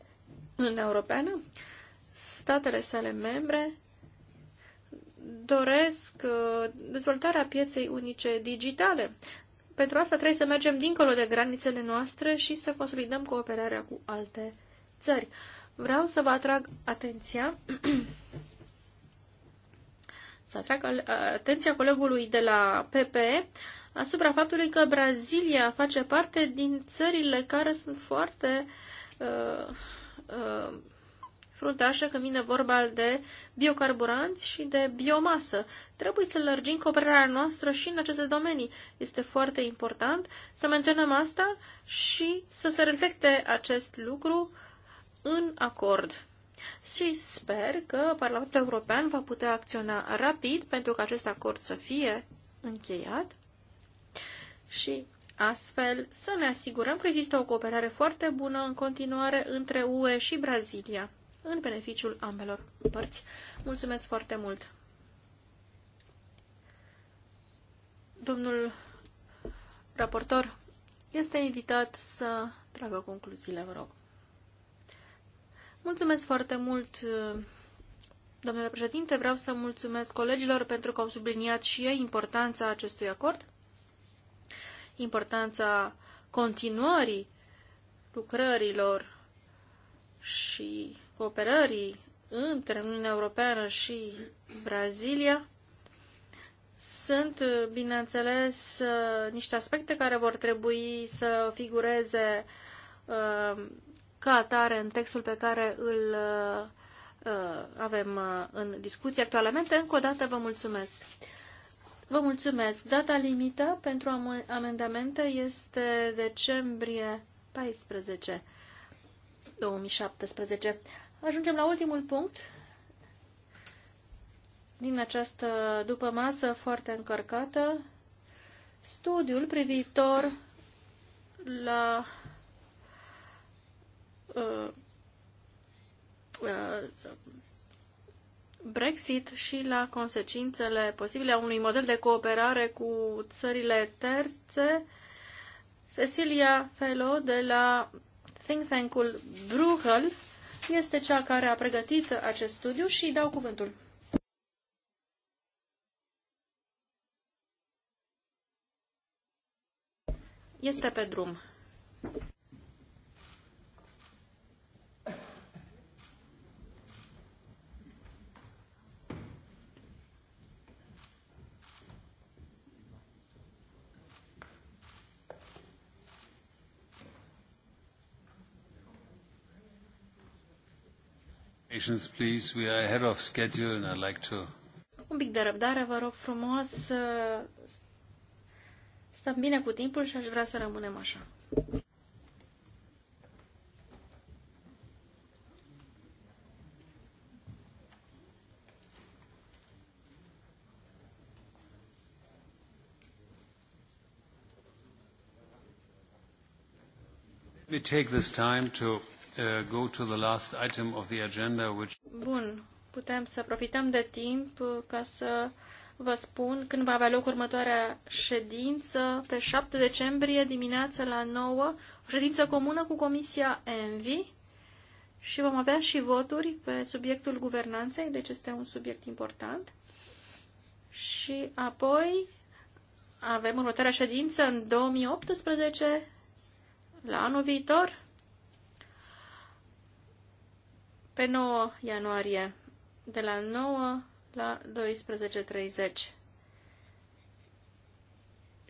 S4: Uniunea Europeană, statele sale membre doresc uh, dezvoltarea pieței unice digitale. Pentru asta trebuie să mergem dincolo de granițele noastre și să consolidăm cooperarea cu alte țări. Vreau să vă atrag atenția să atrag atenția colegului de la PPE asupra faptului că Brazilia face parte din țările care sunt foarte uh, uh, fruntașă când vine vorba de biocarburanți și de biomasă. Trebuie să lărgim cooperarea noastră și în aceste domenii. Este foarte important să menționăm asta și să se reflecte acest lucru în acord. Și sper că Parlamentul European va putea acționa rapid pentru că acest acord să fie încheiat și astfel să ne asigurăm că există o cooperare foarte bună în continuare între UE și Brazilia în beneficiul ambelor părți. Mulțumesc foarte mult! Domnul raportor este invitat să tragă concluziile, vă rog. Mulțumesc foarte mult, domnule președinte. Vreau să mulțumesc colegilor pentru că au subliniat și ei importanța acestui acord, importanța continuării lucrărilor și cooperării între Uniunea Europeană și Brazilia sunt, bineînțeles, niște aspecte care vor trebui să figureze uh, ca atare în textul pe care îl uh, avem uh, în discuție actualmente. Încă o dată vă mulțumesc. Vă mulțumesc. Data limită pentru amendamente este decembrie 14 2017. Ajungem la ultimul punct din această după masă foarte încărcată, studiul privitor la uh, uh, Brexit și la consecințele posibile a unui model de cooperare cu țările terțe. Cecilia Felo de la think tank-ul Bruegel este cea care a pregătit acest studiu și îi dau cuvântul. Este pe drum. Un pic de răbdare, vă rog frumos. Stăm bine cu timpul și aș vrea să rămânem așa.
S1: Let me take this time to Uh, go to the last item of the agenda, which...
S4: Bun, putem să profităm de timp uh, ca să vă spun când va avea loc următoarea ședință, pe 7 decembrie dimineața la 9, o ședință comună cu Comisia ENVI și vom avea și voturi pe subiectul guvernanței, deci este un subiect important. Și apoi avem următoarea ședință în 2018, la anul viitor, pe 9 ianuarie, de la 9 la 12.30.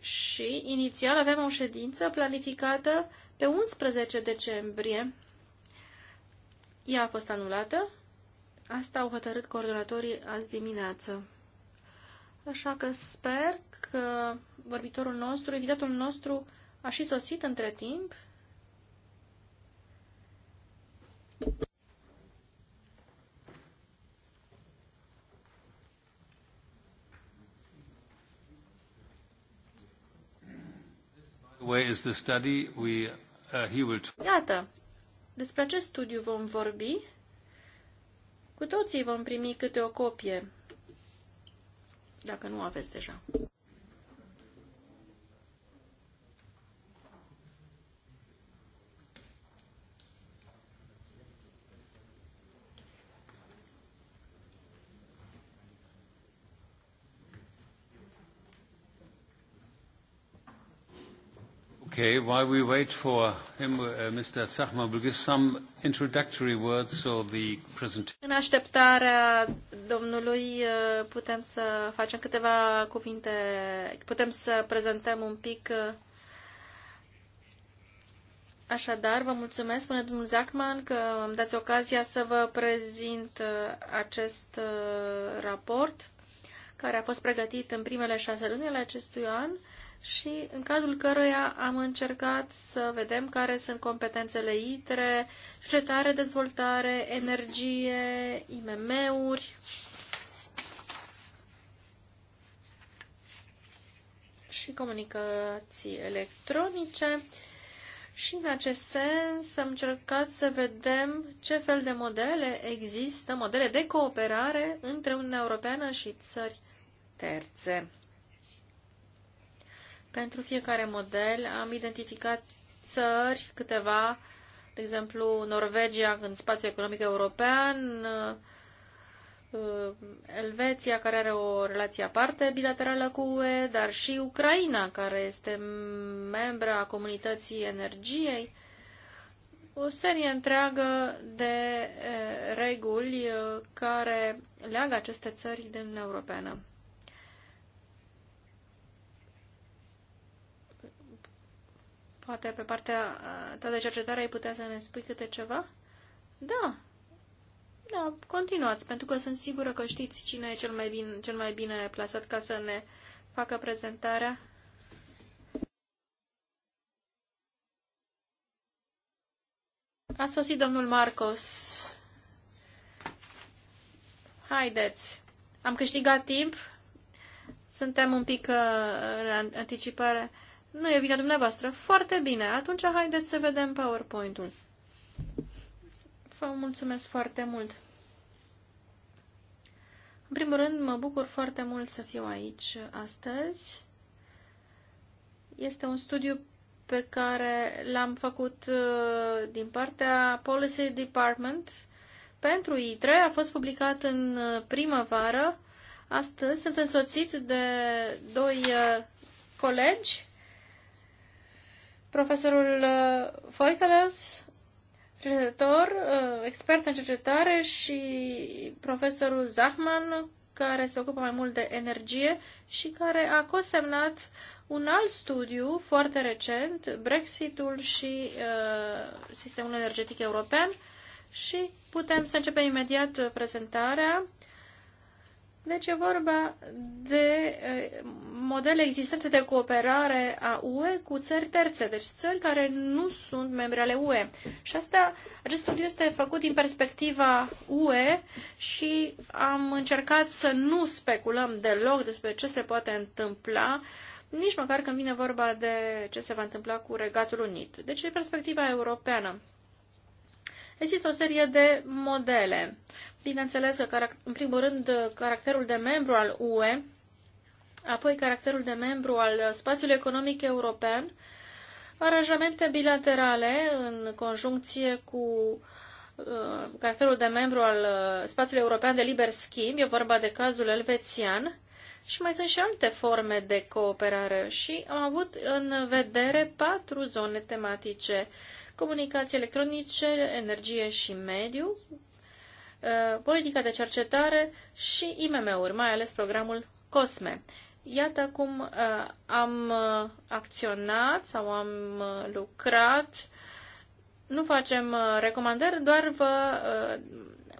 S4: Și inițial avem o ședință planificată pe 11 decembrie. Ea a fost anulată. Asta au hotărât coordonatorii azi dimineață. Așa că sper că vorbitorul nostru, invitatul nostru, a și sosit între timp
S1: Where is the study? We, uh, he will...
S4: Iată, despre acest studiu vom vorbi. Cu toții vom primi câte o copie, dacă nu aveți deja.
S1: Okay, while we wait for him, uh, Mr. Zachman will give some introductory words so the presentation.
S4: În așteptarea domnului uh, putem să facem câteva cuvinte, putem să prezentăm un pic uh, Așadar, vă mulțumesc, spune domnul Zachman, că îmi dați ocazia să vă prezint uh, acest raport care a fost pregătit în primele șase luni ale acestui an și în cadrul căruia am încercat să vedem care sunt competențele ITRE, cercetare, dezvoltare, energie, IMM-uri. și comunicații electronice și în acest sens am încercat să vedem ce fel de modele există, modele de cooperare între Uniunea Europeană și țări terțe. Pentru fiecare model am identificat țări, câteva, de exemplu Norvegia în spațiul economic european, Uh, Elveția, care are o relație aparte bilaterală cu UE, dar și Ucraina, care este membra a comunității energiei, o serie întreagă de uh, reguli uh, care leagă aceste țări din Uniunea Europeană. Poate pe partea ta de cercetare ai putea să ne spui câte ceva? Da, da, continuați, pentru că sunt sigură că știți cine e cel mai bine, cel mai bine plasat ca să ne facă prezentarea. A sosit domnul Marcos. Haideți. Am câștigat timp. Suntem un pic în uh, anticipare. Nu e vina dumneavoastră. Foarte bine. Atunci haideți să vedem PowerPoint-ul. Vă mulțumesc foarte mult! În primul rând, mă bucur foarte mult să fiu aici astăzi. Este un studiu pe care l-am făcut uh, din partea Policy Department pentru ITRE. A fost publicat în uh, primăvară. Astăzi sunt însoțit de doi uh, colegi, profesorul Foikelers cercetător, uh, expert în cercetare și profesorul Zahman, care se ocupă mai mult de energie și care a cosemnat un alt studiu foarte recent, Brexitul și uh, sistemul energetic european și putem să începem imediat prezentarea deci e vorba de modele existente de cooperare a UE cu țări terțe, deci țări care nu sunt membre ale UE. Și asta, acest studiu este făcut din perspectiva UE și am încercat să nu speculăm deloc despre ce se poate întâmpla, nici măcar când vine vorba de ce se va întâmpla cu Regatul Unit. Deci e perspectiva europeană. Există o serie de modele. Bineînțeles că, în primul rând, caracterul de membru al UE, apoi caracterul de membru al spațiului economic european, aranjamente bilaterale în conjuncție cu uh, caracterul de membru al uh, spațiului european de liber schimb, e vorba de cazul elvețian, și mai sunt și alte forme de cooperare și am avut în vedere patru zone tematice comunicații electronice, energie și mediu, uh, politica de cercetare și IMM-uri, mai ales programul COSME. Iată cum uh, am uh, acționat sau am lucrat. Nu facem recomandări, doar vă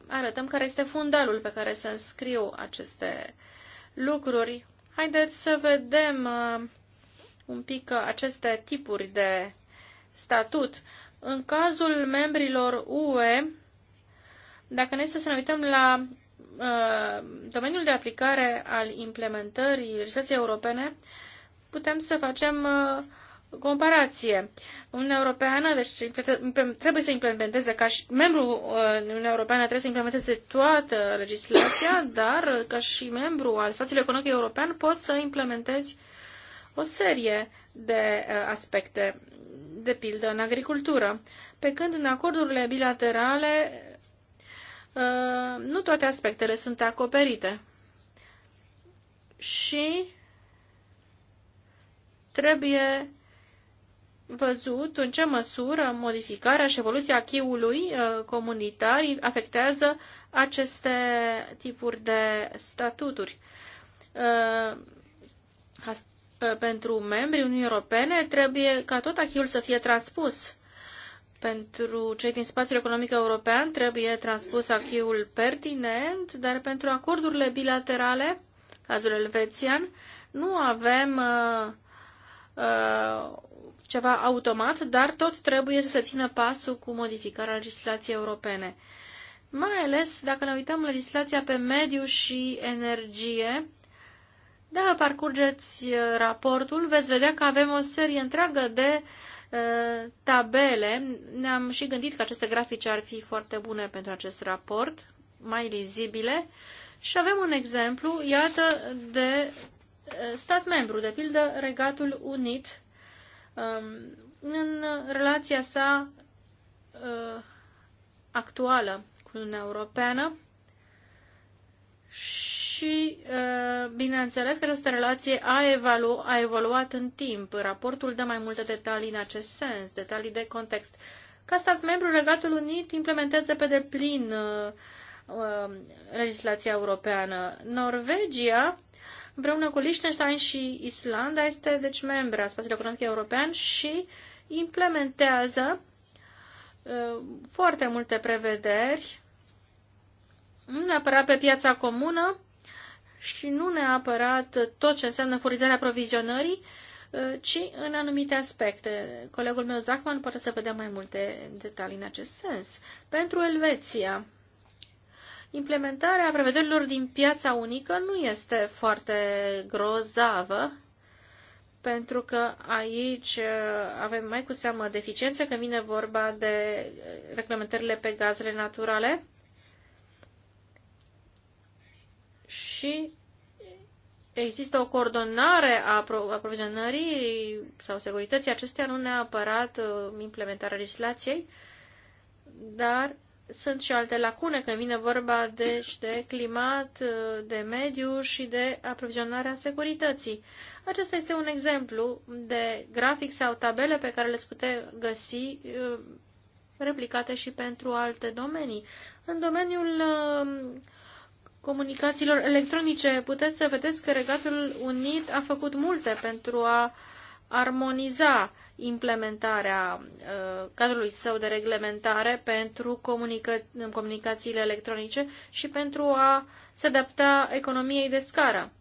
S4: arătăm care este fundalul pe care se înscriu aceste lucruri. Haideți să vedem un pic aceste tipuri de statut. În cazul membrilor UE, dacă ne este să ne uităm la uh, domeniul de aplicare al implementării legislației europene, putem să facem uh, comparație. Uniunea Europeană deci, trebuie să implementeze, ca și membru în uh, Uniunea Europeană trebuie să implementeze toată legislația, dar uh, ca și membru al spațiului economic european poți să implementezi o serie de uh, aspecte de pildă în agricultură, pe când în acordurile bilaterale uh, nu toate aspectele sunt acoperite. Și trebuie văzut în ce măsură modificarea și evoluția chiului uh, comunitar afectează aceste tipuri de statuturi. Uh, pentru membrii Uniunii Europene trebuie ca tot achiul să fie transpus. Pentru cei din spațiul economic european trebuie transpus achiul pertinent, dar pentru acordurile bilaterale, cazul elvețian, nu avem uh, uh, ceva automat, dar tot trebuie să se țină pasul cu modificarea legislației europene. Mai ales dacă ne uităm legislația pe mediu și energie, dacă parcurgeți uh, raportul, veți vedea că avem o serie întreagă de uh, tabele. Ne-am și gândit că aceste grafice ar fi foarte bune pentru acest raport, mai lizibile. Și avem un exemplu, iată, de uh, stat membru, de pildă Regatul Unit, um, în relația sa actuală cu Uniunea Europeană și, uh, bineînțeles, că această relație a, evalu- a evoluat în timp. Raportul dă mai multe detalii în acest sens, detalii de context. Ca stat membru, Regatul Unit implementează pe deplin uh, uh, legislația europeană. Norvegia, împreună cu Liechtenstein și Islanda, este deci membra a spațiului economic european și implementează uh, foarte multe prevederi nu neapărat pe piața comună și nu neapărat tot ce înseamnă furizarea provizionării, eh, ci în anumite aspecte. Colegul meu, Zachman, poate să vedea mai multe detalii în acest sens. Pentru Elveția, implementarea prevederilor din piața unică nu este foarte grozavă, pentru că aici eh, avem mai cu seamă deficiențe când vine vorba de eh, reglementările pe gazele naturale și există o coordonare a aprovizionării sau securității acestea, nu neapărat uh, implementarea legislației, dar sunt și alte lacune când vine vorba și deci de climat, uh, de mediu și de aprovizionarea securității. Acesta este un exemplu de grafic sau tabele pe care le puteți găsi uh, replicate și pentru alte domenii. În domeniul comunicațiilor electronice. Puteți să vedeți că Regatul Unit a făcut multe pentru a armoniza implementarea uh, cadrului său de reglementare pentru comunica- comunicațiile electronice și pentru a se adapta economiei de scară.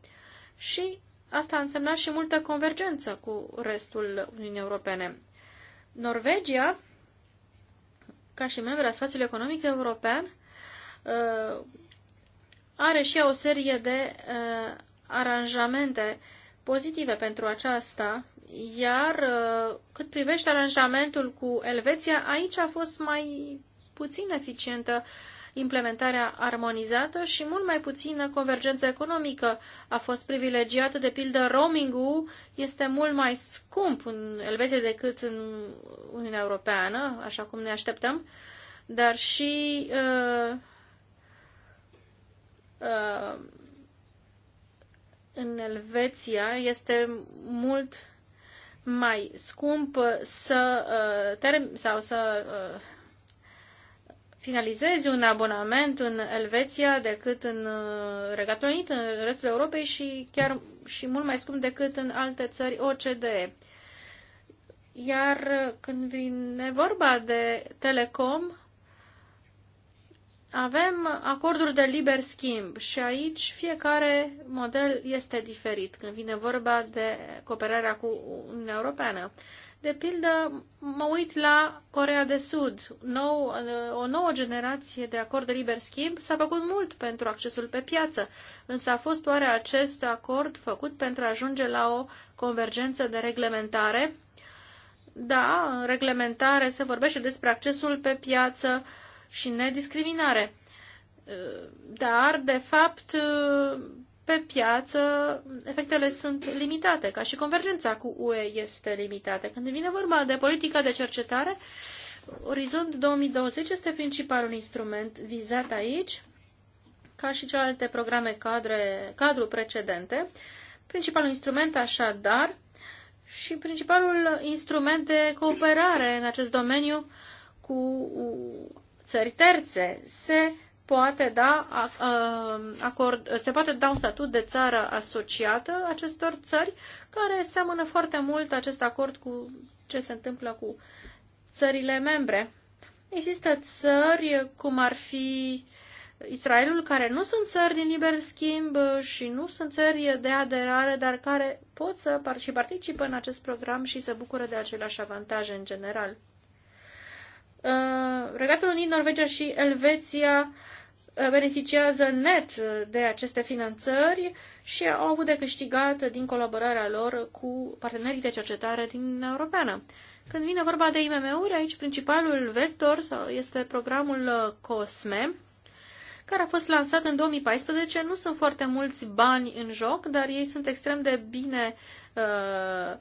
S4: Și asta a însemnat și multă convergență cu restul Uniunii Europene. Norvegia, ca și membru al spațiului economic european, uh, are și o serie de uh, aranjamente pozitive pentru aceasta, iar uh, cât privește aranjamentul cu Elveția, aici a fost mai puțin eficientă implementarea armonizată și mult mai puțină convergență economică a fost privilegiată. De pildă, roamingul este mult mai scump în Elveția decât în Uniunea Europeană, așa cum ne așteptăm, dar și uh, Uh, în Elveția este mult mai scump să uh, term- sau să uh, finalizezi un abonament în Elveția decât în Regatul Unit, în restul Europei și chiar și mult mai scump decât în alte țări OCDE. Iar când vine vorba de telecom, avem acorduri de liber schimb și aici fiecare model este diferit când vine vorba de cooperarea cu Uniunea Europeană. De pildă, mă uit la Corea de Sud. Nou, o nouă generație de acord de liber schimb s-a făcut mult pentru accesul pe piață, însă a fost oare acest acord făcut pentru a ajunge la o convergență de reglementare? Da, în reglementare se vorbește despre accesul pe piață, uh, și nediscriminare. Uh, dar, de fapt, uh, pe piață efectele sunt limitate, ca și convergența cu UE este limitată. Când vine vorba de politica de cercetare, Orizont 2020 este principalul instrument vizat aici, ca și celelalte programe cadre, cadru precedente. Principalul instrument, așadar, și principalul instrument de cooperare în acest domeniu cu țări terțe. Se poate da, acord, se poate da un statut de țară asociată acestor țări, care seamănă foarte mult acest acord cu ce se întâmplă cu țările membre. Există țări cum ar fi Israelul, care nu sunt țări din liber schimb și nu sunt țări de aderare, dar care pot să par- și participă în acest program și să bucură de aceleași avantaje în general. Uh, Regatul Unit, Norvegia și Elveția uh, beneficiază net de aceste finanțări și au avut de câștigat din colaborarea lor cu partenerii de cercetare din Europeană. Când vine vorba de IMM-uri, aici principalul vector este programul uh, COSME, care a fost lansat în 2014. Nu sunt foarte mulți bani în joc, dar ei sunt extrem de bine uh,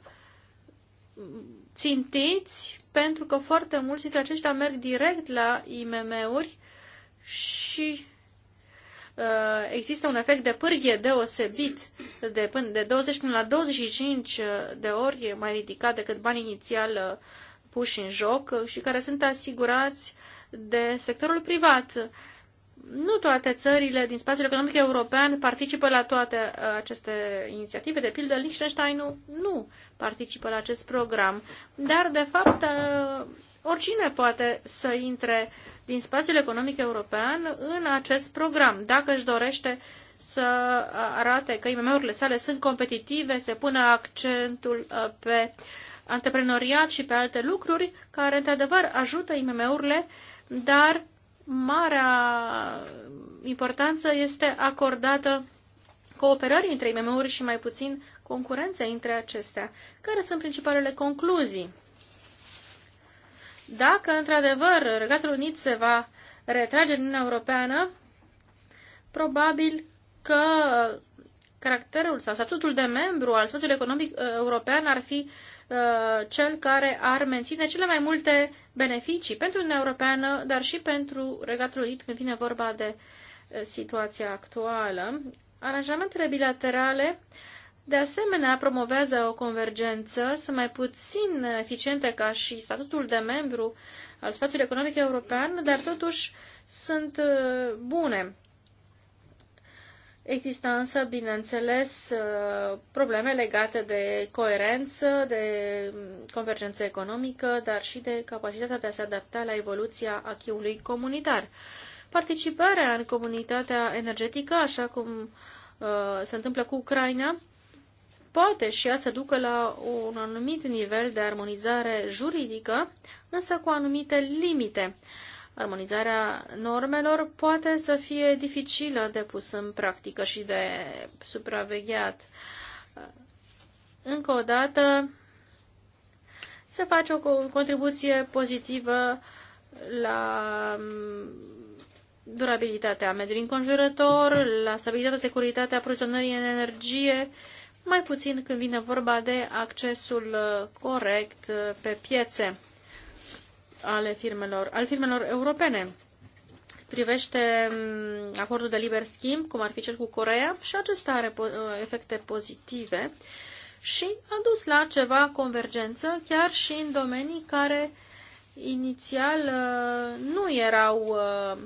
S4: țintiți pentru că foarte mulți dintre aceștia merg direct la IMM-uri și uh, există un efect de pârghie deosebit de, până de 20 până la 25 de ori mai ridicat decât banii inițial uh, puși în joc și care sunt asigurați de sectorul privat nu toate țările din spațiul economic european participă la toate uh, aceste inițiative. De pildă, Liechtenstein nu, nu participă la acest program, dar, de fapt, uh, oricine poate să intre din spațiul economic european în acest program, dacă își dorește să uh, arate că IMM-urile sale sunt competitive, se pune accentul pe antreprenoriat și pe alte lucruri care, într-adevăr, ajută IMM-urile, dar marea importanță este acordată cooperării între IMM-uri și mai puțin concurenței între acestea. Care sunt principalele concluzii? Dacă, într-adevăr, Regatul Unit se va retrage din Europeană, probabil că caracterul sau statutul de membru al spațiului economic uh, european ar fi uh, Uh, cel care ar menține cele mai multe beneficii pentru Uniunea Europeană, dar și pentru Regatul Unit când vine vorba de uh, situația actuală. Aranjamentele bilaterale de asemenea promovează o convergență, sunt mai puțin eficiente ca și statutul de membru al spațiului economic european, dar totuși sunt uh, bune Există însă, bineînțeles, uh, probleme legate de coerență, de convergență economică, dar și de capacitatea de a se adapta la evoluția achiului comunitar. Participarea în comunitatea energetică, așa cum uh, se întâmplă cu Ucraina, poate și ea să ducă la un anumit nivel de armonizare juridică, însă cu anumite limite. Armonizarea normelor poate să fie dificilă de pus în practică și de supravegheat. Încă o dată, se face o contribuție pozitivă la mm, durabilitatea mediului înconjurător, la stabilitatea, securitatea aprovizionării în energie, mai puțin când vine vorba de accesul uh, corect uh, pe piețe ale firmelor, al firmelor europene privește mm, acordul de liber schimb, cum ar fi cel cu Coreea, și acesta are uh, efecte pozitive și a dus la ceva convergență, chiar și în domenii care inițial uh, nu erau uh,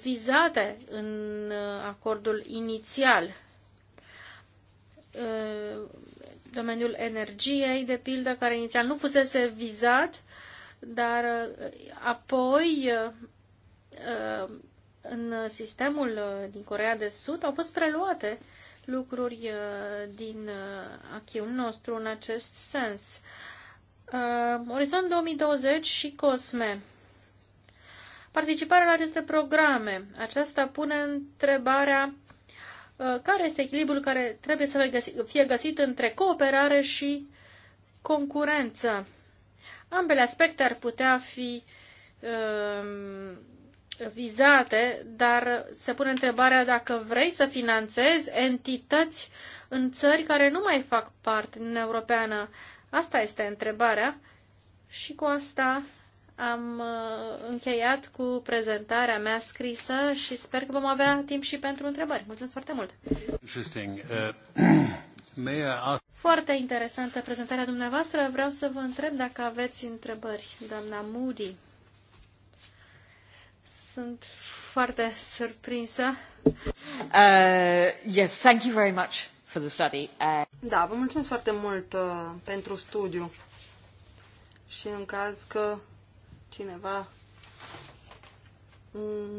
S4: vizate în acordul inițial. Domeniul energiei, de pildă, care inițial nu fusese vizat, dar uh, apoi uh, uh, în sistemul din Corea de Sud au fost preluate lucruri din achiul nostru în acest sens. Orizont 2020 și COSME. Participarea la aceste programe. Aceasta pune întrebarea care este echilibrul care trebuie să fie găsit între cooperare și concurență. Ambele aspecte ar putea fi uh, vizate, dar se pune întrebarea dacă vrei să finanțezi entități în țări care nu mai fac parte din Europeană. Asta este întrebarea și cu asta am uh, încheiat cu prezentarea mea scrisă și sper că vom avea timp și pentru întrebări. Mulțumesc foarte mult!
S1: Interesting. Uh,
S4: foarte interesantă prezentarea dumneavoastră. Vreau să vă întreb dacă aveți întrebări, doamna Moody. Sunt foarte surprinsă.
S1: Uh, yes, thank you very much for the study. Uh...
S4: Da, vă mulțumesc foarte mult uh,
S5: pentru studiu. Și în caz că cineva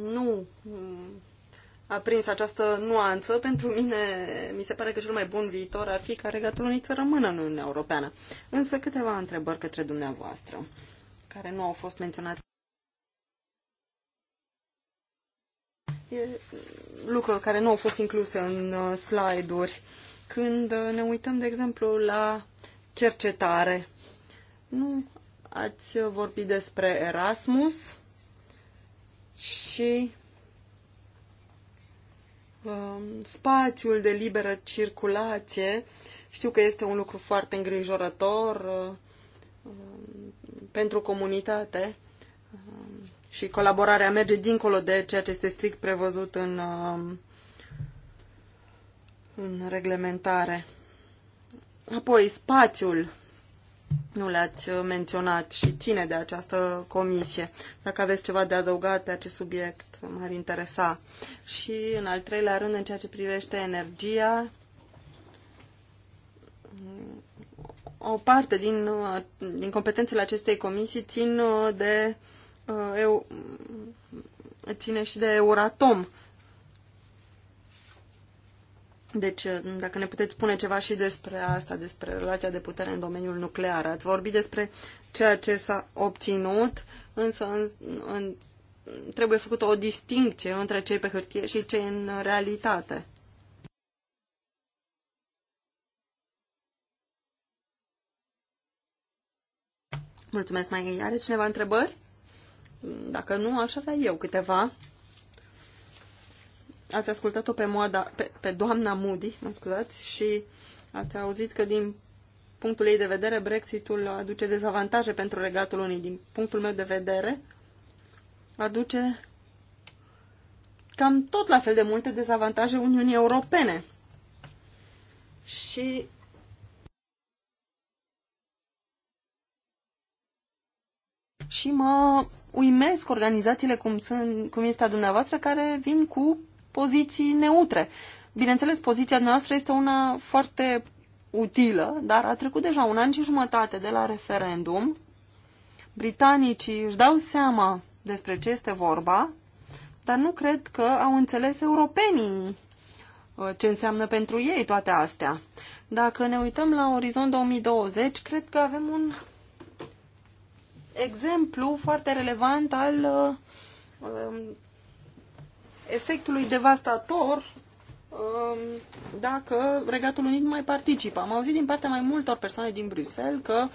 S5: nu prins această nuanță. Pentru mine, mi se pare că cel mai bun viitor ar fi ca Regatul Unit să rămână în Uniunea Europeană. Însă câteva întrebări către dumneavoastră, care nu au fost menționate. E, lucruri care nu au fost incluse în uh, slide-uri. Când uh, ne uităm, de exemplu, la cercetare, nu ați vorbit despre Erasmus și Um, spațiul de liberă circulație. Știu că este un lucru foarte îngrijorător uh, um, pentru comunitate um, și colaborarea merge dincolo de ceea ce este strict prevăzut în, în reglementare. Apoi, spațiul nu le-ați uh, menționat și ține de această comisie. Dacă aveți ceva de adăugat pe acest subiect, m-ar interesa. Și în al treilea rând, în ceea ce privește energia, o parte din, uh, din competențele acestei comisii țin uh, de eu, ține și de Euratom. Deci, dacă ne puteți spune ceva și despre asta, despre relația de putere în domeniul nuclear. Ați vorbit despre ceea ce s-a obținut, însă în, în, trebuie făcută o distincție între cei pe hârtie și cei în realitate. Mulțumesc, mai are cineva întrebări? Dacă nu, aș avea eu câteva ați ascultat-o pe, pe, pe doamna Moody, mă scuzați, și ați auzit că din punctul ei de vedere Brexitul aduce dezavantaje pentru Regatul Unii. Din punctul meu de vedere aduce cam tot la fel de multe dezavantaje Uniunii Europene. Și și mă uimesc organizațiile cum, sunt, cum este a dumneavoastră care vin cu poziții neutre. Bineînțeles, poziția noastră este una foarte utilă, dar a trecut deja un an și jumătate de la referendum. Britanicii își dau seama despre ce este vorba, dar nu cred că au înțeles europenii uh, ce înseamnă pentru ei toate astea. Dacă ne uităm la orizont 2020, cred că avem un exemplu foarte relevant al uh, um, efectului devastator um, dacă Regatul Unit nu mai participă. Am auzit din partea mai multor persoane din Bruxelles că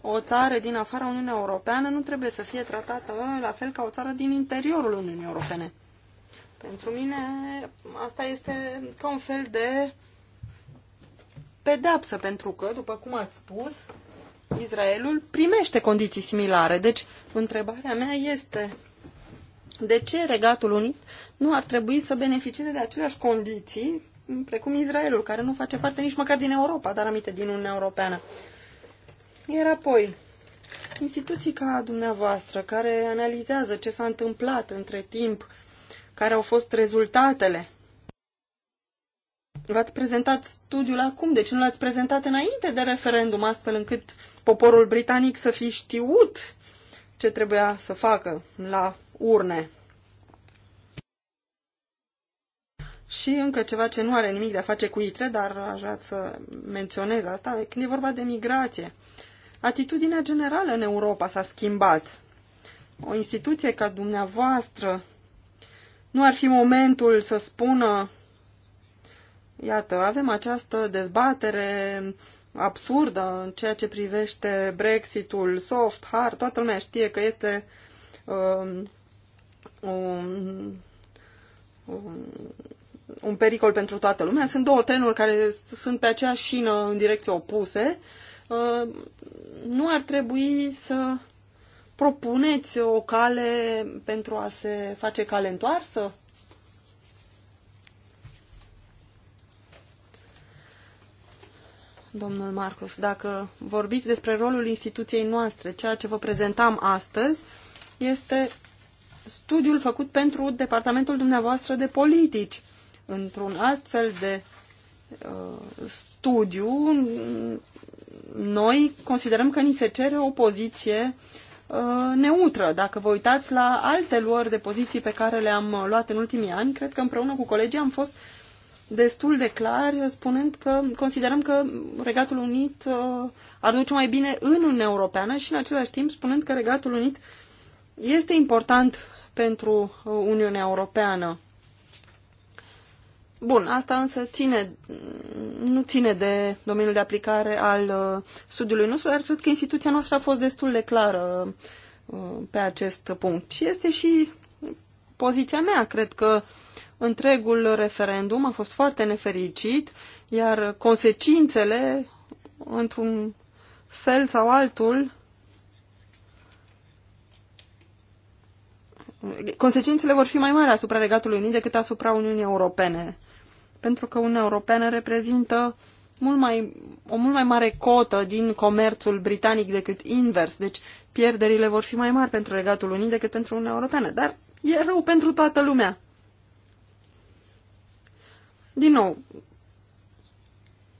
S5: o țară din afara Uniunii Europeană nu trebuie să fie tratată la fel ca o țară din interiorul Uniunii Europene. Pentru mine asta este ca un fel de pedapsă, pentru că, după cum ați spus, Israelul primește condiții similare. Deci, întrebarea mea este de ce Regatul Unit nu ar trebui să beneficieze de aceleași condiții mm, precum Israelul, care nu face parte nici măcar din Europa, dar aminte din Uniunea Europeană. Iar apoi, instituții ca dumneavoastră, care analizează ce s-a întâmplat între timp, care au fost rezultatele, v-ați prezentat studiul acum, deci nu l-ați prezentat înainte de referendum, astfel încât poporul britanic să fi știut ce trebuia să facă la urne. Și încă ceva ce nu are nimic de a face cu ITRE, dar aș vrea să menționez asta, când e vorba de migrație. Atitudinea generală în Europa s-a schimbat. O instituție ca dumneavoastră nu ar fi momentul să spună iată, avem această dezbatere absurdă în ceea ce privește Brexitul, soft, hard, toată lumea știe că este um, um, um, un pericol pentru toată lumea. Sunt două trenuri care sunt pe aceeași șină în direcții opuse. Uh, nu ar trebui să propuneți o cale pentru a se face cale întoarsă? Domnul Marcus, dacă vorbiți despre rolul instituției noastre, ceea ce vă prezentam astăzi este studiul făcut pentru departamentul dumneavoastră de politici. Într-un astfel de uh, studiu, noi considerăm că ni se cere o poziție uh, neutră. Dacă vă uitați la alte luări de poziții pe care le-am luat în ultimii ani, cred că împreună cu colegii am fost destul de clar, spunând că considerăm că Regatul Unit uh, ar duce mai bine în Uniunea Europeană și în același timp spunând că Regatul Unit este important pentru uh, Uniunea Europeană. Bun, asta însă ține, nu ține de domeniul de aplicare al uh, studiului nostru, dar cred că instituția noastră a fost destul de clară uh, pe acest punct. Și este și poziția mea. Cred că întregul referendum a fost foarte nefericit, iar consecințele, într-un fel sau altul, consecințele vor fi mai mari asupra Regatului Unit decât asupra Uniunii Europene pentru că Uniunea Europeană reprezintă mult mai, o mult mai mare cotă din comerțul britanic decât invers. Deci pierderile vor fi mai mari pentru Regatul Unit decât pentru Uniunea Europeană. Dar e rău pentru toată lumea. Din nou,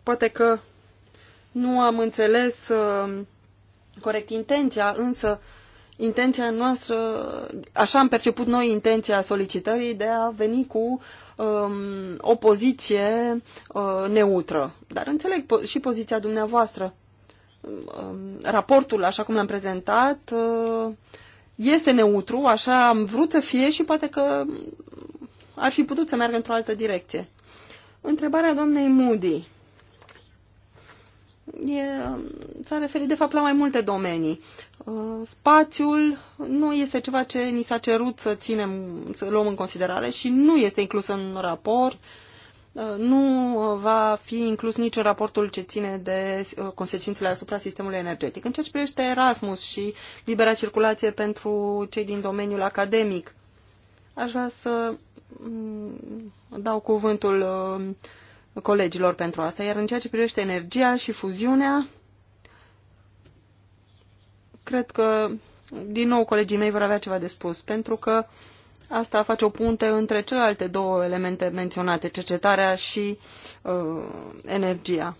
S5: poate că nu am înțeles uh, corect intenția, însă intenția noastră, așa am perceput noi intenția solicitării de a veni cu uh, um, o poziție uh, neutră. Dar înțeleg po- și poziția dumneavoastră. Um, raportul, așa cum l-am prezentat, uh, este neutru, așa am vrut să fie și poate că ar fi putut să meargă într-o altă direcție. Întrebarea doamnei Moody s-a referit de fapt la mai multe domenii. Uh, spațiul nu este ceva ce ni s-a cerut să ținem, să luăm în considerare și nu este inclus în raport. Uh, nu va fi inclus nici în raportul ce ține de uh, consecințele asupra sistemului energetic. În ceea ce privește Erasmus și libera circulație pentru cei din domeniul academic, aș vrea să mm, dau cuvântul uh, colegilor pentru asta. Iar în ceea ce privește energia și fuziunea, cred că din nou colegii mei vor avea ceva de spus, pentru că asta face o punte între celelalte două elemente menționate, cercetarea și uh, energia.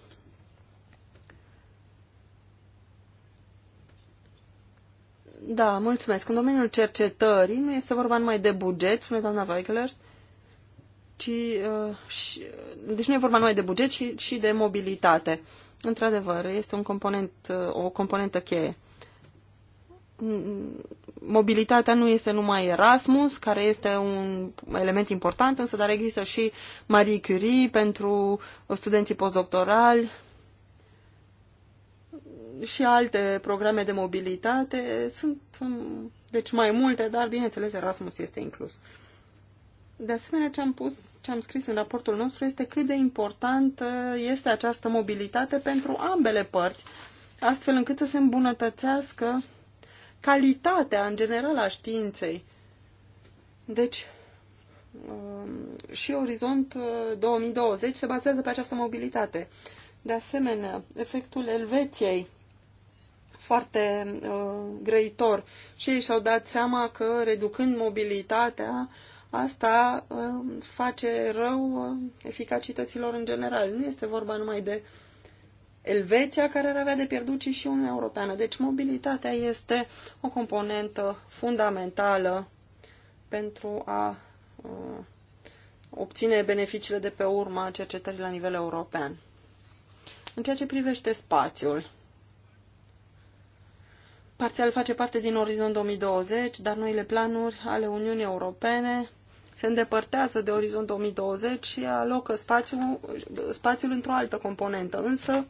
S5: Da, mulțumesc. În domeniul cercetării nu este vorba numai de buget, spune doamna Weiglers, ci, uh, și, uh, deci nu e vorba numai de buget, ci și de mobilitate. Într-adevăr, este un component, uh, o componentă cheie. Mobilitatea nu este numai Erasmus, care este un element important, însă dar există și Marie Curie pentru studenții postdoctorali și alte programe de mobilitate. Sunt um, deci mai multe, dar bineînțeles Erasmus este inclus. De asemenea, ce am, pus, ce am scris în raportul nostru este cât de important este această mobilitate pentru ambele părți, astfel încât să se îmbunătățească calitatea în general a științei. Deci, um, și Orizont 2020 uh, se bazează pe această mobilitate. De asemenea, efectul Elveției, foarte uh, grăitor, și ei și-au dat seama că reducând mobilitatea, uh, asta uh, face rău uh, eficacităților în general. Nu este vorba numai de Elveția care ar avea de pierdut, ci și Uniunea Europeană. Deci mobilitatea este o componentă fundamentală pentru a uh, obține beneficiile de pe urma cercetării la nivel european. În ceea ce privește spațiul, parțial face parte din Orizont 2020, dar noile planuri ale Uniunii Europene se îndepărtează de orizont 2020 și alocă spațiul, spațiul într-o altă componentă. Însă,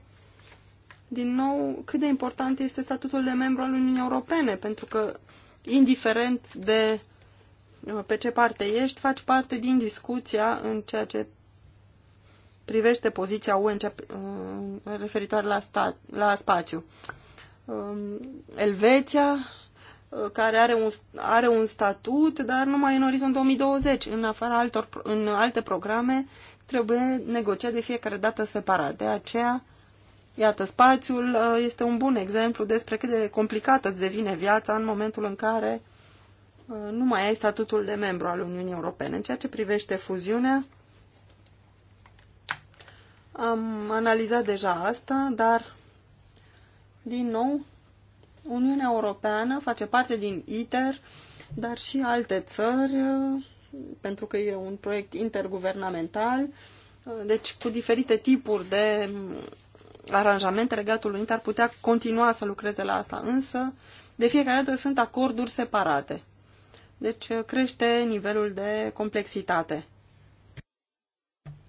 S5: din nou, cât de important este statutul de membru al Uniunii Europene, pentru că, indiferent de uh, pe ce parte ești, faci parte din discuția în ceea ce privește poziția UE uh, referitor la, stat, la spațiu. Um, Elveția care are un, are un statut, dar numai în orizont 2020, în afara altor, în alte programe, trebuie negociat de fiecare dată separat. De aceea, iată, spațiul uh, este un bun exemplu despre cât de complicată îți devine viața în momentul în care uh, nu mai ai statutul de membru al Uniunii Europene. În ceea ce privește fuziunea, am analizat deja asta, dar, din nou, Uniunea Europeană face parte din ITER, dar și alte țări, pentru că e un proiect interguvernamental, deci cu diferite tipuri de aranjamente, Regatul Unit ar putea continua să lucreze la asta, însă de fiecare dată sunt acorduri separate. Deci crește nivelul de complexitate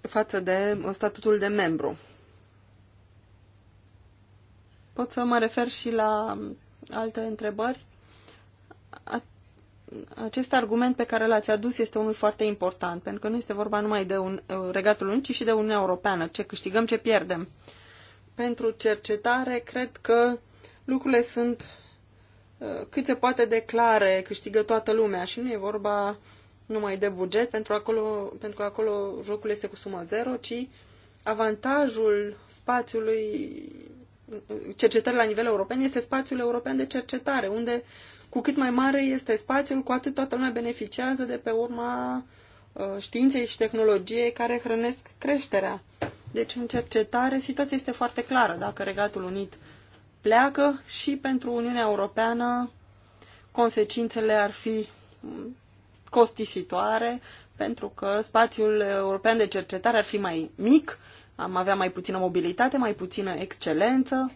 S5: față de statutul de membru. Pot să mă refer și la alte întrebări? Acest argument pe care l-ați adus este unul foarte important, pentru că nu este vorba numai de un regatul unic, ci și de Uniunea Europeană, ce câștigăm, ce pierdem. Pentru cercetare, cred că lucrurile sunt uh, cât se poate de clare, câștigă toată lumea și nu e vorba numai de buget, pentru, acolo, pentru că acolo jocul este cu sumă zero, ci avantajul spațiului cercetări la nivel european este spațiul european de cercetare, unde cu cât mai mare este spațiul, cu atât toată lumea beneficiază de pe urma uh, științei și tehnologiei care hrănesc creșterea. Deci în cercetare situația este foarte clară. Dacă Regatul Unit pleacă și pentru Uniunea Europeană consecințele ar fi mm, costisitoare pentru că spațiul european de cercetare ar fi mai mic am avea mai puțină mobilitate, mai puțină excelență,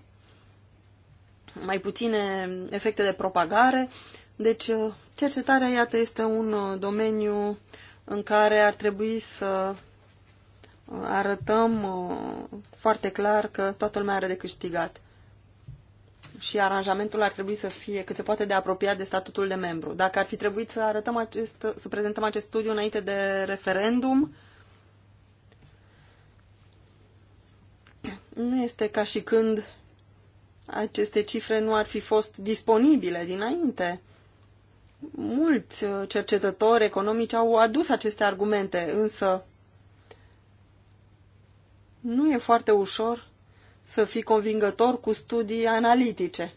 S5: mai puține efecte de propagare. Deci, uh, cercetarea, iată, este un uh, domeniu în care ar trebui să uh, arătăm foarte clar că toată lumea are de câștigat. Și aranjamentul ar trebui să fie cât se poate de apropiat de statutul de membru. Dacă ar fi trebuit să arătăm acest, să prezentăm acest studiu înainte de referendum, Nu este ca și când aceste cifre nu ar fi fost disponibile dinainte. Mulți uh, cercetători economici au adus aceste argumente, însă nu e foarte ușor să fii convingător cu studii analitice.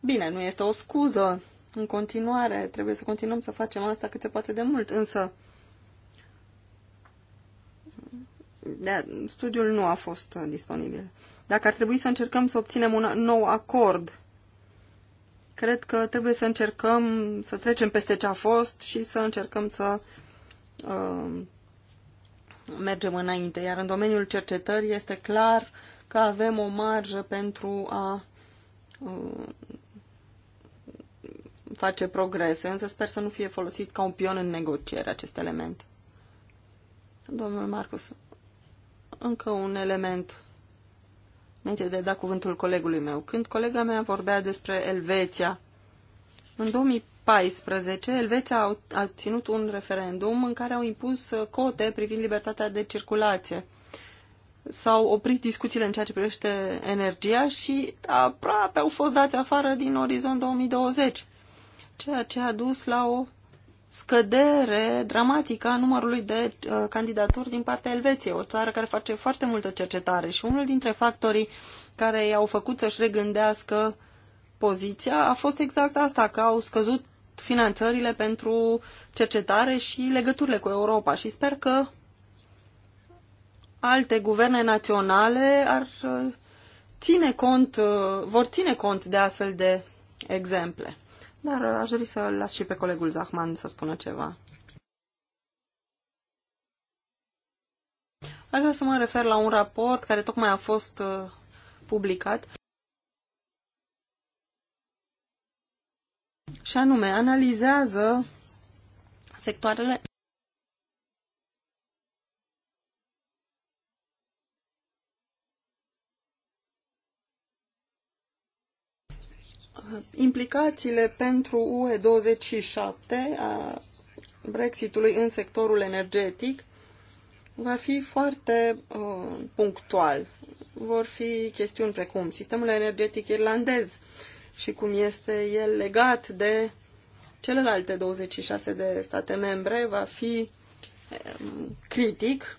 S5: Bine, nu este o scuză. În continuare, trebuie să continuăm să facem asta cât se poate de mult, însă de, studiul nu a fost uh, disponibil. Dacă ar trebui să încercăm să obținem un nou acord, cred că trebuie să încercăm să trecem peste ce a fost și să încercăm să uh, mergem înainte. Iar în domeniul cercetării este clar că avem o marjă pentru a uh, face progrese, însă sper să nu fie folosit ca un pion în negociere acest element. Domnul Marcus, încă un element înainte de a da cuvântul colegului meu. Când colega mea vorbea despre Elveția, în 2014 Elveția a ținut un referendum în care au impus cote privind libertatea de circulație. S-au oprit discuțiile în ceea ce privește energia și aproape au fost dați afară din orizont 2020, ceea ce a dus la o scădere dramatică a numărului de uh, candidaturi din partea Elveției, o țară care face foarte multă cercetare și unul dintre factorii care i-au făcut să-și regândească poziția a fost exact asta, că au scăzut finanțările pentru cercetare și legăturile cu Europa și sper că alte guverne naționale ar uh, ține cont, uh, vor ține cont de astfel de exemple. Dar aș dori să las și pe colegul Zahman să spună ceva. Aș vrea să mă refer la un raport care tocmai a fost uh, publicat. Și anume, analizează
S3: sectoarele
S5: Implicațiile pentru UE27 a Brexitului în sectorul energetic va fi foarte uh, punctual. Vor fi chestiuni precum sistemul energetic irlandez și cum este el legat de celelalte 26 de state membre, va fi um, critic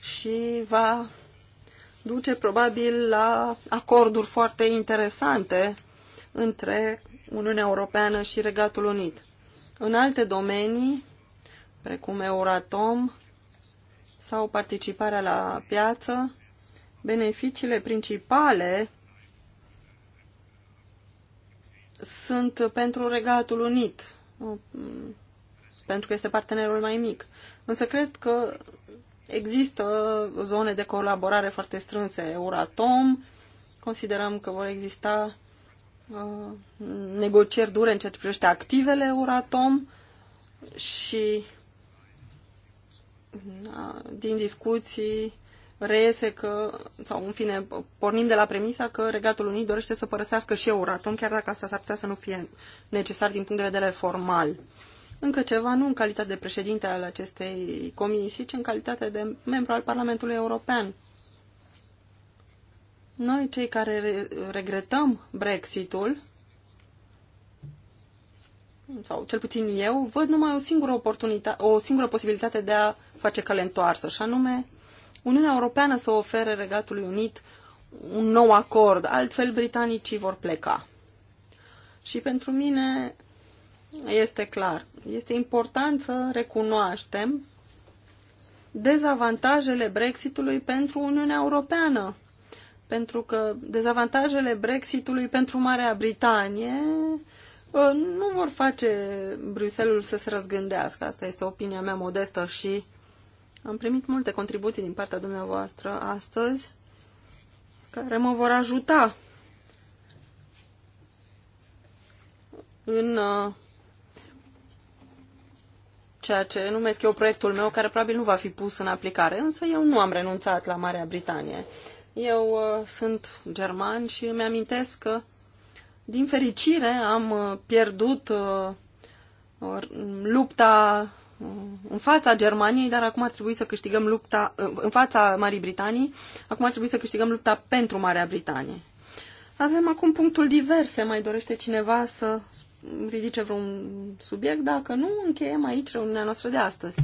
S5: și va duce probabil la acorduri foarte interesante între Uniunea Europeană și Regatul Unit. În alte domenii, precum Euratom sau participarea la piață, beneficiile principale sunt pentru Regatul Unit, pentru că este partenerul mai mic. Însă cred că există zone de colaborare foarte strânse. Euratom, considerăm că vor exista Uh, negocieri dure în ceea ce privește activele Euratom și da, din discuții reiese că, sau în fine, pornim de la premisa că Regatul Unit dorește să părăsească și Euratom, chiar dacă asta s-ar putea să nu fie necesar din punct de vedere formal. Încă ceva, nu în calitate de președinte al acestei comisii, ci în calitate de membru al Parlamentului European. Noi, cei care regretăm Brexitul, sau cel puțin eu, văd numai o singură, oportunitate, o singură posibilitate de a face cale întoarsă, și anume Uniunea Europeană să ofere Regatului Unit un nou acord, altfel britanicii vor pleca. Și pentru mine este clar, este important să recunoaștem dezavantajele Brexitului pentru Uniunea Europeană pentru că dezavantajele Brexitului pentru Marea Britanie uh, nu vor face Bruselul să se răzgândească. Asta este opinia mea modestă și am primit multe contribuții din partea dumneavoastră astăzi care mă vor ajuta în uh, ceea ce numesc eu proiectul meu, care probabil nu va fi pus în aplicare, însă eu nu am renunțat la Marea Britanie. Eu uh, sunt german și îmi amintesc că, din fericire, am uh, pierdut uh, lupta în fața Germaniei, dar acum ar trebui să câștigăm lupta în fața Marii Britanii, acum ar trebui să câștigăm lupta pentru Marea Britanie. Avem acum punctul se Mai dorește cineva să ridice vreun subiect? Dacă nu, încheiem aici reuniunea noastră de astăzi.